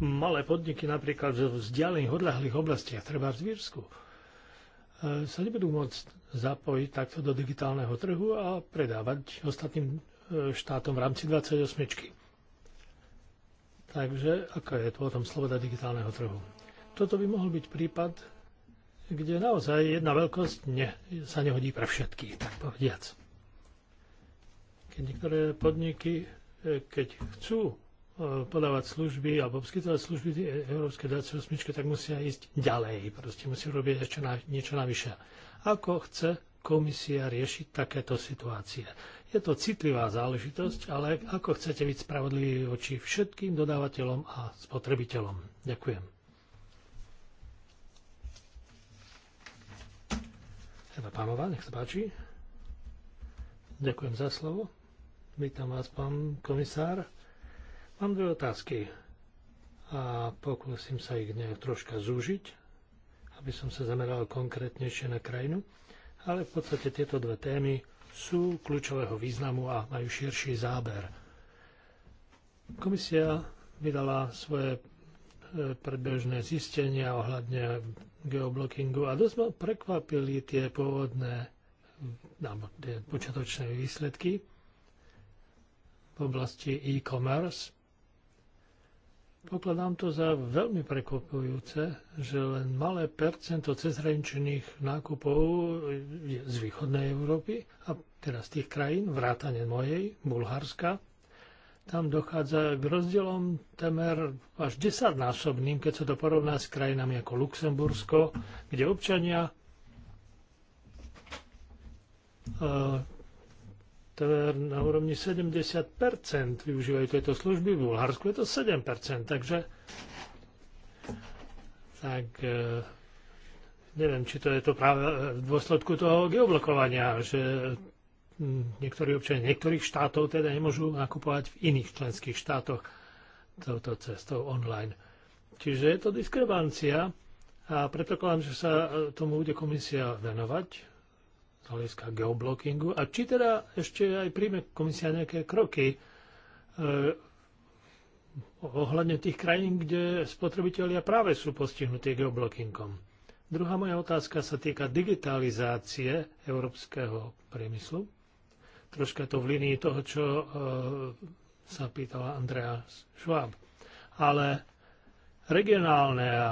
malé podniky napríklad v vzdialených odľahlých oblastiach, treba v Zvírsku E, sa nebudú môcť zapojiť takto do digitálneho trhu a predávať ostatným e, štátom v rámci 28. Takže aká je to o tom sloboda digitálneho trhu? Toto by mohol byť prípad, kde naozaj jedna veľkosť ne, sa nehodí pre všetkých, tak povediac. Keď niektoré podniky, e, keď chcú E, podávať služby alebo poskytovať služby Európskej 28, tak musia ísť ďalej. Proste musí robiť ešte na, niečo navyše. Ako chce komisia riešiť takéto situácie? Je to citlivá záležitosť, ale ako chcete byť spravodliví voči všetkým dodávateľom a spotrebiteľom? Ďakujem. Eva Pánova, nech sa páči. Ďakujem za slovo. Vítam vás, pán komisár. Mám dve otázky a pokúsim sa ich nejak troška zúžiť, aby som sa zameral konkrétnejšie na krajinu, ale v podstate tieto dve témy sú kľúčového významu a majú širší záber. Komisia vydala svoje e, predbežné zistenia ohľadne geoblockingu a dosť ma prekvapili tie pôvodné alebo tie počiatočné výsledky v oblasti e-commerce Pokladám to za veľmi prekvapujúce, že len malé percento cezhraničných nákupov je z východnej Európy a teraz tých krajín, vrátane mojej, Bulharska, tam dochádza k rozdielom temer až desaťnásobným, keď sa to porovná s krajinami ako Luxembursko, kde občania na úrovni 70 využívajú tieto služby, v Bulharsku je to 7 takže tak e, neviem, či to je to práve v dôsledku toho geoblokovania, že niektorí občania niektorých štátov teda nemôžu nakupovať v iných členských štátoch touto cestou online. Čiže je to diskrepancia a predpokladám, že sa tomu bude komisia venovať z hľadiska geoblockingu a či teda ešte aj príjme komisia nejaké kroky e, ohľadne tých krajín, kde spotrebitelia práve sú postihnutí geoblockingom. Druhá moja otázka sa týka digitalizácie európskeho priemyslu. Troška to v linii toho, čo e, sa pýtala Andrea Schwab. Ale regionálne a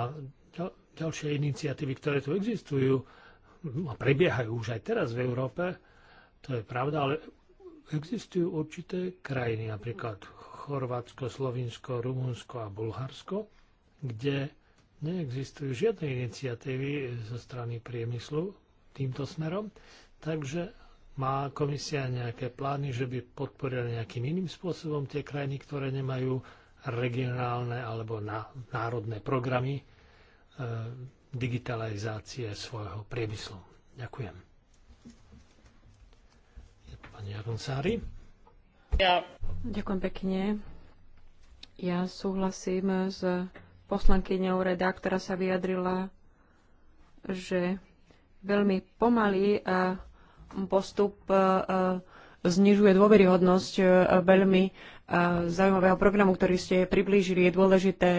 ďalšie iniciatívy, ktoré tu existujú, a prebiehajú už aj teraz v Európe, to je pravda, ale existujú určité krajiny, napríklad Chorvátsko, Slovinsko, Rumunsko a Bulharsko, kde neexistujú žiadne iniciatívy zo strany priemyslu týmto smerom, takže má komisia nejaké plány, že by podporila nejakým iným spôsobom tie krajiny, ktoré nemajú regionálne alebo národné programy e, digitalizácie svojho priemyslu. Ďakujem. Pani Jaroncári. Ja. Ďakujem pekne. Ja súhlasím s poslankyňou Reda, ktorá sa vyjadrila, že veľmi pomalý postup znižuje dôveryhodnosť veľmi zaujímavého programu, ktorý ste priblížili. Je dôležité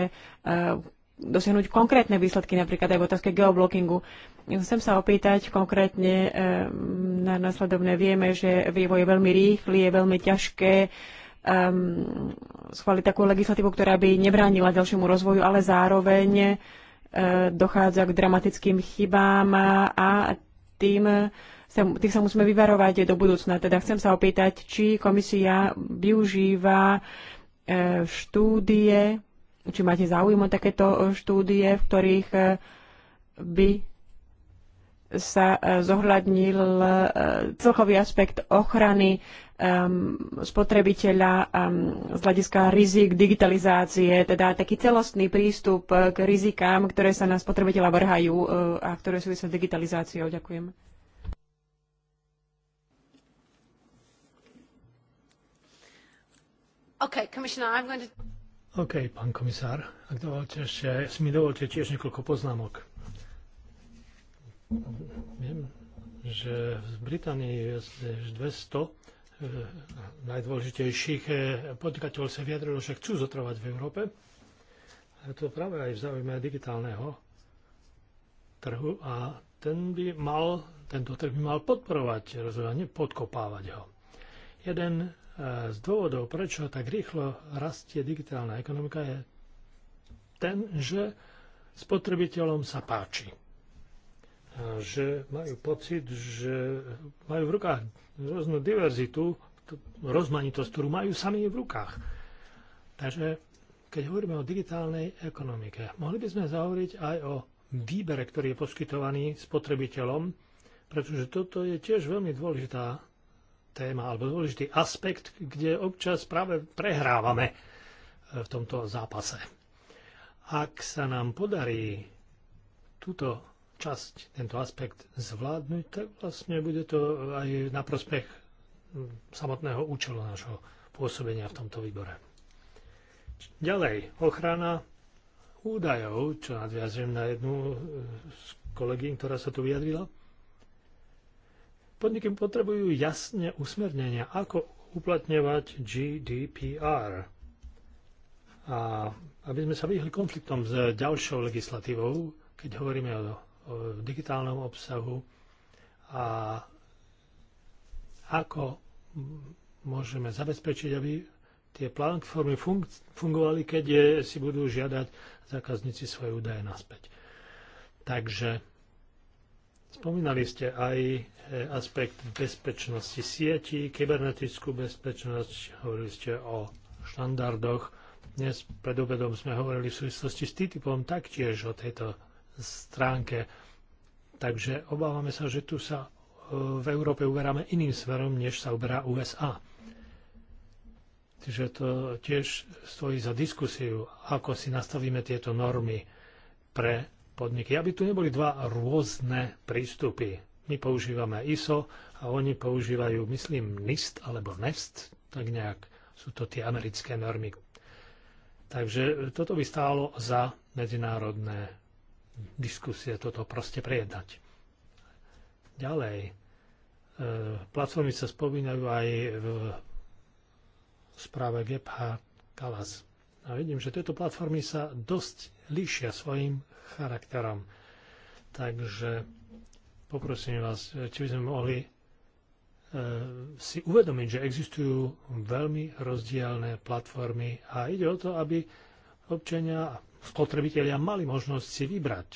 dosiahnuť konkrétne výsledky, napríklad aj v otázke geoblockingu. Chcem sa opýtať konkrétne ehm, na následovné. Vieme, že vývoj je veľmi rýchly, je veľmi ťažké um, schváliť takú legislatívu, ktorá by nebránila ďalšiemu rozvoju, ale zároveň e, dochádza k dramatickým chybám a tým sa, tých sa musíme vyvarovať do budúcna. Teda chcem sa opýtať, či komisia využíva e, štúdie či máte záujem o takéto e, štúdie, v ktorých e, by sa e, zohľadnil celkový aspekt ochrany spotrebiteľa z hľadiska rizik digitalizácie, teda taký celostný prístup k rizikám, ktoré sa na spotrebiteľa vrhajú a ktoré súvisia s digitalizáciou. Ďakujem. Okay, Commissioner, I'm going to... OK, pán komisár, ak dovolte, ešte, mi dovolte tiež niekoľko poznámok. Viem, že v Británii je 200 eh, najdôležitejších eh, podnikateľov sa vyjadrilo, že chcú zotrvať v Európe. A to práve aj v záujme digitálneho trhu a ten by mal, tento trh by mal podporovať rozhodne, podkopávať ho. Jeden z dôvodov, prečo tak rýchlo rastie digitálna ekonomika, je ten, že spotrebiteľom sa páči. Že majú pocit, že majú v rukách rôznu diverzitu, rozmanitosť, ktorú majú sami v rukách. Takže keď hovoríme o digitálnej ekonomike, mohli by sme zahovoriť aj o výbere, ktorý je poskytovaný spotrebiteľom, pretože toto je tiež veľmi dôležitá téma alebo dôležitý aspekt, kde občas práve prehrávame e, v tomto zápase. Ak sa nám podarí túto časť, tento aspekt zvládnuť, tak vlastne bude to aj na prospech samotného účelu nášho pôsobenia v tomto výbore. Ďalej, ochrana údajov, čo nadviazujem na jednu e, z kolegy, ktorá sa tu vyjadrila. Podniky potrebujú jasne usmernenia, ako uplatňovať GDPR. A aby sme sa vyhli konfliktom s ďalšou legislatívou, keď hovoríme o, o digitálnom obsahu a ako môžeme zabezpečiť, aby tie platformy fungovali, keď je, si budú žiadať zákazníci svoje údaje naspäť. Takže Spomínali ste aj e, aspekt bezpečnosti sieti, kybernetickú bezpečnosť, hovorili ste o štandardoch. Dnes pred obedom sme hovorili v súvislosti s TTIPom taktiež o tejto stránke. Takže obávame sa, že tu sa e, v Európe uberáme iným smerom, než sa uberá USA. Čiže to tiež stojí za diskusiu, ako si nastavíme tieto normy pre podniky, aby tu neboli dva rôzne prístupy. My používame ISO a oni používajú, myslím, NIST alebo NEST, tak nejak sú to tie americké normy. Takže toto by stálo za medzinárodné diskusie, toto proste prejednať. Ďalej, e, platformy sa spomínajú aj v správe GPH Kalas. A vidím, že tieto platformy sa dosť líšia svojim charakterom. Takže poprosím vás, či by sme mohli e, si uvedomiť, že existujú veľmi rozdielne platformy a ide o to, aby občania, a spotrebitelia mali možnosť si vybrať.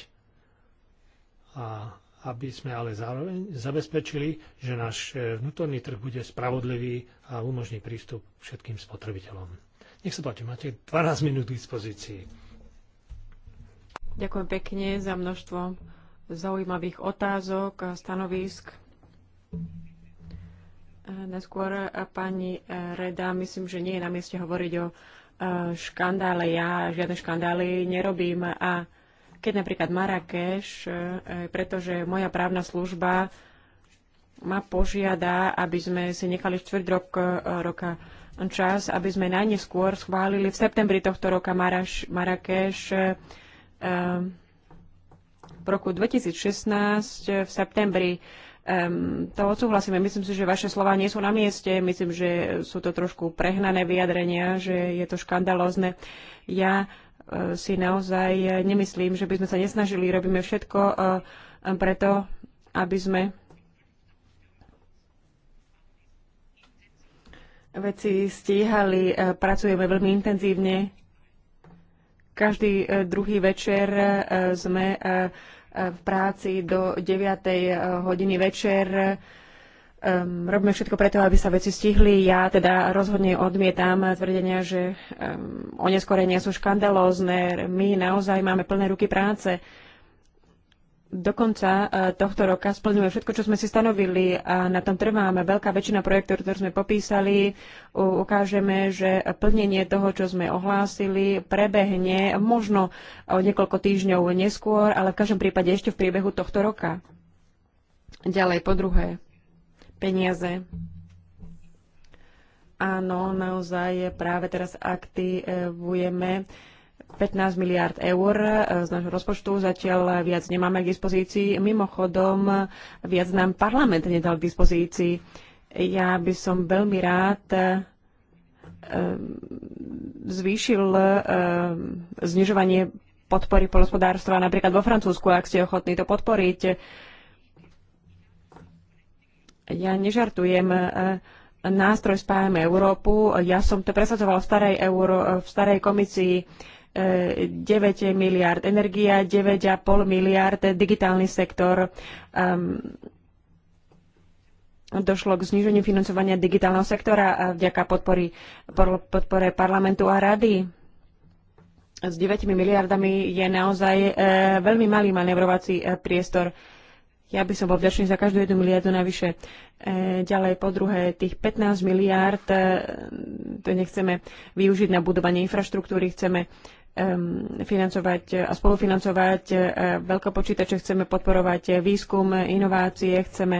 A aby sme ale zároveň zabezpečili, že náš e, vnútorný trh bude spravodlivý a umožní prístup všetkým spotrebiteľom. Nech sa páči, máte 12 minút k dispozícii. Ďakujem pekne za množstvo zaujímavých otázok a stanovisk. Neskôr pani e, Reda, myslím, že nie je na mieste hovoriť o e, škandále. Ja žiadne škandály nerobím a keď napríklad Marrakeš, e, pretože moja právna služba ma požiada, aby sme si nechali čtvrť rok, roka čas, aby sme najneskôr schválili v septembri tohto roka Marakeš, Marrakeš Ehm, v roku 2016 v septembri. Ehm, to odsúhlasíme. Myslím si, že vaše slova nie sú na mieste. Myslím, že sú to trošku prehnané vyjadrenia, že je to škandalózne. Ja eh, si naozaj nemyslím, že by sme sa nesnažili. Robíme všetko eh, preto, aby sme veci stíhali. Eh, pracujeme veľmi intenzívne každý e, druhý večer e, sme e, v práci do 9. hodiny večer. robíme všetko preto, aby sa veci stihli. Ja teda rozhodne odmietam tvrdenia, že oneskorenia sú škandalózne. My naozaj máme plné ruky práce do konca eh, tohto roka splňujeme všetko, čo sme si stanovili a na tom trváme. Veľká väčšina projektov, ktoré sme popísali, ukážeme, že plnenie toho, čo sme ohlásili, prebehne možno o niekoľko týždňov neskôr, ale v každom prípade ešte v priebehu tohto roka. Ďalej, po druhé, peniaze. Áno, naozaj práve teraz aktivujeme 15 miliard eur e, z nášho rozpočtu zatiaľ viac nemáme k dispozícii. Mimochodom, viac nám parlament nedal k dispozícii. Ja by som veľmi rád e, zvýšil e, znižovanie podpory polospodárstva napríklad vo Francúzsku, ak ste ochotní to podporiť. Ja nežartujem nástroj Spájame Európu. Ja som to presadzoval v starej, Euro, v starej komisii 9 miliard energia, 9,5 miliard digitálny sektor. Um, došlo k zniženiu financovania digitálneho sektora a vďaka podpory, podpore parlamentu a rady. S 9 miliardami je naozaj e, veľmi malý manevrovací e, priestor. Ja by som bol vďačný za každú jednu miliardu navyše. E, ďalej po druhé, tých 15 miliard, e, to nechceme využiť na budovanie infraštruktúry, chceme e, financovať a spolufinancovať eh, počítače chceme podporovať eh, výskum, eh, inovácie, chceme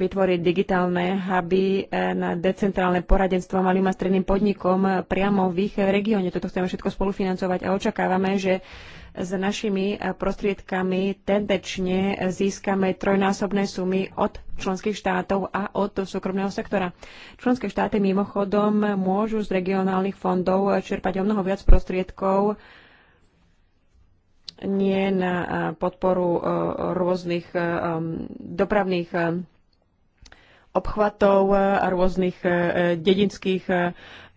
vytvoriť digitálne huby eh, na decentrálne poradenstvo malým a stredným podnikom eh, priamo v ich regióne. Toto chceme všetko spolufinancovať a očakávame, že s našimi eh, prostriedkami tendečne získame trojnásobné sumy od členských štátov a od súkromného sektora. Členské štáty mimochodom môžu z regionálnych fondov čerpať o mnoho viac prostriedkov nie na podporu e, rôznych e, dopravných e, obchvatov a rôznych dedinských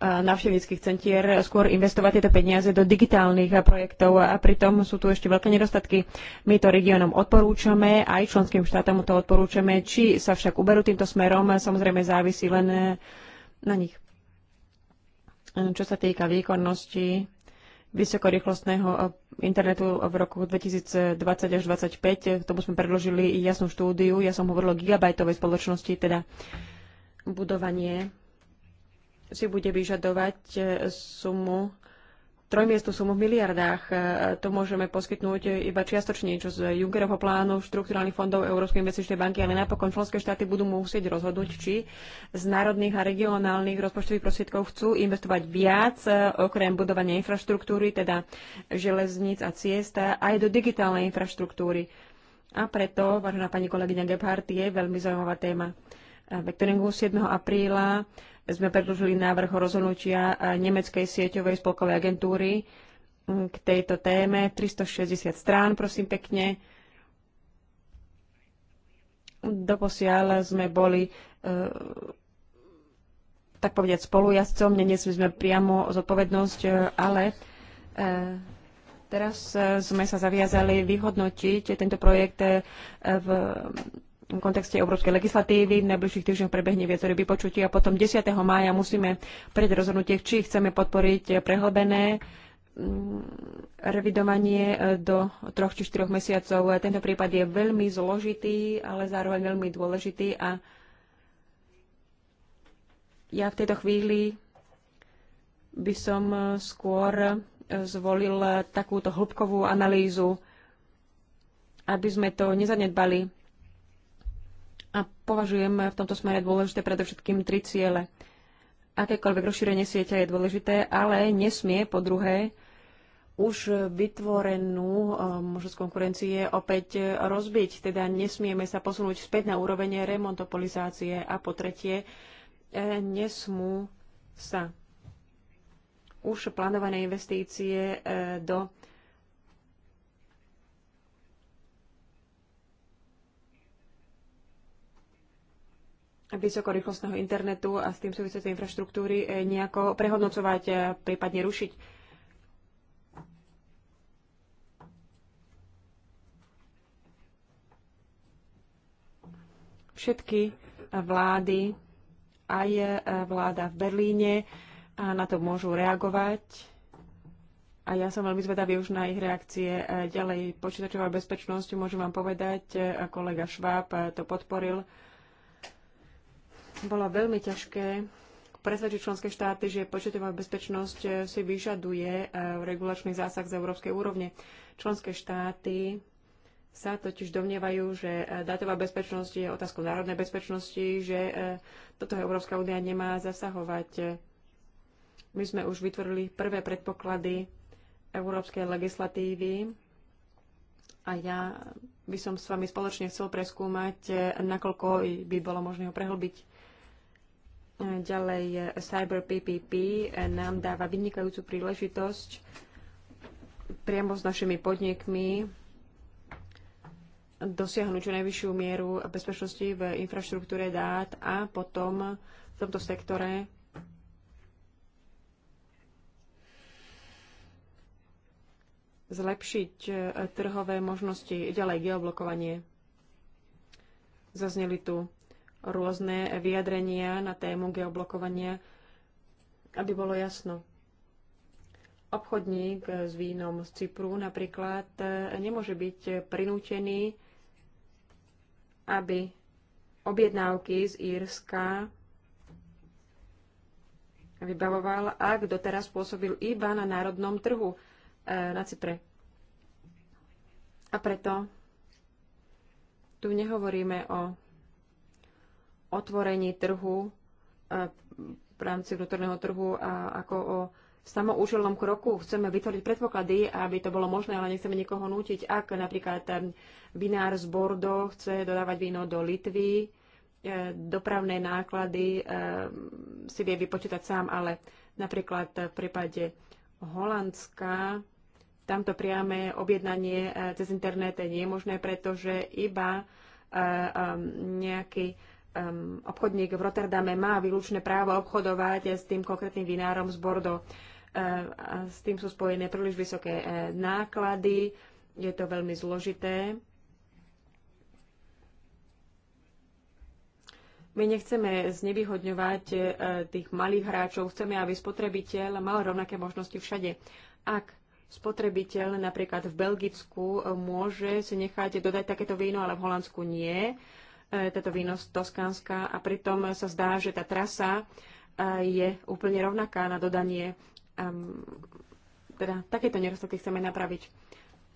návštevníckých centier, skôr investovať tieto peniaze do digitálnych projektov a pritom sú tu ešte veľké nedostatky. My to regiónom odporúčame, aj členským štátom to odporúčame. Či sa však uberú týmto smerom, samozrejme závisí len na nich. Čo sa týka výkonnosti, vysokorýchlostného eh, internetu v roku 2020 až 2025. Tomu sme predložili jasnú štúdiu. Ja som hovorila o gigabajtovej spoločnosti, teda budovanie si bude vyžadovať eh, sumu trojmiestu sumu v miliardách. E, to môžeme poskytnúť iba čiastočne, čo z Junckerovho plánu, štrukturálnych fondov Európskej investičnej banky, ale napokon členské štáty budú musieť rozhodnúť, či z národných a regionálnych rozpočtových prostriedkov chcú investovať viac, e, okrem budovania infraštruktúry, teda železníc a ciest, aj do digitálnej infraštruktúry. A preto, vážená pani kolegyňa Gebhardt, je veľmi zaujímavá téma. E, Vektoringu 7. apríla sme predložili návrh rozhodnutia e, Nemeckej sieťovej spolkovej agentúry k tejto téme. 360 strán, prosím pekne. Doposiaľ sme boli e, tak povedať spolujazdcom, nenesli sme priamo zodpovednosť, e, ale teraz sme sa zaviazali vyhodnotiť tento projekt v v kontexte európskej legislatívy. V najbližších týždňoch prebehne viacero vypočutí a potom 10. mája musíme pred rozhodnutie, či chceme podporiť prehlbené mm, revidovanie e, do troch či štyroch mesiacov. Tento prípad je veľmi zložitý, ale zároveň veľmi dôležitý a ja v tejto chvíli by som e, skôr e, zvolil takúto hĺbkovú analýzu, aby sme to nezanedbali a považujem v tomto smere dôležité predovšetkým tri ciele. Akékoľvek rozšírenie sieťa je dôležité, ale nesmie po druhé už vytvorenú eh, možnosť konkurencie opäť eh, rozbiť. Teda nesmieme sa posunúť späť na úroveň remontopolizácie a po tretie eh, nesmú sa už plánované investície do vysokorýchlostného internetu a s tým súvisiacej infraštruktúry eh, nejako prehodnocovať, eh, prípadne rušiť. Všetky vlády, aj eh, vláda v Berlíne, na to môžu reagovať. A ja som veľmi zvedavý už na ich reakcie. Ďalej, počítačová bezpečnosť, môžem vám povedať, kolega Šváb to podporil bolo veľmi ťažké presvedčiť členské štáty, že početová bezpečnosť eh, si vyžaduje eh, regulačný zásah z európskej úrovne. Členské štáty sa totiž domnievajú, že eh, dátová bezpečnosť je otázkou národnej bezpečnosti, že toto Európska únia nemá zasahovať. My sme už vytvorili prvé predpoklady európskej legislatívy a ja by som s vami spoločne chcel preskúmať, nakoľko by bolo možné ho prehlbiť. Ďalej Cyber PPP nám dáva vynikajúcu príležitosť priamo s našimi podnikmi dosiahnuť čo najvyššiu mieru bezpečnosti v infraštruktúre dát a potom v tomto sektore zlepšiť e, trhové možnosti, ďalej geoblokovanie. Zazneli tu rôzne vyjadrenia na tému geoblokovania, aby bolo jasno. Obchodník s vínom z Cypru napríklad e, nemôže byť prinútený, aby objednávky z Írska vybavoval, ak doteraz pôsobil iba na národnom trhu e, na Cypre. A preto tu nehovoríme o otvorení trhu e, v rámci vnútorného trhu a ako o samoužilnom kroku. Chceme vytvoriť predpoklady, aby to bolo možné, ale nechceme nikoho nútiť. Ak napríklad e, vinár z Bordo chce dodávať víno do Litvy, e, dopravné náklady si vie vypočítať sám, ale napríklad v prípade Holandska tamto priame objednanie cez internet nie je možné, pretože iba nejaký um, obchodník v Rotterdame má výlučné právo obchodovať s tým konkrétnym vinárom z bordo. A s tým sú spojené príliš vysoké eh, náklady, je to veľmi zložité. My nechceme znevýhodňovať eh, tých malých hráčov, chceme, aby spotrebiteľ mal rovnaké možnosti všade. Ak spotrebiteľ napríklad v Belgicku eh, môže si nechať dodať takéto víno, ale v Holandsku nie, E, tento výnos Toskánska a pritom sa zdá, že tá trasa e, je úplne rovnaká na dodanie. Teda takéto nerostoky chceme napraviť.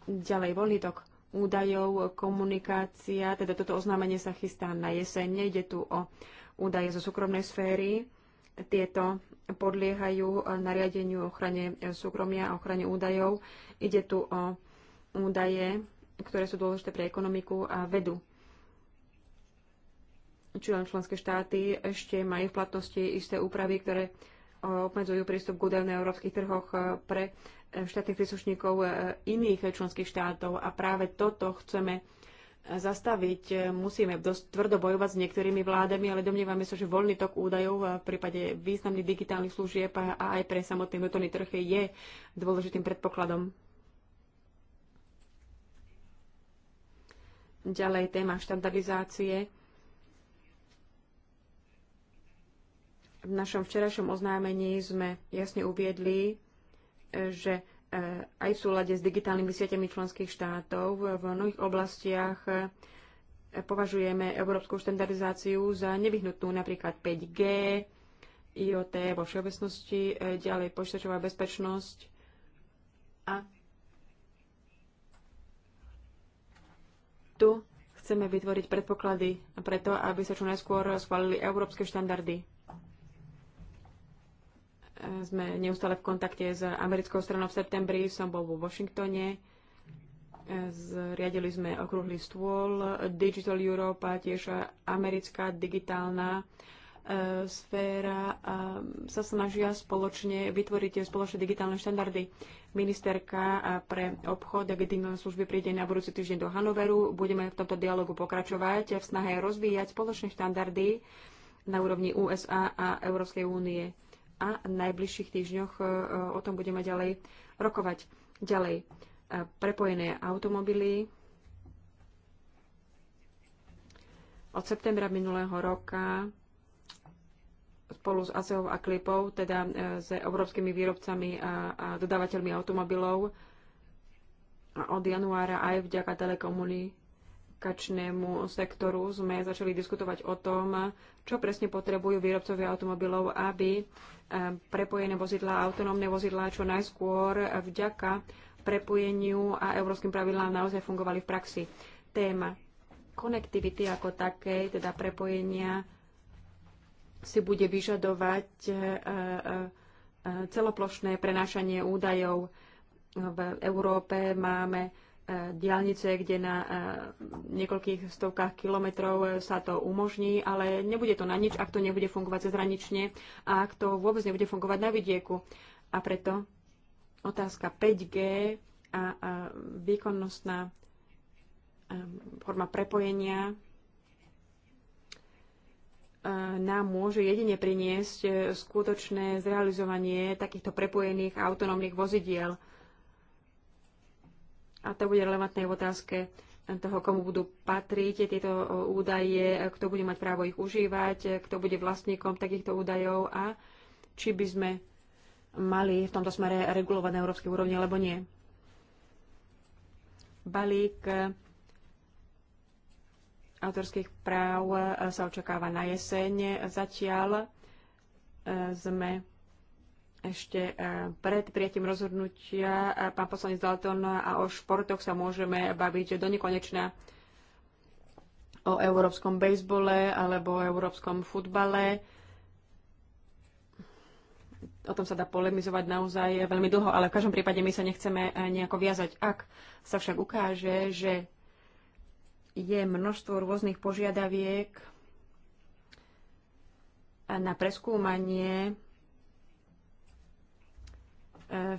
Ďalej voľný tok údajov, komunikácia, teda toto oznámenie sa chystá na jeseň. Nejde tu o údaje zo súkromnej sféry. Tieto podliehajú e, nariadeniu ochrane súkromia a ochrane údajov. Ide tu o údaje, ktoré sú dôležité pre ekonomiku a vedu či len členské štáty ešte majú v platnosti isté úpravy, ktoré e, obmedzujú prístup k údajom na európskych trhoch e, pre e, štátnych príslušníkov iných členských štátov a práve toto chceme zastaviť. Musíme dosť tvrdo bojovať s niektorými vládami, ale domnievame sa, že voľný tok údajov v prípade významných digitálnych služieb a aj pre samotný vnútorný trh je dôležitým predpokladom. Ďalej téma štandardizácie V našom včerajšom oznámení sme jasne uviedli, e, že e, aj v súlade s digitálnymi sieťami členských štátov v mnohých oblastiach e, považujeme európsku štandardizáciu za nevyhnutnú, napríklad 5G, IoT vo všeobecnosti, ďalej počítačová bezpečnosť a tu chceme vytvoriť predpoklady preto, aby sa čo najskôr schválili európske štandardy sme neustále v kontakte s americkou stranou. V septembri som bol vo Washingtone. Zriadili sme okrúhly stôl Digital Europe a tiež americká digitálna e, sféra a sa snažia spoločne vytvoriť spoločné digitálne štandardy. Ministerka pre obchod a digitálne služby príde na budúci týždeň do Hanoveru. Budeme v tomto dialogu pokračovať v snahe rozvíjať spoločné štandardy na úrovni USA a Európskej únie a v najbližších týždňoch e, e, o tom budeme ďalej rokovať. Ďalej, e, prepojené automobily. Od septembra minulého roka spolu s ASEO a Klipou, teda s európskymi výrobcami a, a dodávateľmi automobilov, a od januára aj vďaka telekomuni- komunikačnému sektoru sme začali diskutovať o tom, čo presne potrebujú výrobcovia automobilov, aby eh, prepojené vozidlá autonómne vozidlá čo najskôr vďaka prepojeniu a európskym pravidlám naozaj fungovali v praxi. Téma konektivity ako také, teda prepojenia, si bude vyžadovať eh, eh, celoplošné prenášanie údajov. V Európe máme E, diálnice, kde na e, niekoľkých stovkách kilometrov e, sa to umožní, ale nebude to na nič, ak to nebude fungovať cezhranične a ak to vôbec nebude fungovať na vidieku. A preto otázka 5G a, výkonnostná forma prepojenia nám môže jedine priniesť skutočné zrealizovanie takýchto prepojených autonómnych vozidiel. A to bude relevantné v otázke toho, komu budú patriť tieto e, údaje, kto bude mať právo ich užívať, e, kto bude vlastníkom takýchto údajov a či by sme mali v tomto smere regulovať na európskej úrovni alebo nie. Balík e, autorských práv sa očakáva na jeseň. Zatiaľ sme ešte e, pred prijatím rozhodnutia e, pán poslanec Dalton e, a o športoch sa môžeme baviť do nekonečna o európskom bejsbole alebo o európskom futbale. O tom sa dá polemizovať naozaj veľmi dlho, ale v každom prípade my sa nechceme nejako viazať. Ak sa však ukáže, že je množstvo rôznych požiadaviek na preskúmanie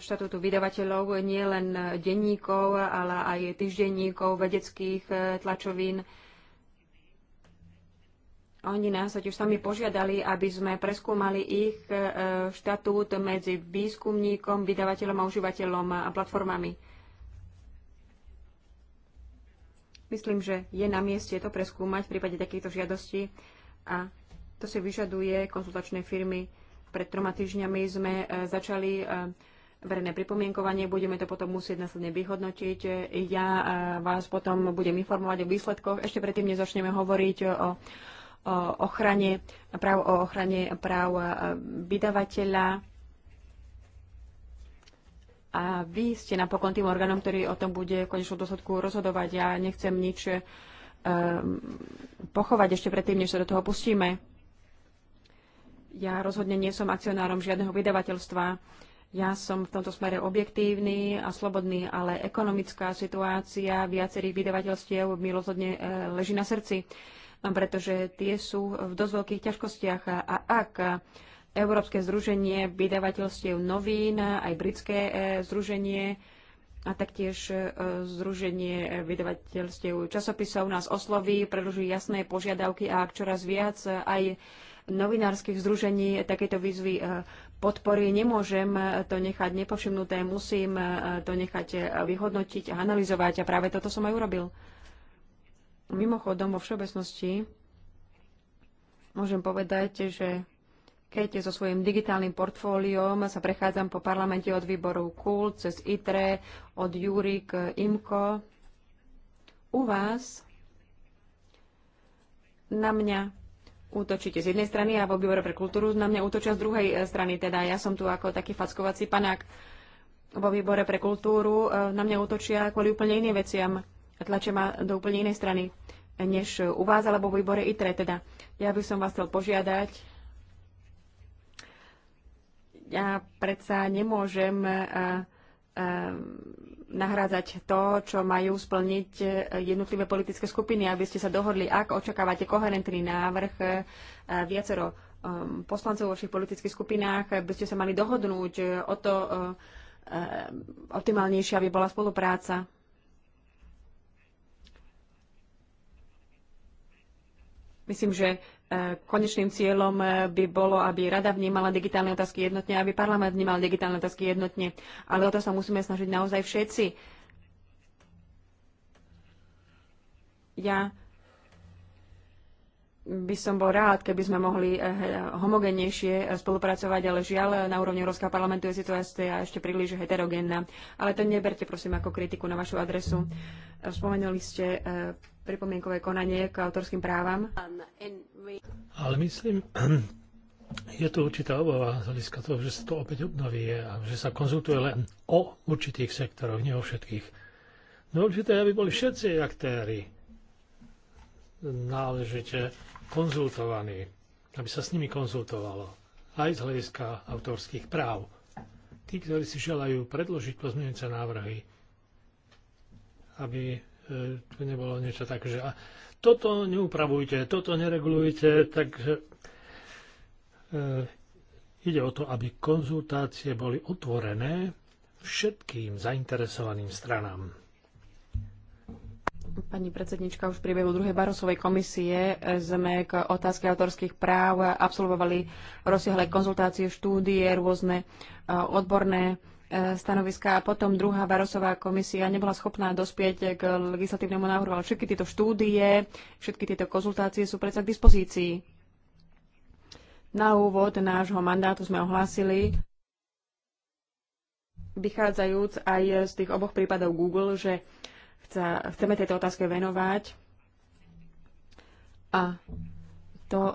štatútu vydavateľov, nie len e, denníkov, ale aj týždenníkov, vedeckých e, tlačovín. Oni nás tiež sami požiadali, aby sme preskúmali ich e, štatút medzi výskumníkom, vydavateľom a užívateľom a platformami. Myslím, že je na mieste to preskúmať v prípade takýchto žiadostí a to si vyžaduje konzultačné firmy. Pred troma týždňami sme začali verejné pripomienkovanie, budeme to potom musieť následne vyhodnotiť. Ja e, vás potom budem informovať o výsledkoch. Ešte predtým, než začneme hovoriť o, o ochrane práv, o ochrane práv e, vydavateľa. A vy ste napokon tým orgánom, ktorý o tom bude v konečnom dôsledku rozhodovať. Ja nechcem nič um, pochovať ešte predtým, než sa do toho pustíme. Ja rozhodne nie som akcionárom žiadneho vydavateľstva ja som v tomto smere objektívny a slobodný, ale ekonomická situácia viacerých vydavateľstiev mi rozhodne e, leží na srdci, pretože tie sú v dosť veľkých ťažkostiach. A ak Európske združenie vydavateľstiev novín, aj britské e, združenie a taktiež e, Združenie vydavateľstiev časopisov nás osloví, predlžujú jasné požiadavky a ak čoraz viac aj novinárskych združení takéto výzvy podpory. Nemôžem to nechať nepovšimnuté, musím e, to nechať e, vyhodnotiť a analyzovať a práve toto som aj urobil. Mimochodom, vo všeobecnosti môžem povedať, že keď so svojím digitálnym portfóliom sa prechádzam po parlamente od výboru KUL cez ITRE, od Júri k IMKO, u vás na mňa útočíte z jednej strany a vo výbore pre kultúru na mňa útočia z druhej e, strany. Teda ja som tu ako taký fackovací panák vo výbore pre kultúru. E, na mňa útočia kvôli úplne iným veciam a tlačia ma do úplne inej strany než u vás alebo vo výbore ITRE. Teda ja by som vás chcel požiadať. Ja predsa nemôžem e, nahrádzať to, čo majú splniť e, jednotlivé politické skupiny, aby ste sa dohodli, ak očakávate koherentný návrh e, viacero e, poslancov vo všich politických skupinách, by ste sa mali dohodnúť o to, optimálnejšia by bola spolupráca. Myslím, že Konečným cieľom eh, by bolo, aby rada vnímala digitálne otázky jednotne, aby parlament vnímal digitálne otázky jednotne. Ale o to sa musíme snažiť naozaj všetci. Ja by som bol rád, keby sme mohli eh, homogennejšie eh, spolupracovať, ale žiaľ, eh, na úrovni Európskeho parlamentu je situácia ešte príliš heterogénna. Ale to neberte, prosím, ako kritiku na vašu adresu. Spomenuli ste pripomienkové konanie k autorským právam. Ale myslím, je tu určitá obava z hľadiska toho, že sa to opäť obnoví a že sa konzultuje len o určitých sektoroch, nie o všetkých. No určité, aby boli všetci aktéry náležite konzultovaní, aby sa s nimi konzultovalo aj z hľadiska autorských práv. Tí, ktorí si želajú predložiť pozmeňujúce návrhy, aby e, tu nebolo niečo také, že toto neupravujte, toto neregulujte, takže e, ide o to, aby konzultácie boli otvorené všetkým zainteresovaným stranám. Pani predsednička, už v priebehu druhej Barosovej komisie e, sme k otázke autorských práv absolvovali rozsiahle konzultácie, štúdie, rôzne e, odborné e, stanoviska a potom druhá Barosová komisia nebola schopná dospieť k legislatívnemu návrhu, ale všetky tieto štúdie, všetky tieto konzultácie sú predsa k dispozícii. Na úvod nášho mandátu sme ohlásili, vychádzajúc aj z tých oboch prípadov Google, že chce, chceme tejto otázke venovať a to e,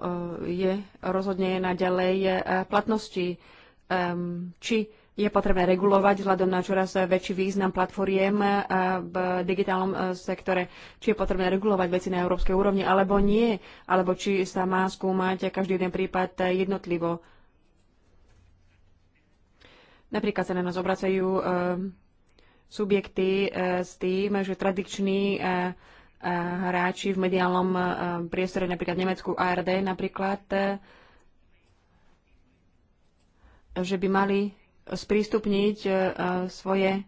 je rozhodne naďalej e, platnosti, či je potrebné regulovať vzhľadom na čoraz väčší význam platformiem e, v digitálnom sektore, či je potrebné regulovať veci na európskej úrovni, alebo nie, alebo či sa má skúmať každý jeden prípad jednotlivo. Napríklad sa na nás obracajú subjekty e, s tým, že tradiční e, e, hráči v mediálnom priestore, napríklad Nemeckú ARD napríklad, že by mali sprístupniť svoje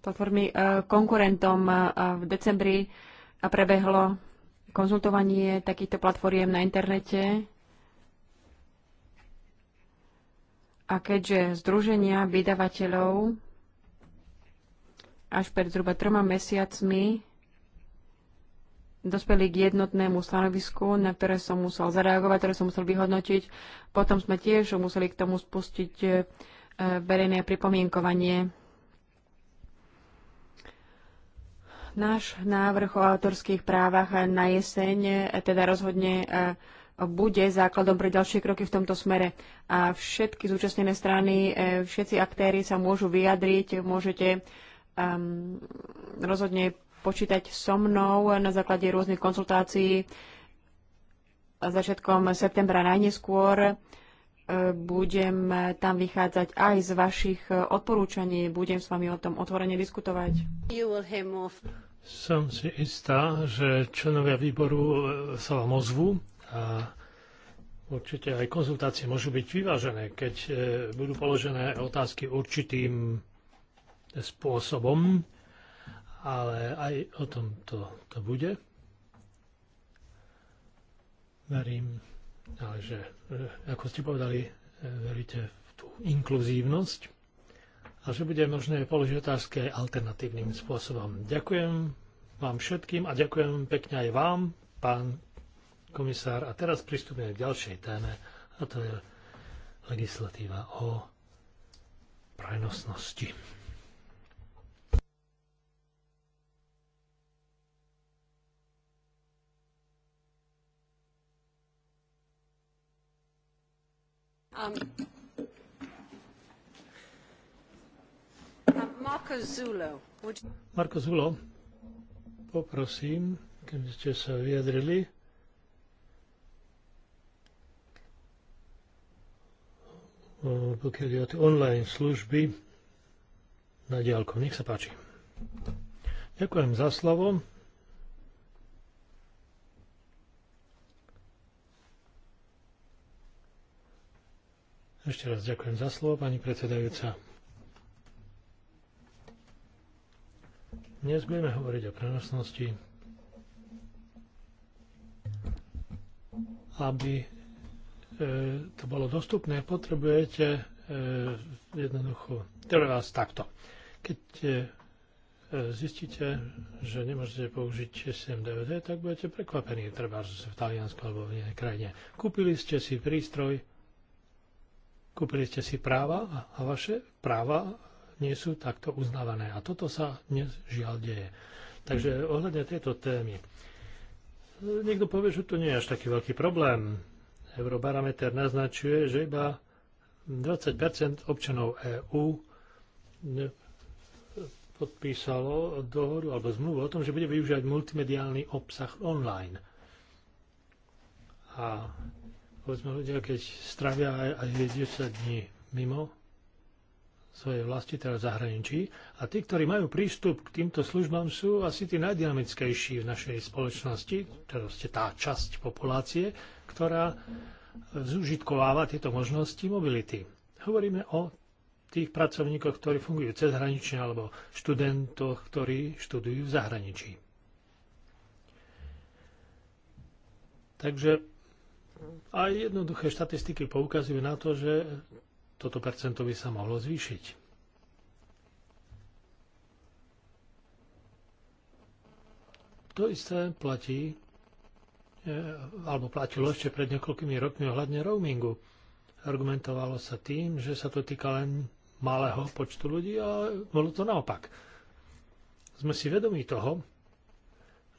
platformy konkurentom. V decembri prebehlo konzultovanie takýchto platformiem na internete A keďže združenia vydavateľov až pred zhruba troma mesiacmi dospeli k jednotnému stanovisku, na ktoré som musel zareagovať, ktoré som musel vyhodnotiť. Potom sme tiež museli k tomu spustiť e, verejné pripomienkovanie. Náš návrh o autorských právach na jeseň e, teda rozhodne e, bude základom pre ďalšie kroky v tomto smere. A všetky zúčastnené strany, e, všetci aktéry sa môžu vyjadriť, môžete um, rozhodne počítať so mnou na základe rôznych konzultácií. Začiatkom septembra najneskôr e, budem tam vychádzať aj z vašich odporúčaní, budem s vami o tom otvorene diskutovať. Som si istá, že členovia výboru e, sa vám ozvú a určite aj konzultácie môžu byť vyvážené, keď e, budú položené otázky určitým spôsobom, ale aj o tom to, to bude. Verím, ale že, e, ako ste povedali, e, veríte v tú inkluzívnosť a že bude možné položiť otázky aj alternatívnym spôsobom. Ďakujem vám všetkým a ďakujem pekne aj vám, pán komisár. A teraz pristúpime k ďalšej téme, a to je legislatíva o prenosnosti. Um, um Marko Zulo, Marko Zulo, poprosím, keby ste sa vyjadrili. pokiaľ je o tie online služby na diálku. Nech sa páči. Ďakujem za slovo. Ešte raz ďakujem za slovo, pani predsedajúca. Dnes budeme hovoriť o prenosnosti, aby E, to bolo dostupné, potrebujete e, jednoducho, vás takto. Keď e, zistíte, že nemôžete použiť systém DVD, tak budete prekvapení, treba v Taliansku alebo v inej krajine. Kúpili ste si prístroj, kúpili ste si práva a vaše práva nie sú takto uznávané. A toto sa dnes žiaľ deje. Takže ohľadne tejto témy. Niekto povie, že to nie je až taký veľký problém. Eurobarometer naznačuje, že iba 20 občanov EÚ podpísalo dohodu alebo zmluvu o tom, že bude využívať multimediálny obsah online. A povedzme ľudia, keď stravia aj, aj 10 dní mimo svojej vlasti, teda v zahraničí. A tí, ktorí majú prístup k týmto službám, sú asi tí najdynamickejší v našej spoločnosti, teda ste tá časť populácie, ktorá zúžitkováva tieto možnosti mobility. Hovoríme o tých pracovníkoch, ktorí fungujú cezhranične, alebo študentoch, ktorí študujú v zahraničí. Takže aj jednoduché štatistiky poukazujú na to, že toto percento by sa mohlo zvýšiť. To isté platí E, alebo platilo ešte pred niekoľkými rokmi ohľadne roamingu. Argumentovalo sa tým, že sa to týka len malého počtu ľudí a bolo to naopak. Sme si vedomí toho,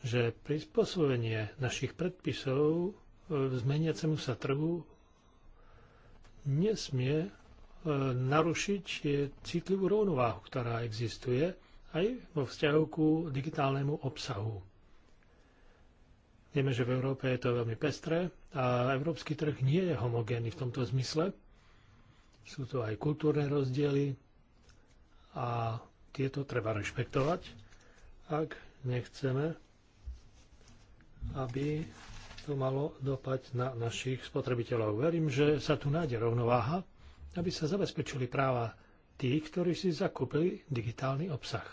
že prispôsobenie našich predpisov e, zmeniacemu sa trhu nesmie e, narušiť citlivú rovnováhu, ktorá existuje aj vo vzťahu ku digitálnemu obsahu. Vieme, že v Európe je to veľmi pestré a európsky trh nie je homogénny v tomto zmysle. Sú to aj kultúrne rozdiely a tieto treba rešpektovať, ak nechceme, aby to malo dopať na našich spotrebiteľov. Verím, že sa tu nájde rovnováha, aby sa zabezpečili práva tých, ktorí si zakúpili digitálny obsah.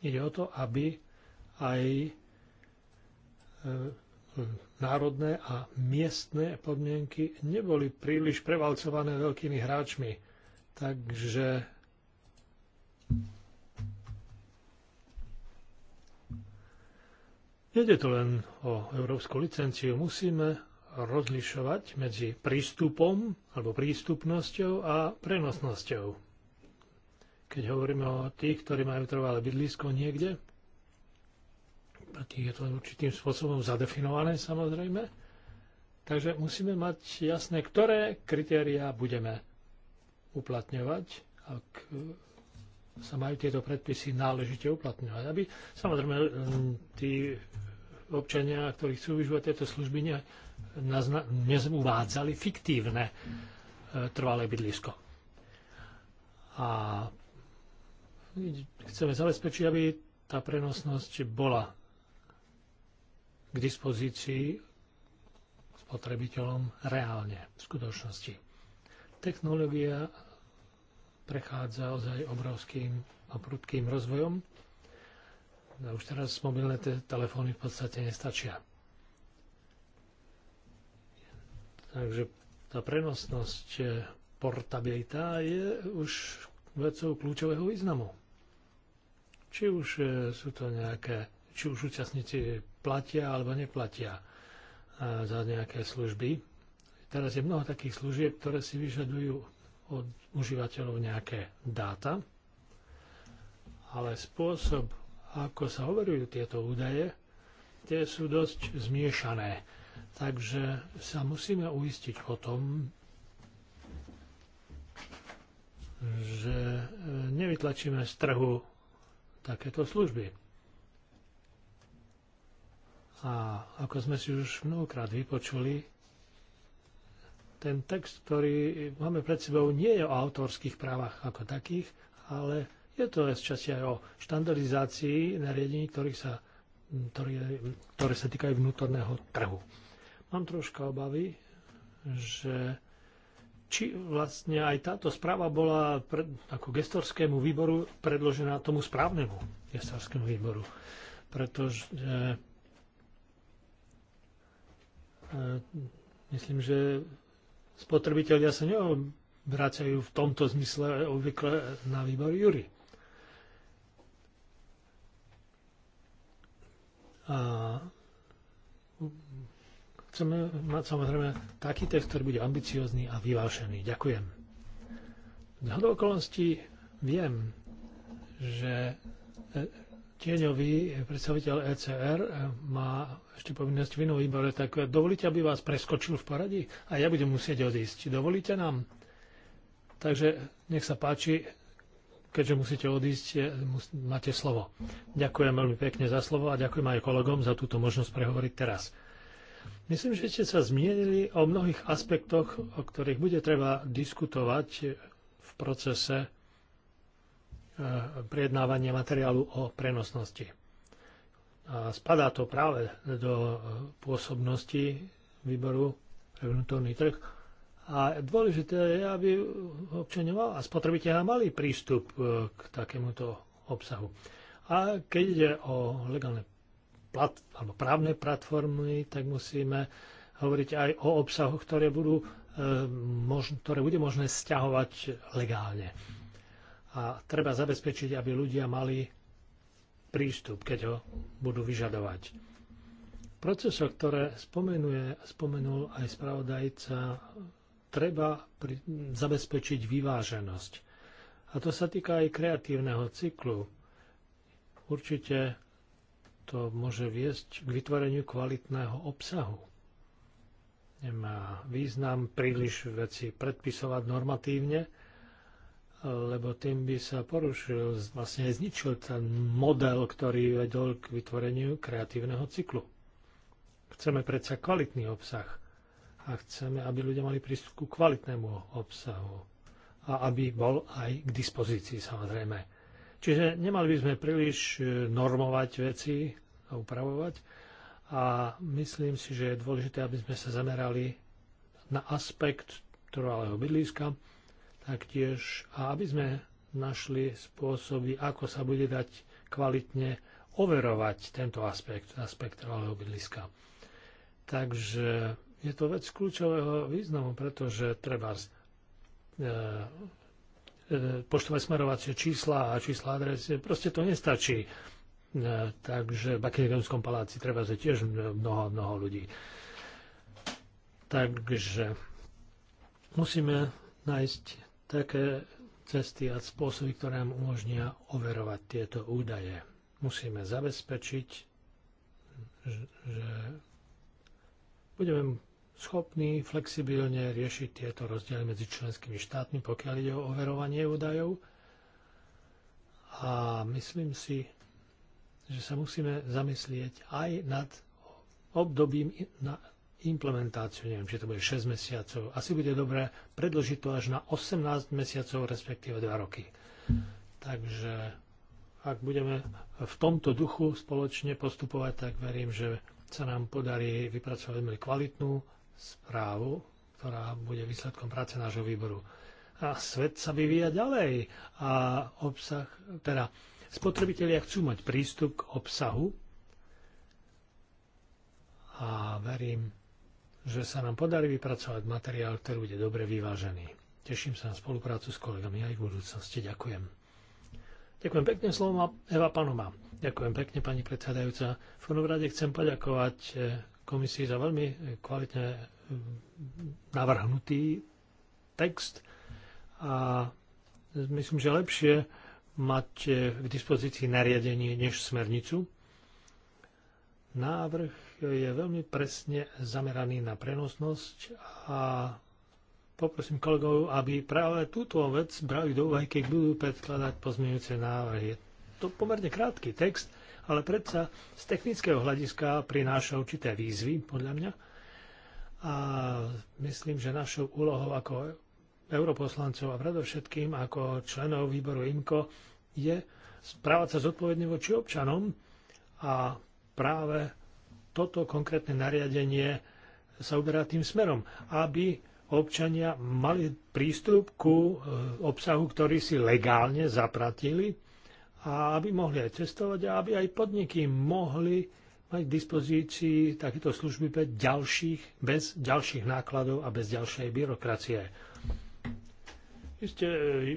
Ide o to, aby aj národné a miestne podmienky neboli príliš prevalcované veľkými hráčmi. Takže Nede to len o európsku licenciu. Musíme rozlišovať medzi prístupom alebo prístupnosťou a prenosnosťou. Keď hovoríme o tých, ktorí majú trvalé bydlisko niekde, je to určitým spôsobom zadefinované samozrejme. Takže musíme mať jasné, ktoré kritériá budeme uplatňovať, ak sa majú tieto predpisy náležite uplatňovať. Aby samozrejme hm, tí občania, ktorí chcú využívať tieto služby, ne, neuvádzali fiktívne e, trvalé bydlisko. A chceme zabezpečiť, aby tá prenosnosť bola k dispozícii spotrebiteľom reálne, v skutočnosti. Technológia prechádza ozaj obrovským a prudkým rozvojom. A no už teraz mobilné te telefóny v podstate nestačia. Takže tá prenosnosť, e, portabilita je už vecou kľúčového významu. Či už e, sú to nejaké, či už účastníci platia alebo neplatia e, za nejaké služby. Teraz je mnoho takých služieb, ktoré si vyžadujú od užívateľov nejaké dáta, ale spôsob, ako sa overujú tieto údaje, tie sú dosť zmiešané. Takže sa musíme uistiť o tom, že e, nevytlačíme z trhu takéto služby. A ako sme si už mnohokrát vypočuli, ten text, ktorý máme pred sebou, nie je o autorských právach ako takých, ale je to z časti aj o štandardizácii nariadení, ktorých sa, ktoré, ktoré sa týkajú vnútorného trhu. Mám troška obavy, že či vlastne aj táto správa bola pred, ako gestorskému výboru predložená tomu správnemu gestorskému výboru. Pretože E, myslím, že spotrebitelia sa neobracajú v tomto zmysle obvykle na výbor Jury. A chceme mať samozrejme taký text, ktorý bude ambiciózny a vyvážený. Ďakujem. Z okolností viem, že Tieňový predstaviteľ ECR e, má ešte povinnosť vinu výbore, tak dovolíte, aby vás preskočil v poradí a ja budem musieť odísť. Dovolíte nám? Takže nech sa páči, keďže musíte odísť, máte slovo. Ďakujem veľmi pekne za slovo a ďakujem aj kolegom za túto možnosť prehovoriť teraz. Myslím, že ste sa zmienili o mnohých aspektoch, o ktorých bude treba diskutovať v procese E, prijednávanie materiálu o prenosnosti. A spadá to práve do e, pôsobnosti výboru pre vnútorný trh. A dôležité je, aby občania a spotrebitelia mali prístup e, k takémuto obsahu. A keď ide o legálne plat, alebo právne platformy, tak musíme hovoriť aj o obsahoch, ktoré, budú, ktoré bude možné sťahovať legálne a treba zabezpečiť, aby ľudia mali prístup, keď ho budú vyžadovať. Procesor, ktoré spomenuje, spomenul aj spravodajca, treba pri, zabezpečiť vyváženosť. A to sa týka aj kreatívneho cyklu. Určite to môže viesť k vytvoreniu kvalitného obsahu. Nemá význam príliš veci predpisovať normatívne, lebo tým by sa porušil, vlastne zničil ten model, ktorý vedol k vytvoreniu kreatívneho cyklu. Chceme predsa kvalitný obsah a chceme, aby ľudia mali prístup ku kvalitnému obsahu a aby bol aj k dispozícii samozrejme. Čiže nemali by sme príliš e, normovať veci a upravovať a myslím si, že je dôležité, aby sme sa zamerali na aspekt trvalého bydliska, taktiež a aby sme našli spôsoby, ako sa bude dať kvalitne overovať tento aspekt, aspekt trvalého bydliska. Takže je to vec kľúčového významu, pretože treba e, e, poštové smerovacie čísla a čísla adres, proste to nestačí. E, takže v Buckinghamskom paláci treba je tiež mnoho, mnoho ľudí. Takže musíme nájsť také cesty a spôsoby, ktoré nám umožnia overovať tieto údaje. Musíme zabezpečiť, že budeme schopní flexibilne riešiť tieto rozdiely medzi členskými štátmi, pokiaľ ide o overovanie údajov. A myslím si, že sa musíme zamyslieť aj nad obdobím implementáciu, neviem, či to bude 6 mesiacov. Asi bude dobré predložiť to až na 18 mesiacov, respektíve 2 roky. Takže ak budeme v tomto duchu spoločne postupovať, tak verím, že sa nám podarí vypracovať veľmi kvalitnú správu, ktorá bude výsledkom práce nášho výboru. A svet sa vyvíja ďalej a obsah, teda spotrebitelia chcú mať prístup k obsahu a verím, že sa nám podarí vypracovať materiál, ktorý bude dobre vyvážený. Teším sa na spoluprácu s kolegami aj v budúcnosti. Ďakujem. Ďakujem pekne slovo Eva Panoma. Ďakujem pekne pani predsedajúca. V prvom rade chcem poďakovať eh, komisii za veľmi eh, kvalitne mm, navrhnutý text a myslím, že lepšie mať k dispozícii nariadenie než smernicu. Návrh je veľmi presne zameraný na prenosnosť a poprosím kolegov, aby práve túto vec brali do úvahy, keď budú predkladať pozmeňujúce návrhy. Je to pomerne krátky text, ale predsa z technického hľadiska prináša určité výzvy, podľa mňa. A myslím, že našou úlohou ako europoslancov a predovšetkým ako členov výboru IMCO je správať sa zodpovedne voči občanom a práve toto konkrétne nariadenie sa uberá tým smerom, aby občania mali prístup ku e, obsahu, ktorý si legálne zapratili a aby mohli aj cestovať a aby aj podniky mohli mať k dispozícii takéto služby bez ďalších, bez ďalších nákladov a bez ďalšej byrokracie. Isté, e,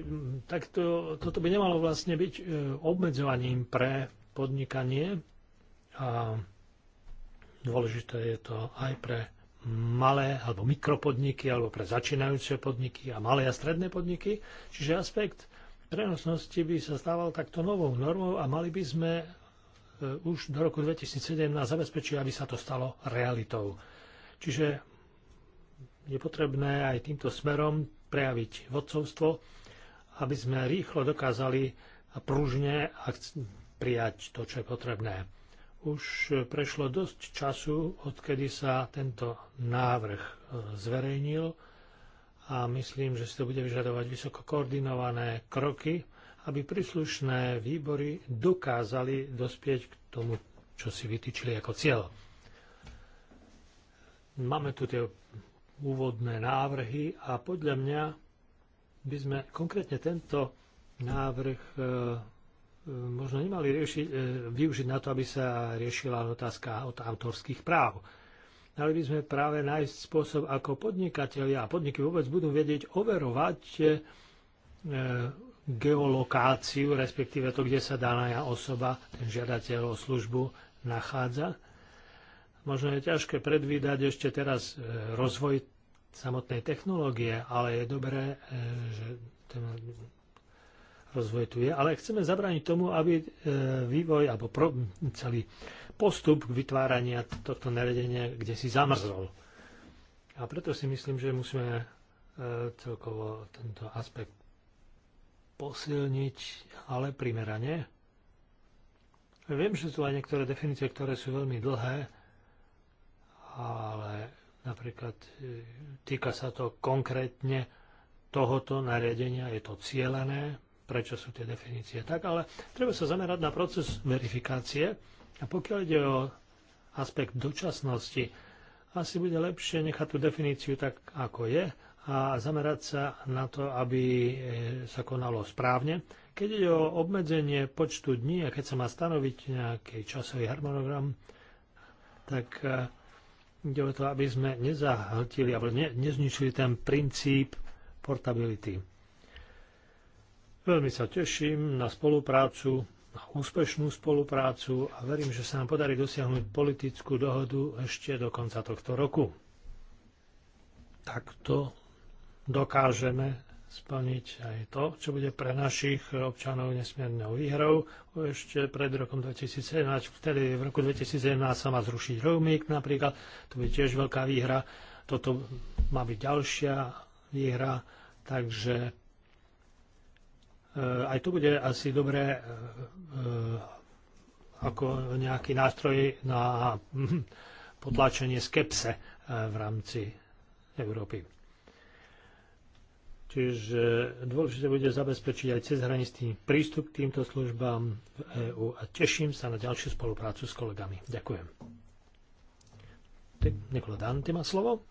to, toto by nemalo vlastne byť e, obmedzovaním pre podnikanie a Dôležité je to aj pre malé alebo mikropodniky alebo pre začínajúce podniky a malé a stredné podniky. Čiže aspekt prenosnosti by sa stával takto novou normou a mali by sme e, už do roku 2017 zabezpečiť, aby sa to stalo realitou. Čiže je potrebné aj týmto smerom prejaviť vodcovstvo, aby sme rýchlo dokázali a pružne prijať to, čo je potrebné už prešlo dosť času, odkedy sa tento návrh e, zverejnil a myslím, že si to bude vyžadovať vysoko koordinované kroky, aby príslušné výbory dokázali dospieť k tomu, čo si vytýčili ako cieľ. Máme tu tie úvodné návrhy a podľa mňa by sme konkrétne tento návrh e, možno nemali riešiť, e, využiť na to, aby sa riešila otázka od autorských práv. Mali by sme práve nájsť spôsob, ako podnikatelia a podniky vôbec budú vedieť overovať e, geolokáciu, respektíve to, kde sa daná osoba, ten žiadateľ o službu nachádza. Možno je ťažké predvídať ešte teraz e, rozvoj samotnej technológie, ale je dobré, že ten rozvoj tu je, ale chceme zabrániť tomu, aby e, vývoj alebo pro, celý postup vytvárania tohto naredenia kde si zamrzol. A preto si myslím, že musíme e, celkovo tento aspekt posilniť, ale primerane. Viem, že sú aj niektoré definície, ktoré sú veľmi dlhé, ale napríklad e, týka sa to konkrétne tohoto nariadenia, je to cieľené prečo sú tie definície tak, ale treba sa zamerať na proces verifikácie a pokiaľ ide o aspekt dočasnosti, asi bude lepšie nechať tú definíciu tak, ako je a zamerať sa na to, aby e, sa konalo správne. Keď ide o obmedzenie počtu dní a keď sa má stanoviť nejaký časový harmonogram, tak e, ide o to, aby sme nezahltili alebo ne, nezničili ten princíp portability Veľmi sa teším na spoluprácu, na úspešnú spoluprácu a verím, že sa nám podarí dosiahnuť politickú dohodu ešte do konca tohto roku. Takto dokážeme splniť aj to, čo bude pre našich občanov nesmiernou výhrou. Ešte pred rokom 2017, vtedy v roku 2017 sa má zrušiť roaming napríklad, to bude tiež veľká výhra. Toto má byť ďalšia výhra, takže Eh, aj tu bude asi dobré eh, eh, ako nejaký nástroj na potlačenie skepse v rámci Európy. Čiže dôležité bude zabezpečiť aj cezhraničný prístup k týmto službám v EÚ a teším sa na ďalšiu spoluprácu s kolegami. Ďakujem. Nikola Dan, ty má slovo.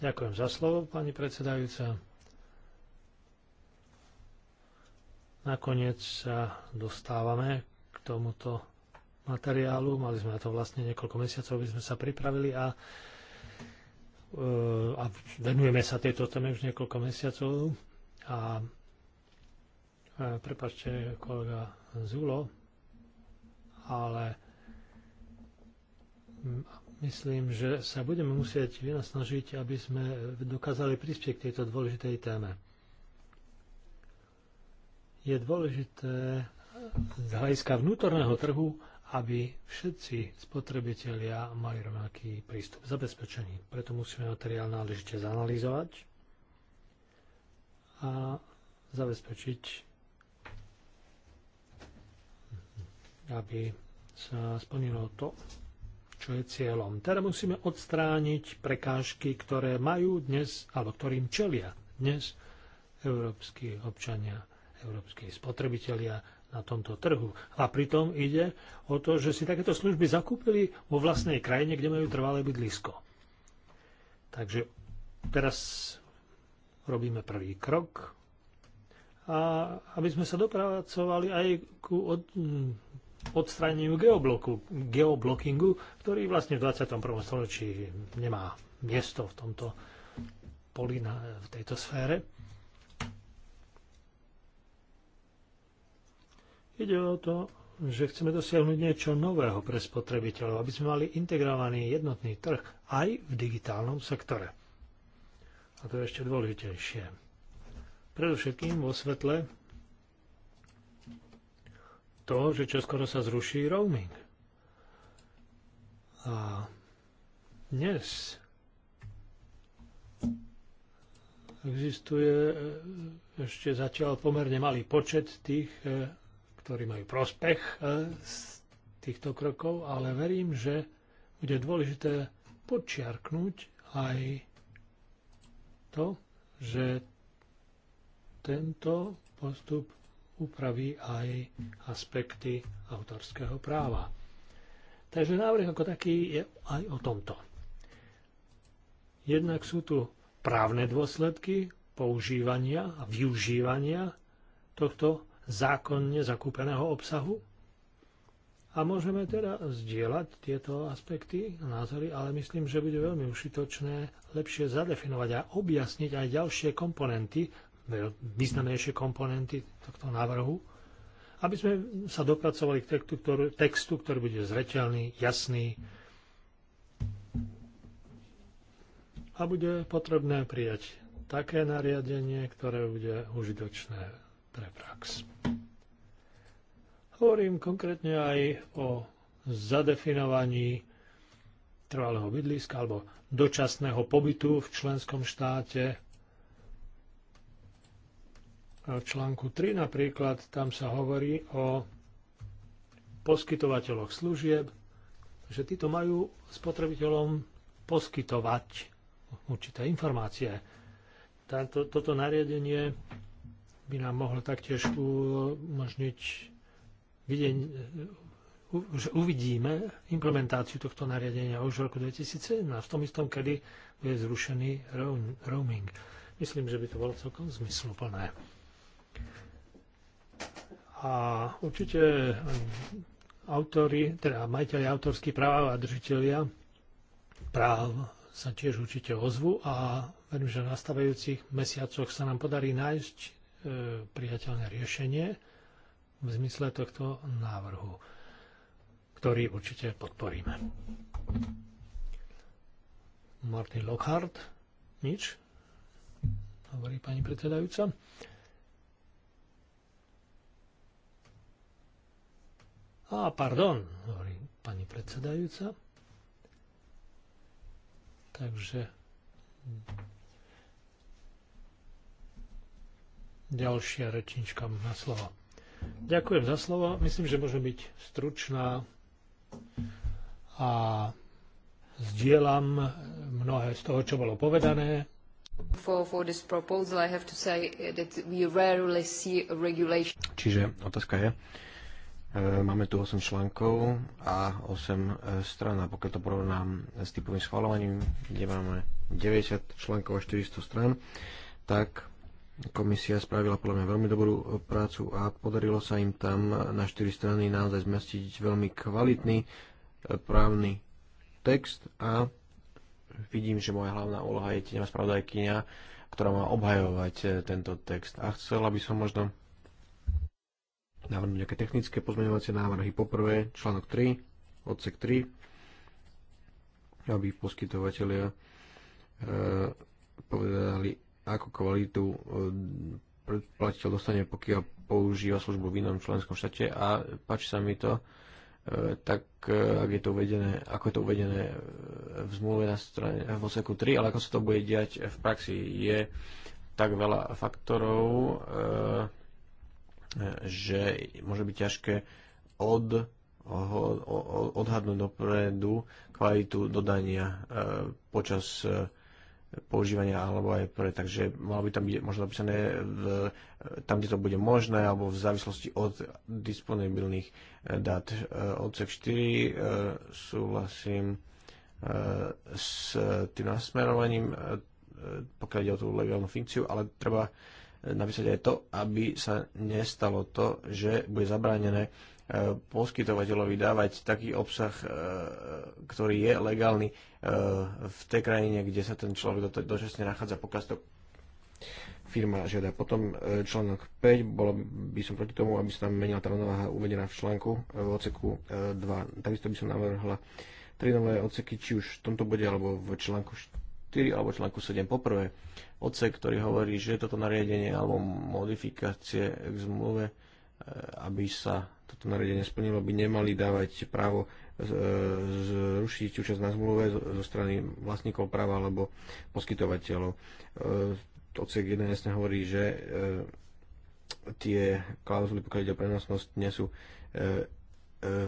Ďakujem za slovo, pani predsedajúca. Nakoniec sa dostávame k tomuto materiálu. Mali sme na to vlastne niekoľko mesiacov, aby sme sa pripravili a, e, a venujeme sa tejto téme už niekoľko mesiacov. A, a e, prepačte, kolega Zulo, ale myslím, že sa budeme musieť vynasnažiť, aby sme dokázali prispieť k tejto dôležitej téme je dôležité z hľadiska vnútorného trhu, aby všetci spotrebitelia mali rovnaký prístup zabezpečený. Preto musíme materiál náležite zanalýzovať a zabezpečiť, aby sa splnilo to, čo je cieľom. Teda musíme odstrániť prekážky, ktoré majú dnes, alebo ktorým čelia dnes európsky občania európsky spotrebitelia na tomto trhu. A pritom ide o to, že si takéto služby zakúpili vo vlastnej krajine, kde majú trvalé bydlisko. Takže teraz robíme prvý krok a aby sme sa dopracovali aj ku od, odstraneniu geobloku, geoblockingu, ktorý vlastne v 21. storočí nemá miesto v tomto poli, v tejto sfére. Ide o to, že chceme dosiahnuť niečo nového pre spotrebiteľov, aby sme mali integrovaný jednotný trh aj v digitálnom sektore. A to je ešte dôležitejšie. Predovšetkým vo svetle to, že čoskoro sa zruší roaming. A dnes existuje ešte zatiaľ pomerne malý počet tých eh, ktorí majú prospech e, z týchto krokov, ale verím, že bude dôležité počiarknúť aj to, že tento postup upraví aj aspekty autorského práva. Takže návrh ako taký je aj o tomto. Jednak sú tu právne dôsledky používania a využívania tohto zákonne zakúpeného obsahu. A môžeme teda zdieľať tieto aspekty a názory, ale myslím, že bude veľmi užitočné lepšie zadefinovať a objasniť aj ďalšie komponenty, významnejšie komponenty tohto návrhu, aby sme sa dopracovali k textu, ktorý, textu, ktorý bude zreteľný, jasný a bude potrebné prijať také nariadenie, ktoré bude užitočné pre prax. Hovorím konkrétne aj o zadefinovaní trvalého bydliska alebo dočasného pobytu v členskom štáte. V článku 3 napríklad tam sa hovorí o poskytovateľoch služieb, že títo majú spotrebiteľom poskytovať určité informácie. Tato, toto nariadenie by nám mohlo taktiež umožniť vidieť, že uvidíme implementáciu tohto nariadenia už v roku 2017, v tom istom, kedy bude zrušený roaming. Myslím, že by to bolo celkom zmysluplné. A určite um, autory, teda majiteľi autorských práv a držiteľia práv sa tiež určite ozvu a verím, že v nastavajúcich mesiacoch sa nám podarí nájsť E, priateľné riešenie v zmysle tohto návrhu, ktorý určite podporíme. Martin Lockhart, nič, hovorí pani predsedajúca. A, pardon, hovorí pani predsedajúca. Takže ďalšia rečnička na slovo. Ďakujem za slovo. Myslím, že môžem byť stručná a zdieľam mnohé z toho, čo bolo povedané. For, for proposal, Čiže otázka je, e, Máme tu 8 článkov a 8 e, stran a pokiaľ to porovnám s typovým schváľovaním, kde máme 90 článkov a 400 stran, tak Komisia spravila podľa mňa veľmi dobrú eh, prácu a podarilo sa im tam eh, na štyri strany naozaj zmestiť veľmi kvalitný eh, právny text a vidím, že moja hlavná úloha je tieňová spravodajkynia, ktorá má obhajovať tento text. A chcela by som možno navrhnúť nejaké technické pozmeňovacie návrhy. Poprvé, článok 3, odsek 3, aby poskytovateľia e, povedali akú kvalitu e, platiteľ dostane, pokiaľ používa službu v inom členskom štáte a páči sa mi to, e, tak e, ak je to uvedené, ako je to uvedené v zmluve na strane v oseku 3, ale ako sa to bude diať v praxi, je tak veľa faktorov, že môže byť ťažké od, odhadnúť dopredu kvalitu dodania počas používania alebo aj pre, takže malo by tam byť možno napísané v, tam, kde to bude možné alebo v závislosti od disponibilných eh, dát. Eh, odsek 4 eh, súhlasím s tým nasmerovaním, pokiaľ ide o tú legálnu funkciu, ale treba napísať aj to, aby sa nestalo to, že bude zabránené poskytovateľovi dávať taký obsah, e, e, ktorý je legálny e, v tej krajine, kde sa ten človek dočasne nachádza, pokiaľ to firma žiada. Potom článok 5, bolo by som proti tomu, aby sa tam menila tá rovnováha uvedená v článku v oceku 2. Takisto by som navrhla tri nové oceky, či už v tomto bode alebo v článku 4 alebo článku 7. Poprvé, ocek, ktorý hovorí, že toto nariadenie alebo modifikácie k zmluve E, aby sa toto nariadenie splnilo, by nemali dávať právo e, zrušiť účasť na zmluve zo strany vlastníkov práva alebo poskytovateľov. E, odsek 11 hovorí, že tie klauzuly, pokiaľ ide o prenosnosť, nie sú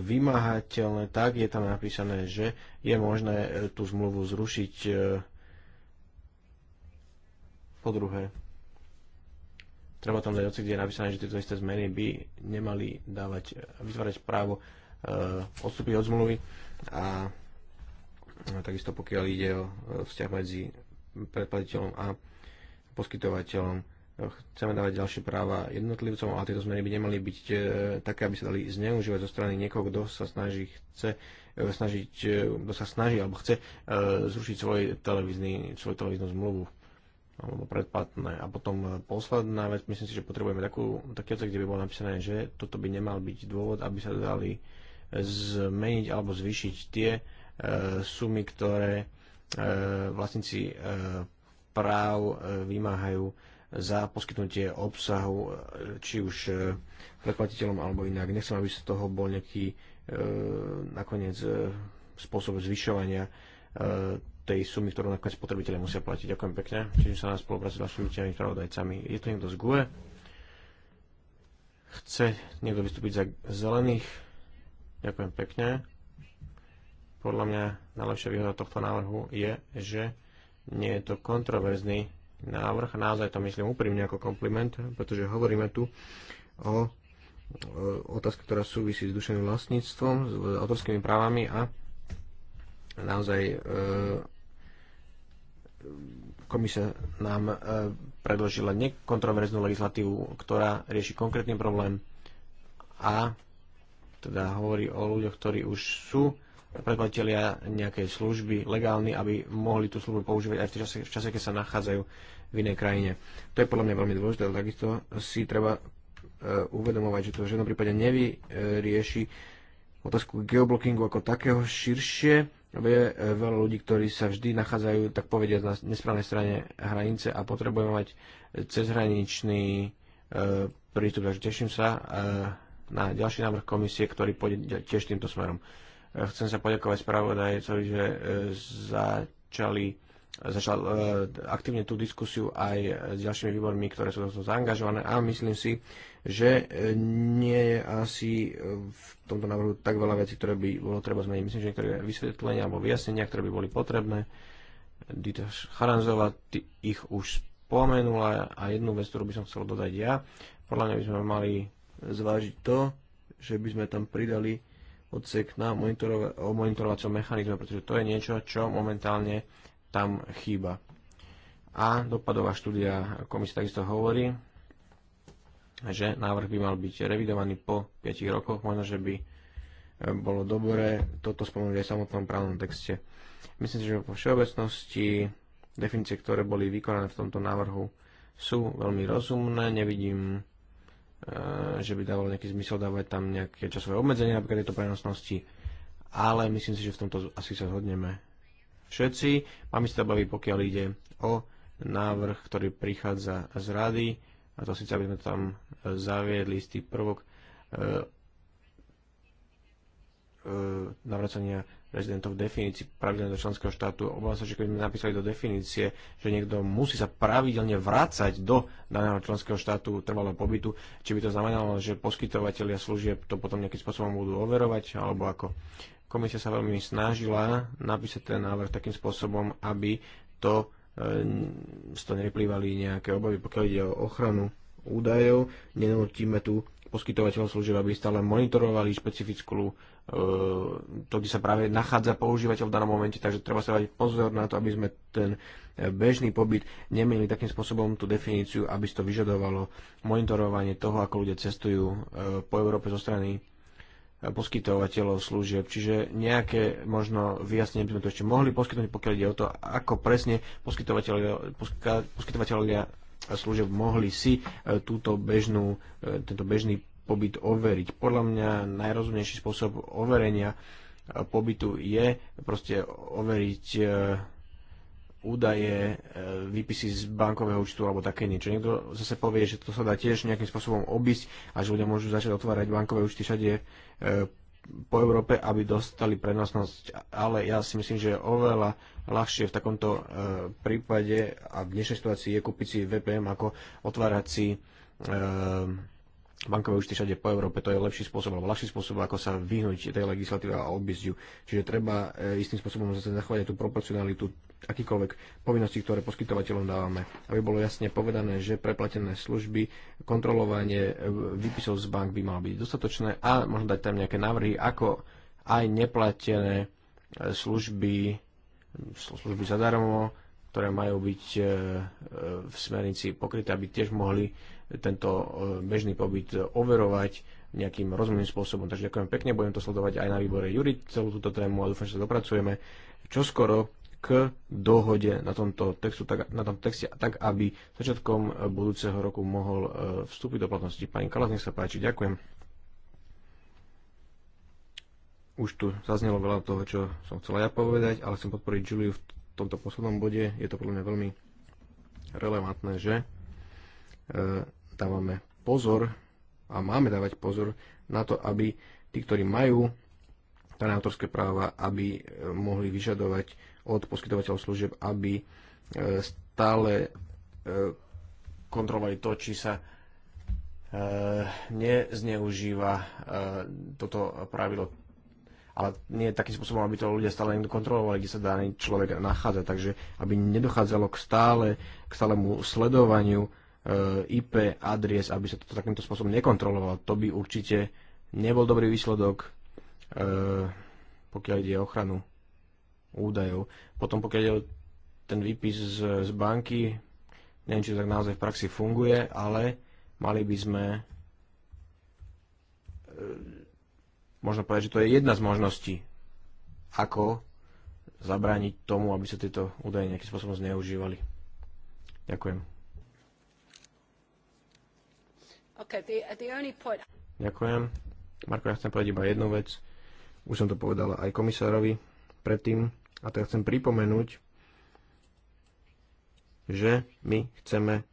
vymáhateľné, tak je tam napísané, že je možné tú zmluvu zrušiť po druhé treba tam dať oci, kde je napísané, že tieto isté zmeny by nemali dávať, vytvárať právo uh, odstúpiť od zmluvy a, a takisto pokiaľ ide o eh, vzťah medzi predplatiteľom a poskytovateľom. Eh, chceme dávať ďalšie práva jednotlivcom, ale tieto zmeny by nemali byť e, také, aby sa dali zneužívať zo strany niekoho, kto sa snaží, chce, e, snažiť, e, kto sa snaží alebo chce e, zrušiť svoj televízny, svoju televíznu zmluvu alebo predplatné. A potom e, posledná vec, myslím si, že potrebujeme takú, taký odsek, kde by bolo napísané, že toto by nemal byť dôvod, aby sa dali e, zmeniť alebo zvýšiť tie e, sumy, ktoré e, vlastníci e, práv e, vymáhajú za poskytnutie obsahu, e, či už e, predplatiteľom alebo inak. Nechcem, aby z toho bol nejaký e, nakoniec e, spôsob zvyšovania e, tej sumy, ktorú nakoniec spotrebitelia musia platiť. Ďakujem pekne. Čiže sa na spolupráci s vašimi tými spravodajcami. Je tu niekto z GUE? Chce niekto vystúpiť za zelených? Ďakujem pekne. Podľa mňa najlepšia výhoda tohto návrhu je, že nie je to kontroverzný návrh. Naozaj to myslím úprimne ako kompliment, pretože hovoríme tu o otázka, ktorá súvisí s duševným vlastníctvom, s autorskými právami a naozaj e, komisia nám e, predložila nekontroverznú legislatívu, ktorá rieši konkrétny problém a teda hovorí o ľuďoch, ktorí už sú predplatelia nejakej služby legálny, aby mohli tú službu používať aj v čase, v čase, keď sa nachádzajú v inej krajine. To je podľa mňa veľmi dôležité, ale takisto si treba e, uvedomovať, že to v žiadnom prípade nevyrieši otázku geoblockingu ako takého širšie, je e, veľa ľudí, ktorí sa vždy nachádzajú, tak povediať, na nesprávnej strane hranice a potrebujeme mať cezhraničný e, prístup. Takže teším sa e, na ďalší návrh komisie, ktorý pôjde tiež týmto smerom. E, chcem sa poďakovať spravodajcovi, že e, začali začal uh, aktívne tú diskusiu aj s ďalšími výbormi, ktoré sú to zaangažované a myslím si, že e, nie je asi e, v tomto návrhu tak veľa vecí, ktoré by bolo treba zmeniť. Myslím, že niektoré vysvetlenia alebo vyjasnenia, ktoré by boli potrebné, Dita Charanzová ich už spomenula a jednu vec, ktorú by som chcel dodať ja, podľa mňa by sme mali zvážiť to, že by sme tam pridali odsek na monitorova- o monitorovacom mechanizme, pretože to je niečo, čo momentálne tam chýba. A dopadová štúdia komisie takisto hovorí, že návrh by mal byť revidovaný po 5 rokoch, možno, že by e, bolo dobré toto spomenúť aj v samotnom právnom texte. Myslím si, že vo všeobecnosti definície, ktoré boli vykonané v tomto návrhu, sú veľmi rozumné. Nevidím, e, že by dávalo nejaký zmysel dávať tam nejaké časové obmedzenie, napríklad tejto prenosnosti, ale myslím si, že v tomto asi sa zhodneme všetci. si to baví, pokiaľ ide o návrh, ktorý prichádza z rady, a to síce, aby sme tam zaviedli istý prvok e, e, navracania rezidentov v pravidelne do členského štátu. Obávam sa, že keby sme napísali do definície, že niekto musí sa pravidelne vrácať do daného členského štátu trvalého pobytu, či by to znamenalo, že poskytovateľia služieb to potom nejakým spôsobom budú overovať, alebo ako. Komisia sa veľmi snažila napísať ten návrh takým spôsobom, aby to e, z toho nevyplývali nejaké obavy, pokiaľ ide o ochranu údajov. Nenútime tu poskytovateľov služieb, aby stále monitorovali špecifickú e, to, kde sa práve nachádza používateľ v danom momente, takže treba sa dať pozor na to, aby sme ten e, bežný pobyt nemenili takým spôsobom tú definíciu, aby to vyžadovalo monitorovanie toho, ako ľudia cestujú po Európe zo strany poskytovateľov služieb. Čiže nejaké možno vyjasnenie by sme to ešte mohli poskytnúť, pokiaľ ide o to, ako presne poskytovateľia služieb mohli si e, túto bežnú, e, tento bežný pobyt overiť. Podľa mňa najrozumnejší spôsob overenia e, pobytu je proste overiť údaje, výpisy z bankového účtu alebo také niečo. Niekto zase povie, že to sa dá tiež nejakým spôsobom obísť a že ľudia môžu začať otvárať bankové účty všade E, po Európe, aby dostali prenosnosť. Ale ja si myslím, že je oveľa ľahšie v takomto e, prípade a v dnešnej situácii je kúpiť si VPN ako otvárať si e, bankové účty všade po Európe, to je lepší spôsob alebo ľahší spôsob, ako sa vyhnúť tej legislatíve a obísť ju. Čiže treba e, istým spôsobom zase zachovať tú proporcionalitu akýkoľvek povinností, ktoré poskytovateľom dávame. Aby bolo jasne povedané, že preplatené služby, kontrolovanie e, výpisov z bank by malo byť dostatočné a možno dať tam nejaké návrhy, ako aj neplatené e, služby, služby zadarmo, ktoré majú byť v smernici pokryté, aby tiež mohli tento e, bežný pobyt overovať nejakým rozumným spôsobom. Takže ďakujem pekne, budem to sledovať aj na výbore Jurid celú túto tému a dúfam, že sa dopracujeme čoskoro k dohode na tomto textu, tak, na tom texte, tak aby začiatkom budúceho roku mohol e, vstúpiť do platnosti. Pani Kalas, nech sa páči, ďakujem. Už tu zaznelo veľa toho, čo som chcela ja povedať, ale chcem podporiť Juliu v tomto poslednom bode. Je to podľa mňa veľmi relevantné, že e, dávame pozor a máme dávať pozor na to, aby tí, ktorí majú dané autorské práva, aby e, mohli vyžadovať od poskytovateľov služieb, aby e, stále e, kontrolovali to, či sa nezneužíva toto pravidlo ale nie takým spôsobom, aby to ľudia stále niekto kontrolovali, kde sa daný človek nachádza, takže aby nedochádzalo k, stále, k stálemu sledovaniu Eh, IP adries, aby sa to takýmto spôsobom nekontrolovalo. To by určite nebol dobrý výsledok, eh, pokiaľ ide o ochranu údajov. Potom pokiaľ ide o ten výpis z, z banky, neviem, či to tak naozaj v praxi funguje, ale mali by sme eh, možno povedať, že to je jedna z možností, ako zabrániť tomu, aby sa tieto údaje nejakým spôsobom zneužívali. Ďakujem. Ďakujem. Marko, ja chcem povedať iba jednu vec. Už som to povedala aj komisárovi predtým. A teraz chcem pripomenúť, že my chceme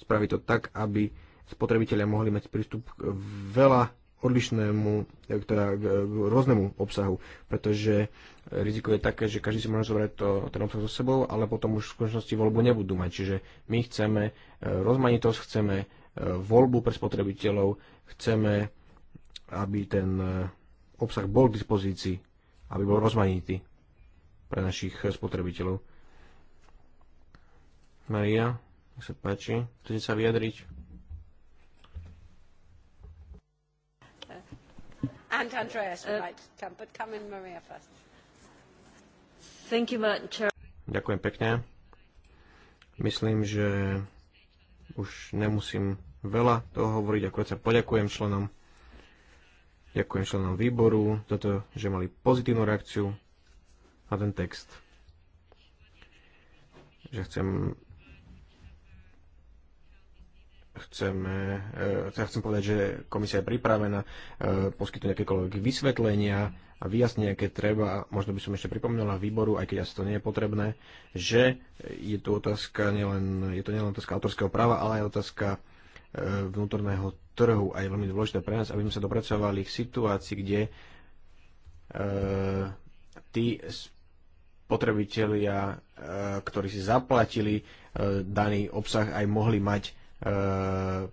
spraviť to tak, aby spotrebitelia mohli mať prístup k veľa odlišnému, teda k e, rôznemu obsahu, pretože riziko je také, že každý si môže zobrať to, ten obsah so sebou, ale potom už v skutočnosti voľbu nebudú mať. Čiže my chceme e, rozmanitosť, chceme voľbu pre spotrebiteľov, chceme, aby ten e, obsah bol k dispozícii, aby bol rozmanitý pre našich spotrebiteľov. Maria, nech sa páči, chcete sa vyjadriť? Uh, and Andreas, uh, right, come, but come in Maria first. Thank you, Madam Ďakujem pekne. Myslím, že už nemusím veľa toho hovoriť, ako sa poďakujem členom, ďakujem členom výboru za to, že mali pozitívnu reakciu na ten text. Že chcem chceme, ja e, chcem povedať, že komisia je pripravená e, poskytnúť akékoľvek vysvetlenia a vyjasnenia, keď treba, a možno by som ešte pripomínala výboru, aj keď asi to nie je potrebné, že je tu otázka nielen, je to nielen otázka autorského práva, ale aj otázka vnútorného trhu a je veľmi dôležité pre nás, aby sme sa dopracovali k situácii, kde e, tí spotrebitelia, e, ktorí si zaplatili e, daný obsah, aj mohli mať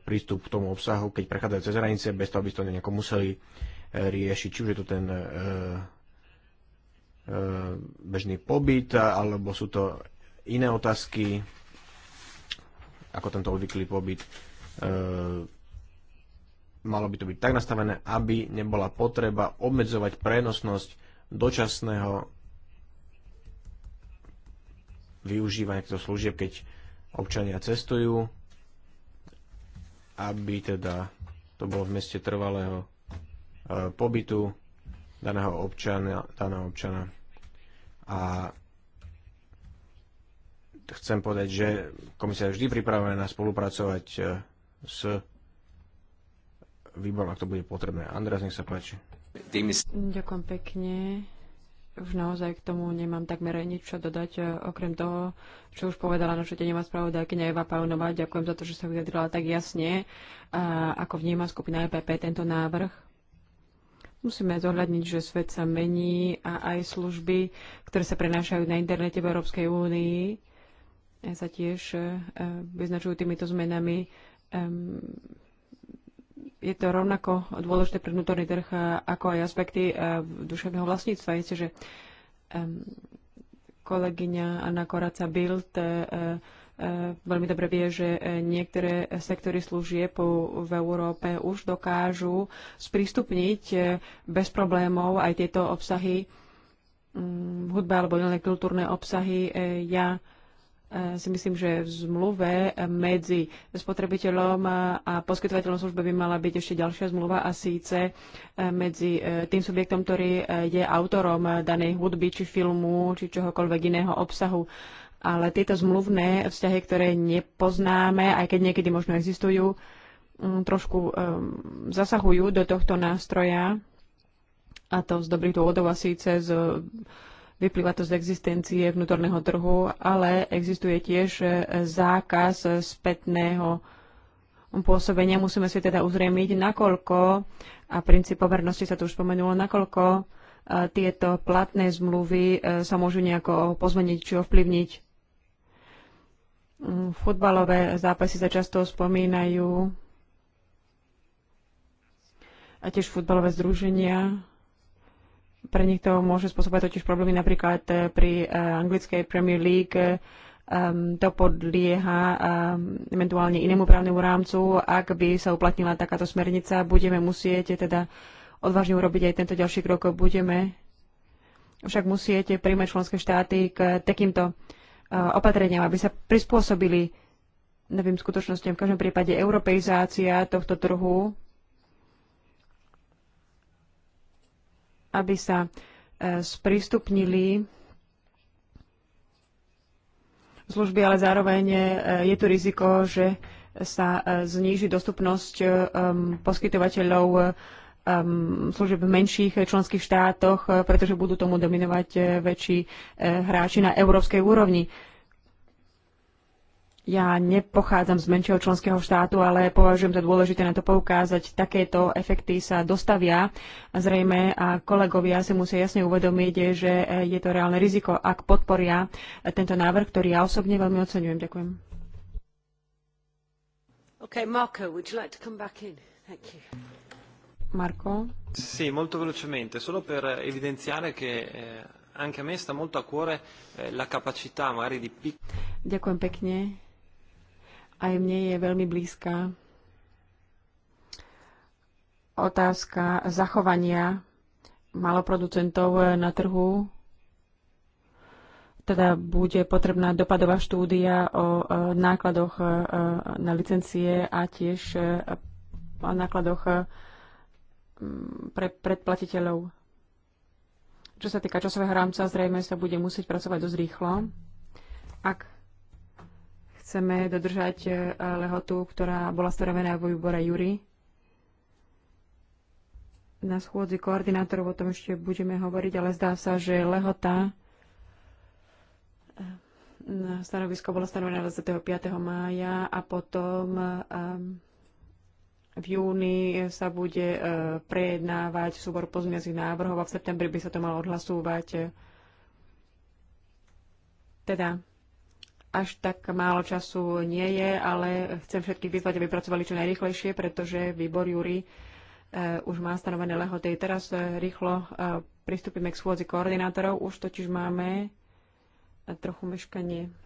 prístup k tomu obsahu, keď prechádzajú cez hranice, bez toho, aby to nejako museli riešiť. Či už je to ten bežný pobyt, alebo sú to iné otázky, ako tento obvyklý pobyt E, malo by to byť tak nastavené, aby nebola potreba obmedzovať prenosnosť dočasného využívania týchto služieb, keď občania cestujú, aby teda to bolo v meste trvalého e, pobytu daného občana, daného občana. A chcem povedať, že komisia je vždy pripravená spolupracovať e, s výborom, ak to bude potrebné. András, nech sa páči. Ďakujem pekne. Už naozaj k tomu nemám takmer nič čo dodať, e, okrem toho, čo už povedala naša tenová spravodajkyňa Eva Pajunová, Ďakujem za to, že sa vyjadrila tak jasne, e, ako vníma skupina EPP tento návrh. Musíme zohľadniť, že svet sa mení a aj služby, ktoré sa prenášajú na internete v Európskej únii, e, sa tiež vyznačujú týmito zmenami je to rovnako dôležité pre vnútorný trh eh, ako aj aspekty eh, duševného vlastníctva. Isté, že kolegyňa Anna Koraca Bild eh, veľmi dobre vie, že niektoré sektory služieb v Európe už dokážu sprístupniť bez problémov aj tieto obsahy, mm, hudba alebo iné kultúrne obsahy. Ja si myslím, že v zmluve medzi spotrebiteľom a poskytovateľom služby by mala byť ešte ďalšia zmluva a síce e, medzi e, tým subjektom, ktorý e, je autorom danej hudby či filmu či čohokoľvek iného obsahu. Ale tieto zmluvné vzťahy, ktoré nepoznáme, aj keď niekedy možno existujú, mm, trošku zasahujú do tohto nástroja a to z dobrých dôvodov a síce z Vyplýva to z existencie vnútorného trhu, ale existuje tiež e, zákaz spätného pôsobenia. Musíme si teda uzriemiť, nakoľko, a princíp povernosti sa tu už spomenulo, nakoľko e, tieto platné zmluvy e, sa môžu nejako pozmeniť či ovplyvniť. Mm, futbalové zápasy sa často spomínajú a tiež futbalové združenia pre nich to môže spôsobať totiž problémy napríklad eh, pri eh, anglickej Premier League um, to podlieha um, eventuálne inému právnemu rámcu. Ak by sa uplatnila takáto smernica, budeme musieť eh, teda odvážne urobiť aj tento ďalší krok. Budeme však musieť príjmať členské štáty k takýmto uh, opatreniam, aby sa prispôsobili novým skutočnostiam. V každom prípade europeizácia tohto trhu aby sa e, sprístupnili služby, ale zároveň e, je tu riziko, že sa e, zníži dostupnosť poskytovateľov služieb v menších členských štátoch, pretože budú tomu dominovať väčší hráči na európskej úrovni. Ja nepochádzam z menšieho členského štátu, ale považujem za dôležité na to poukázať. Takéto efekty sa dostavia zrejme a kolegovia si musia jasne uvedomiť, že e, je to reálne riziko, ak podporia e, tento návrh, ktorý ja osobne veľmi oceňujem. Ďakujem. Okay, Marco, would you like to come back in? Thank you. Marco? Sì, molto velocemente, solo per evidenziare che eh, anche a me sta molto a cuore eh, la capacità magari di Ďakujem pekne. Aj mne je veľmi blízka otázka zachovania maloproducentov na trhu. Teda bude potrebná dopadová štúdia o nákladoch e, na licencie a tiež o e, nákladoch e, pre predplatiteľov. Čo sa týka časového rámca, zrejme sa bude musieť pracovať dosť rýchlo. Ak Chceme dodržať e, lehotu, ktorá bola stanovená v výbore Jury. Na schôdzi koordinátorov o tom ešte budeme hovoriť, ale zdá sa, že lehota e, na stanovisko bola stanovená 25. mája a potom e, v júni sa bude prejednávať súbor pozmiacich návrhov a v septembri by sa to malo odhlasovať. Teda až tak málo času nie je, ale chcem všetkých vyzvať, aby pracovali čo najrychlejšie, pretože výbor Júri e, už má stanovené lehoty. Teraz e, rýchlo e, pristúpime k schôdzi koordinátorov. Už totiž máme trochu meškanie.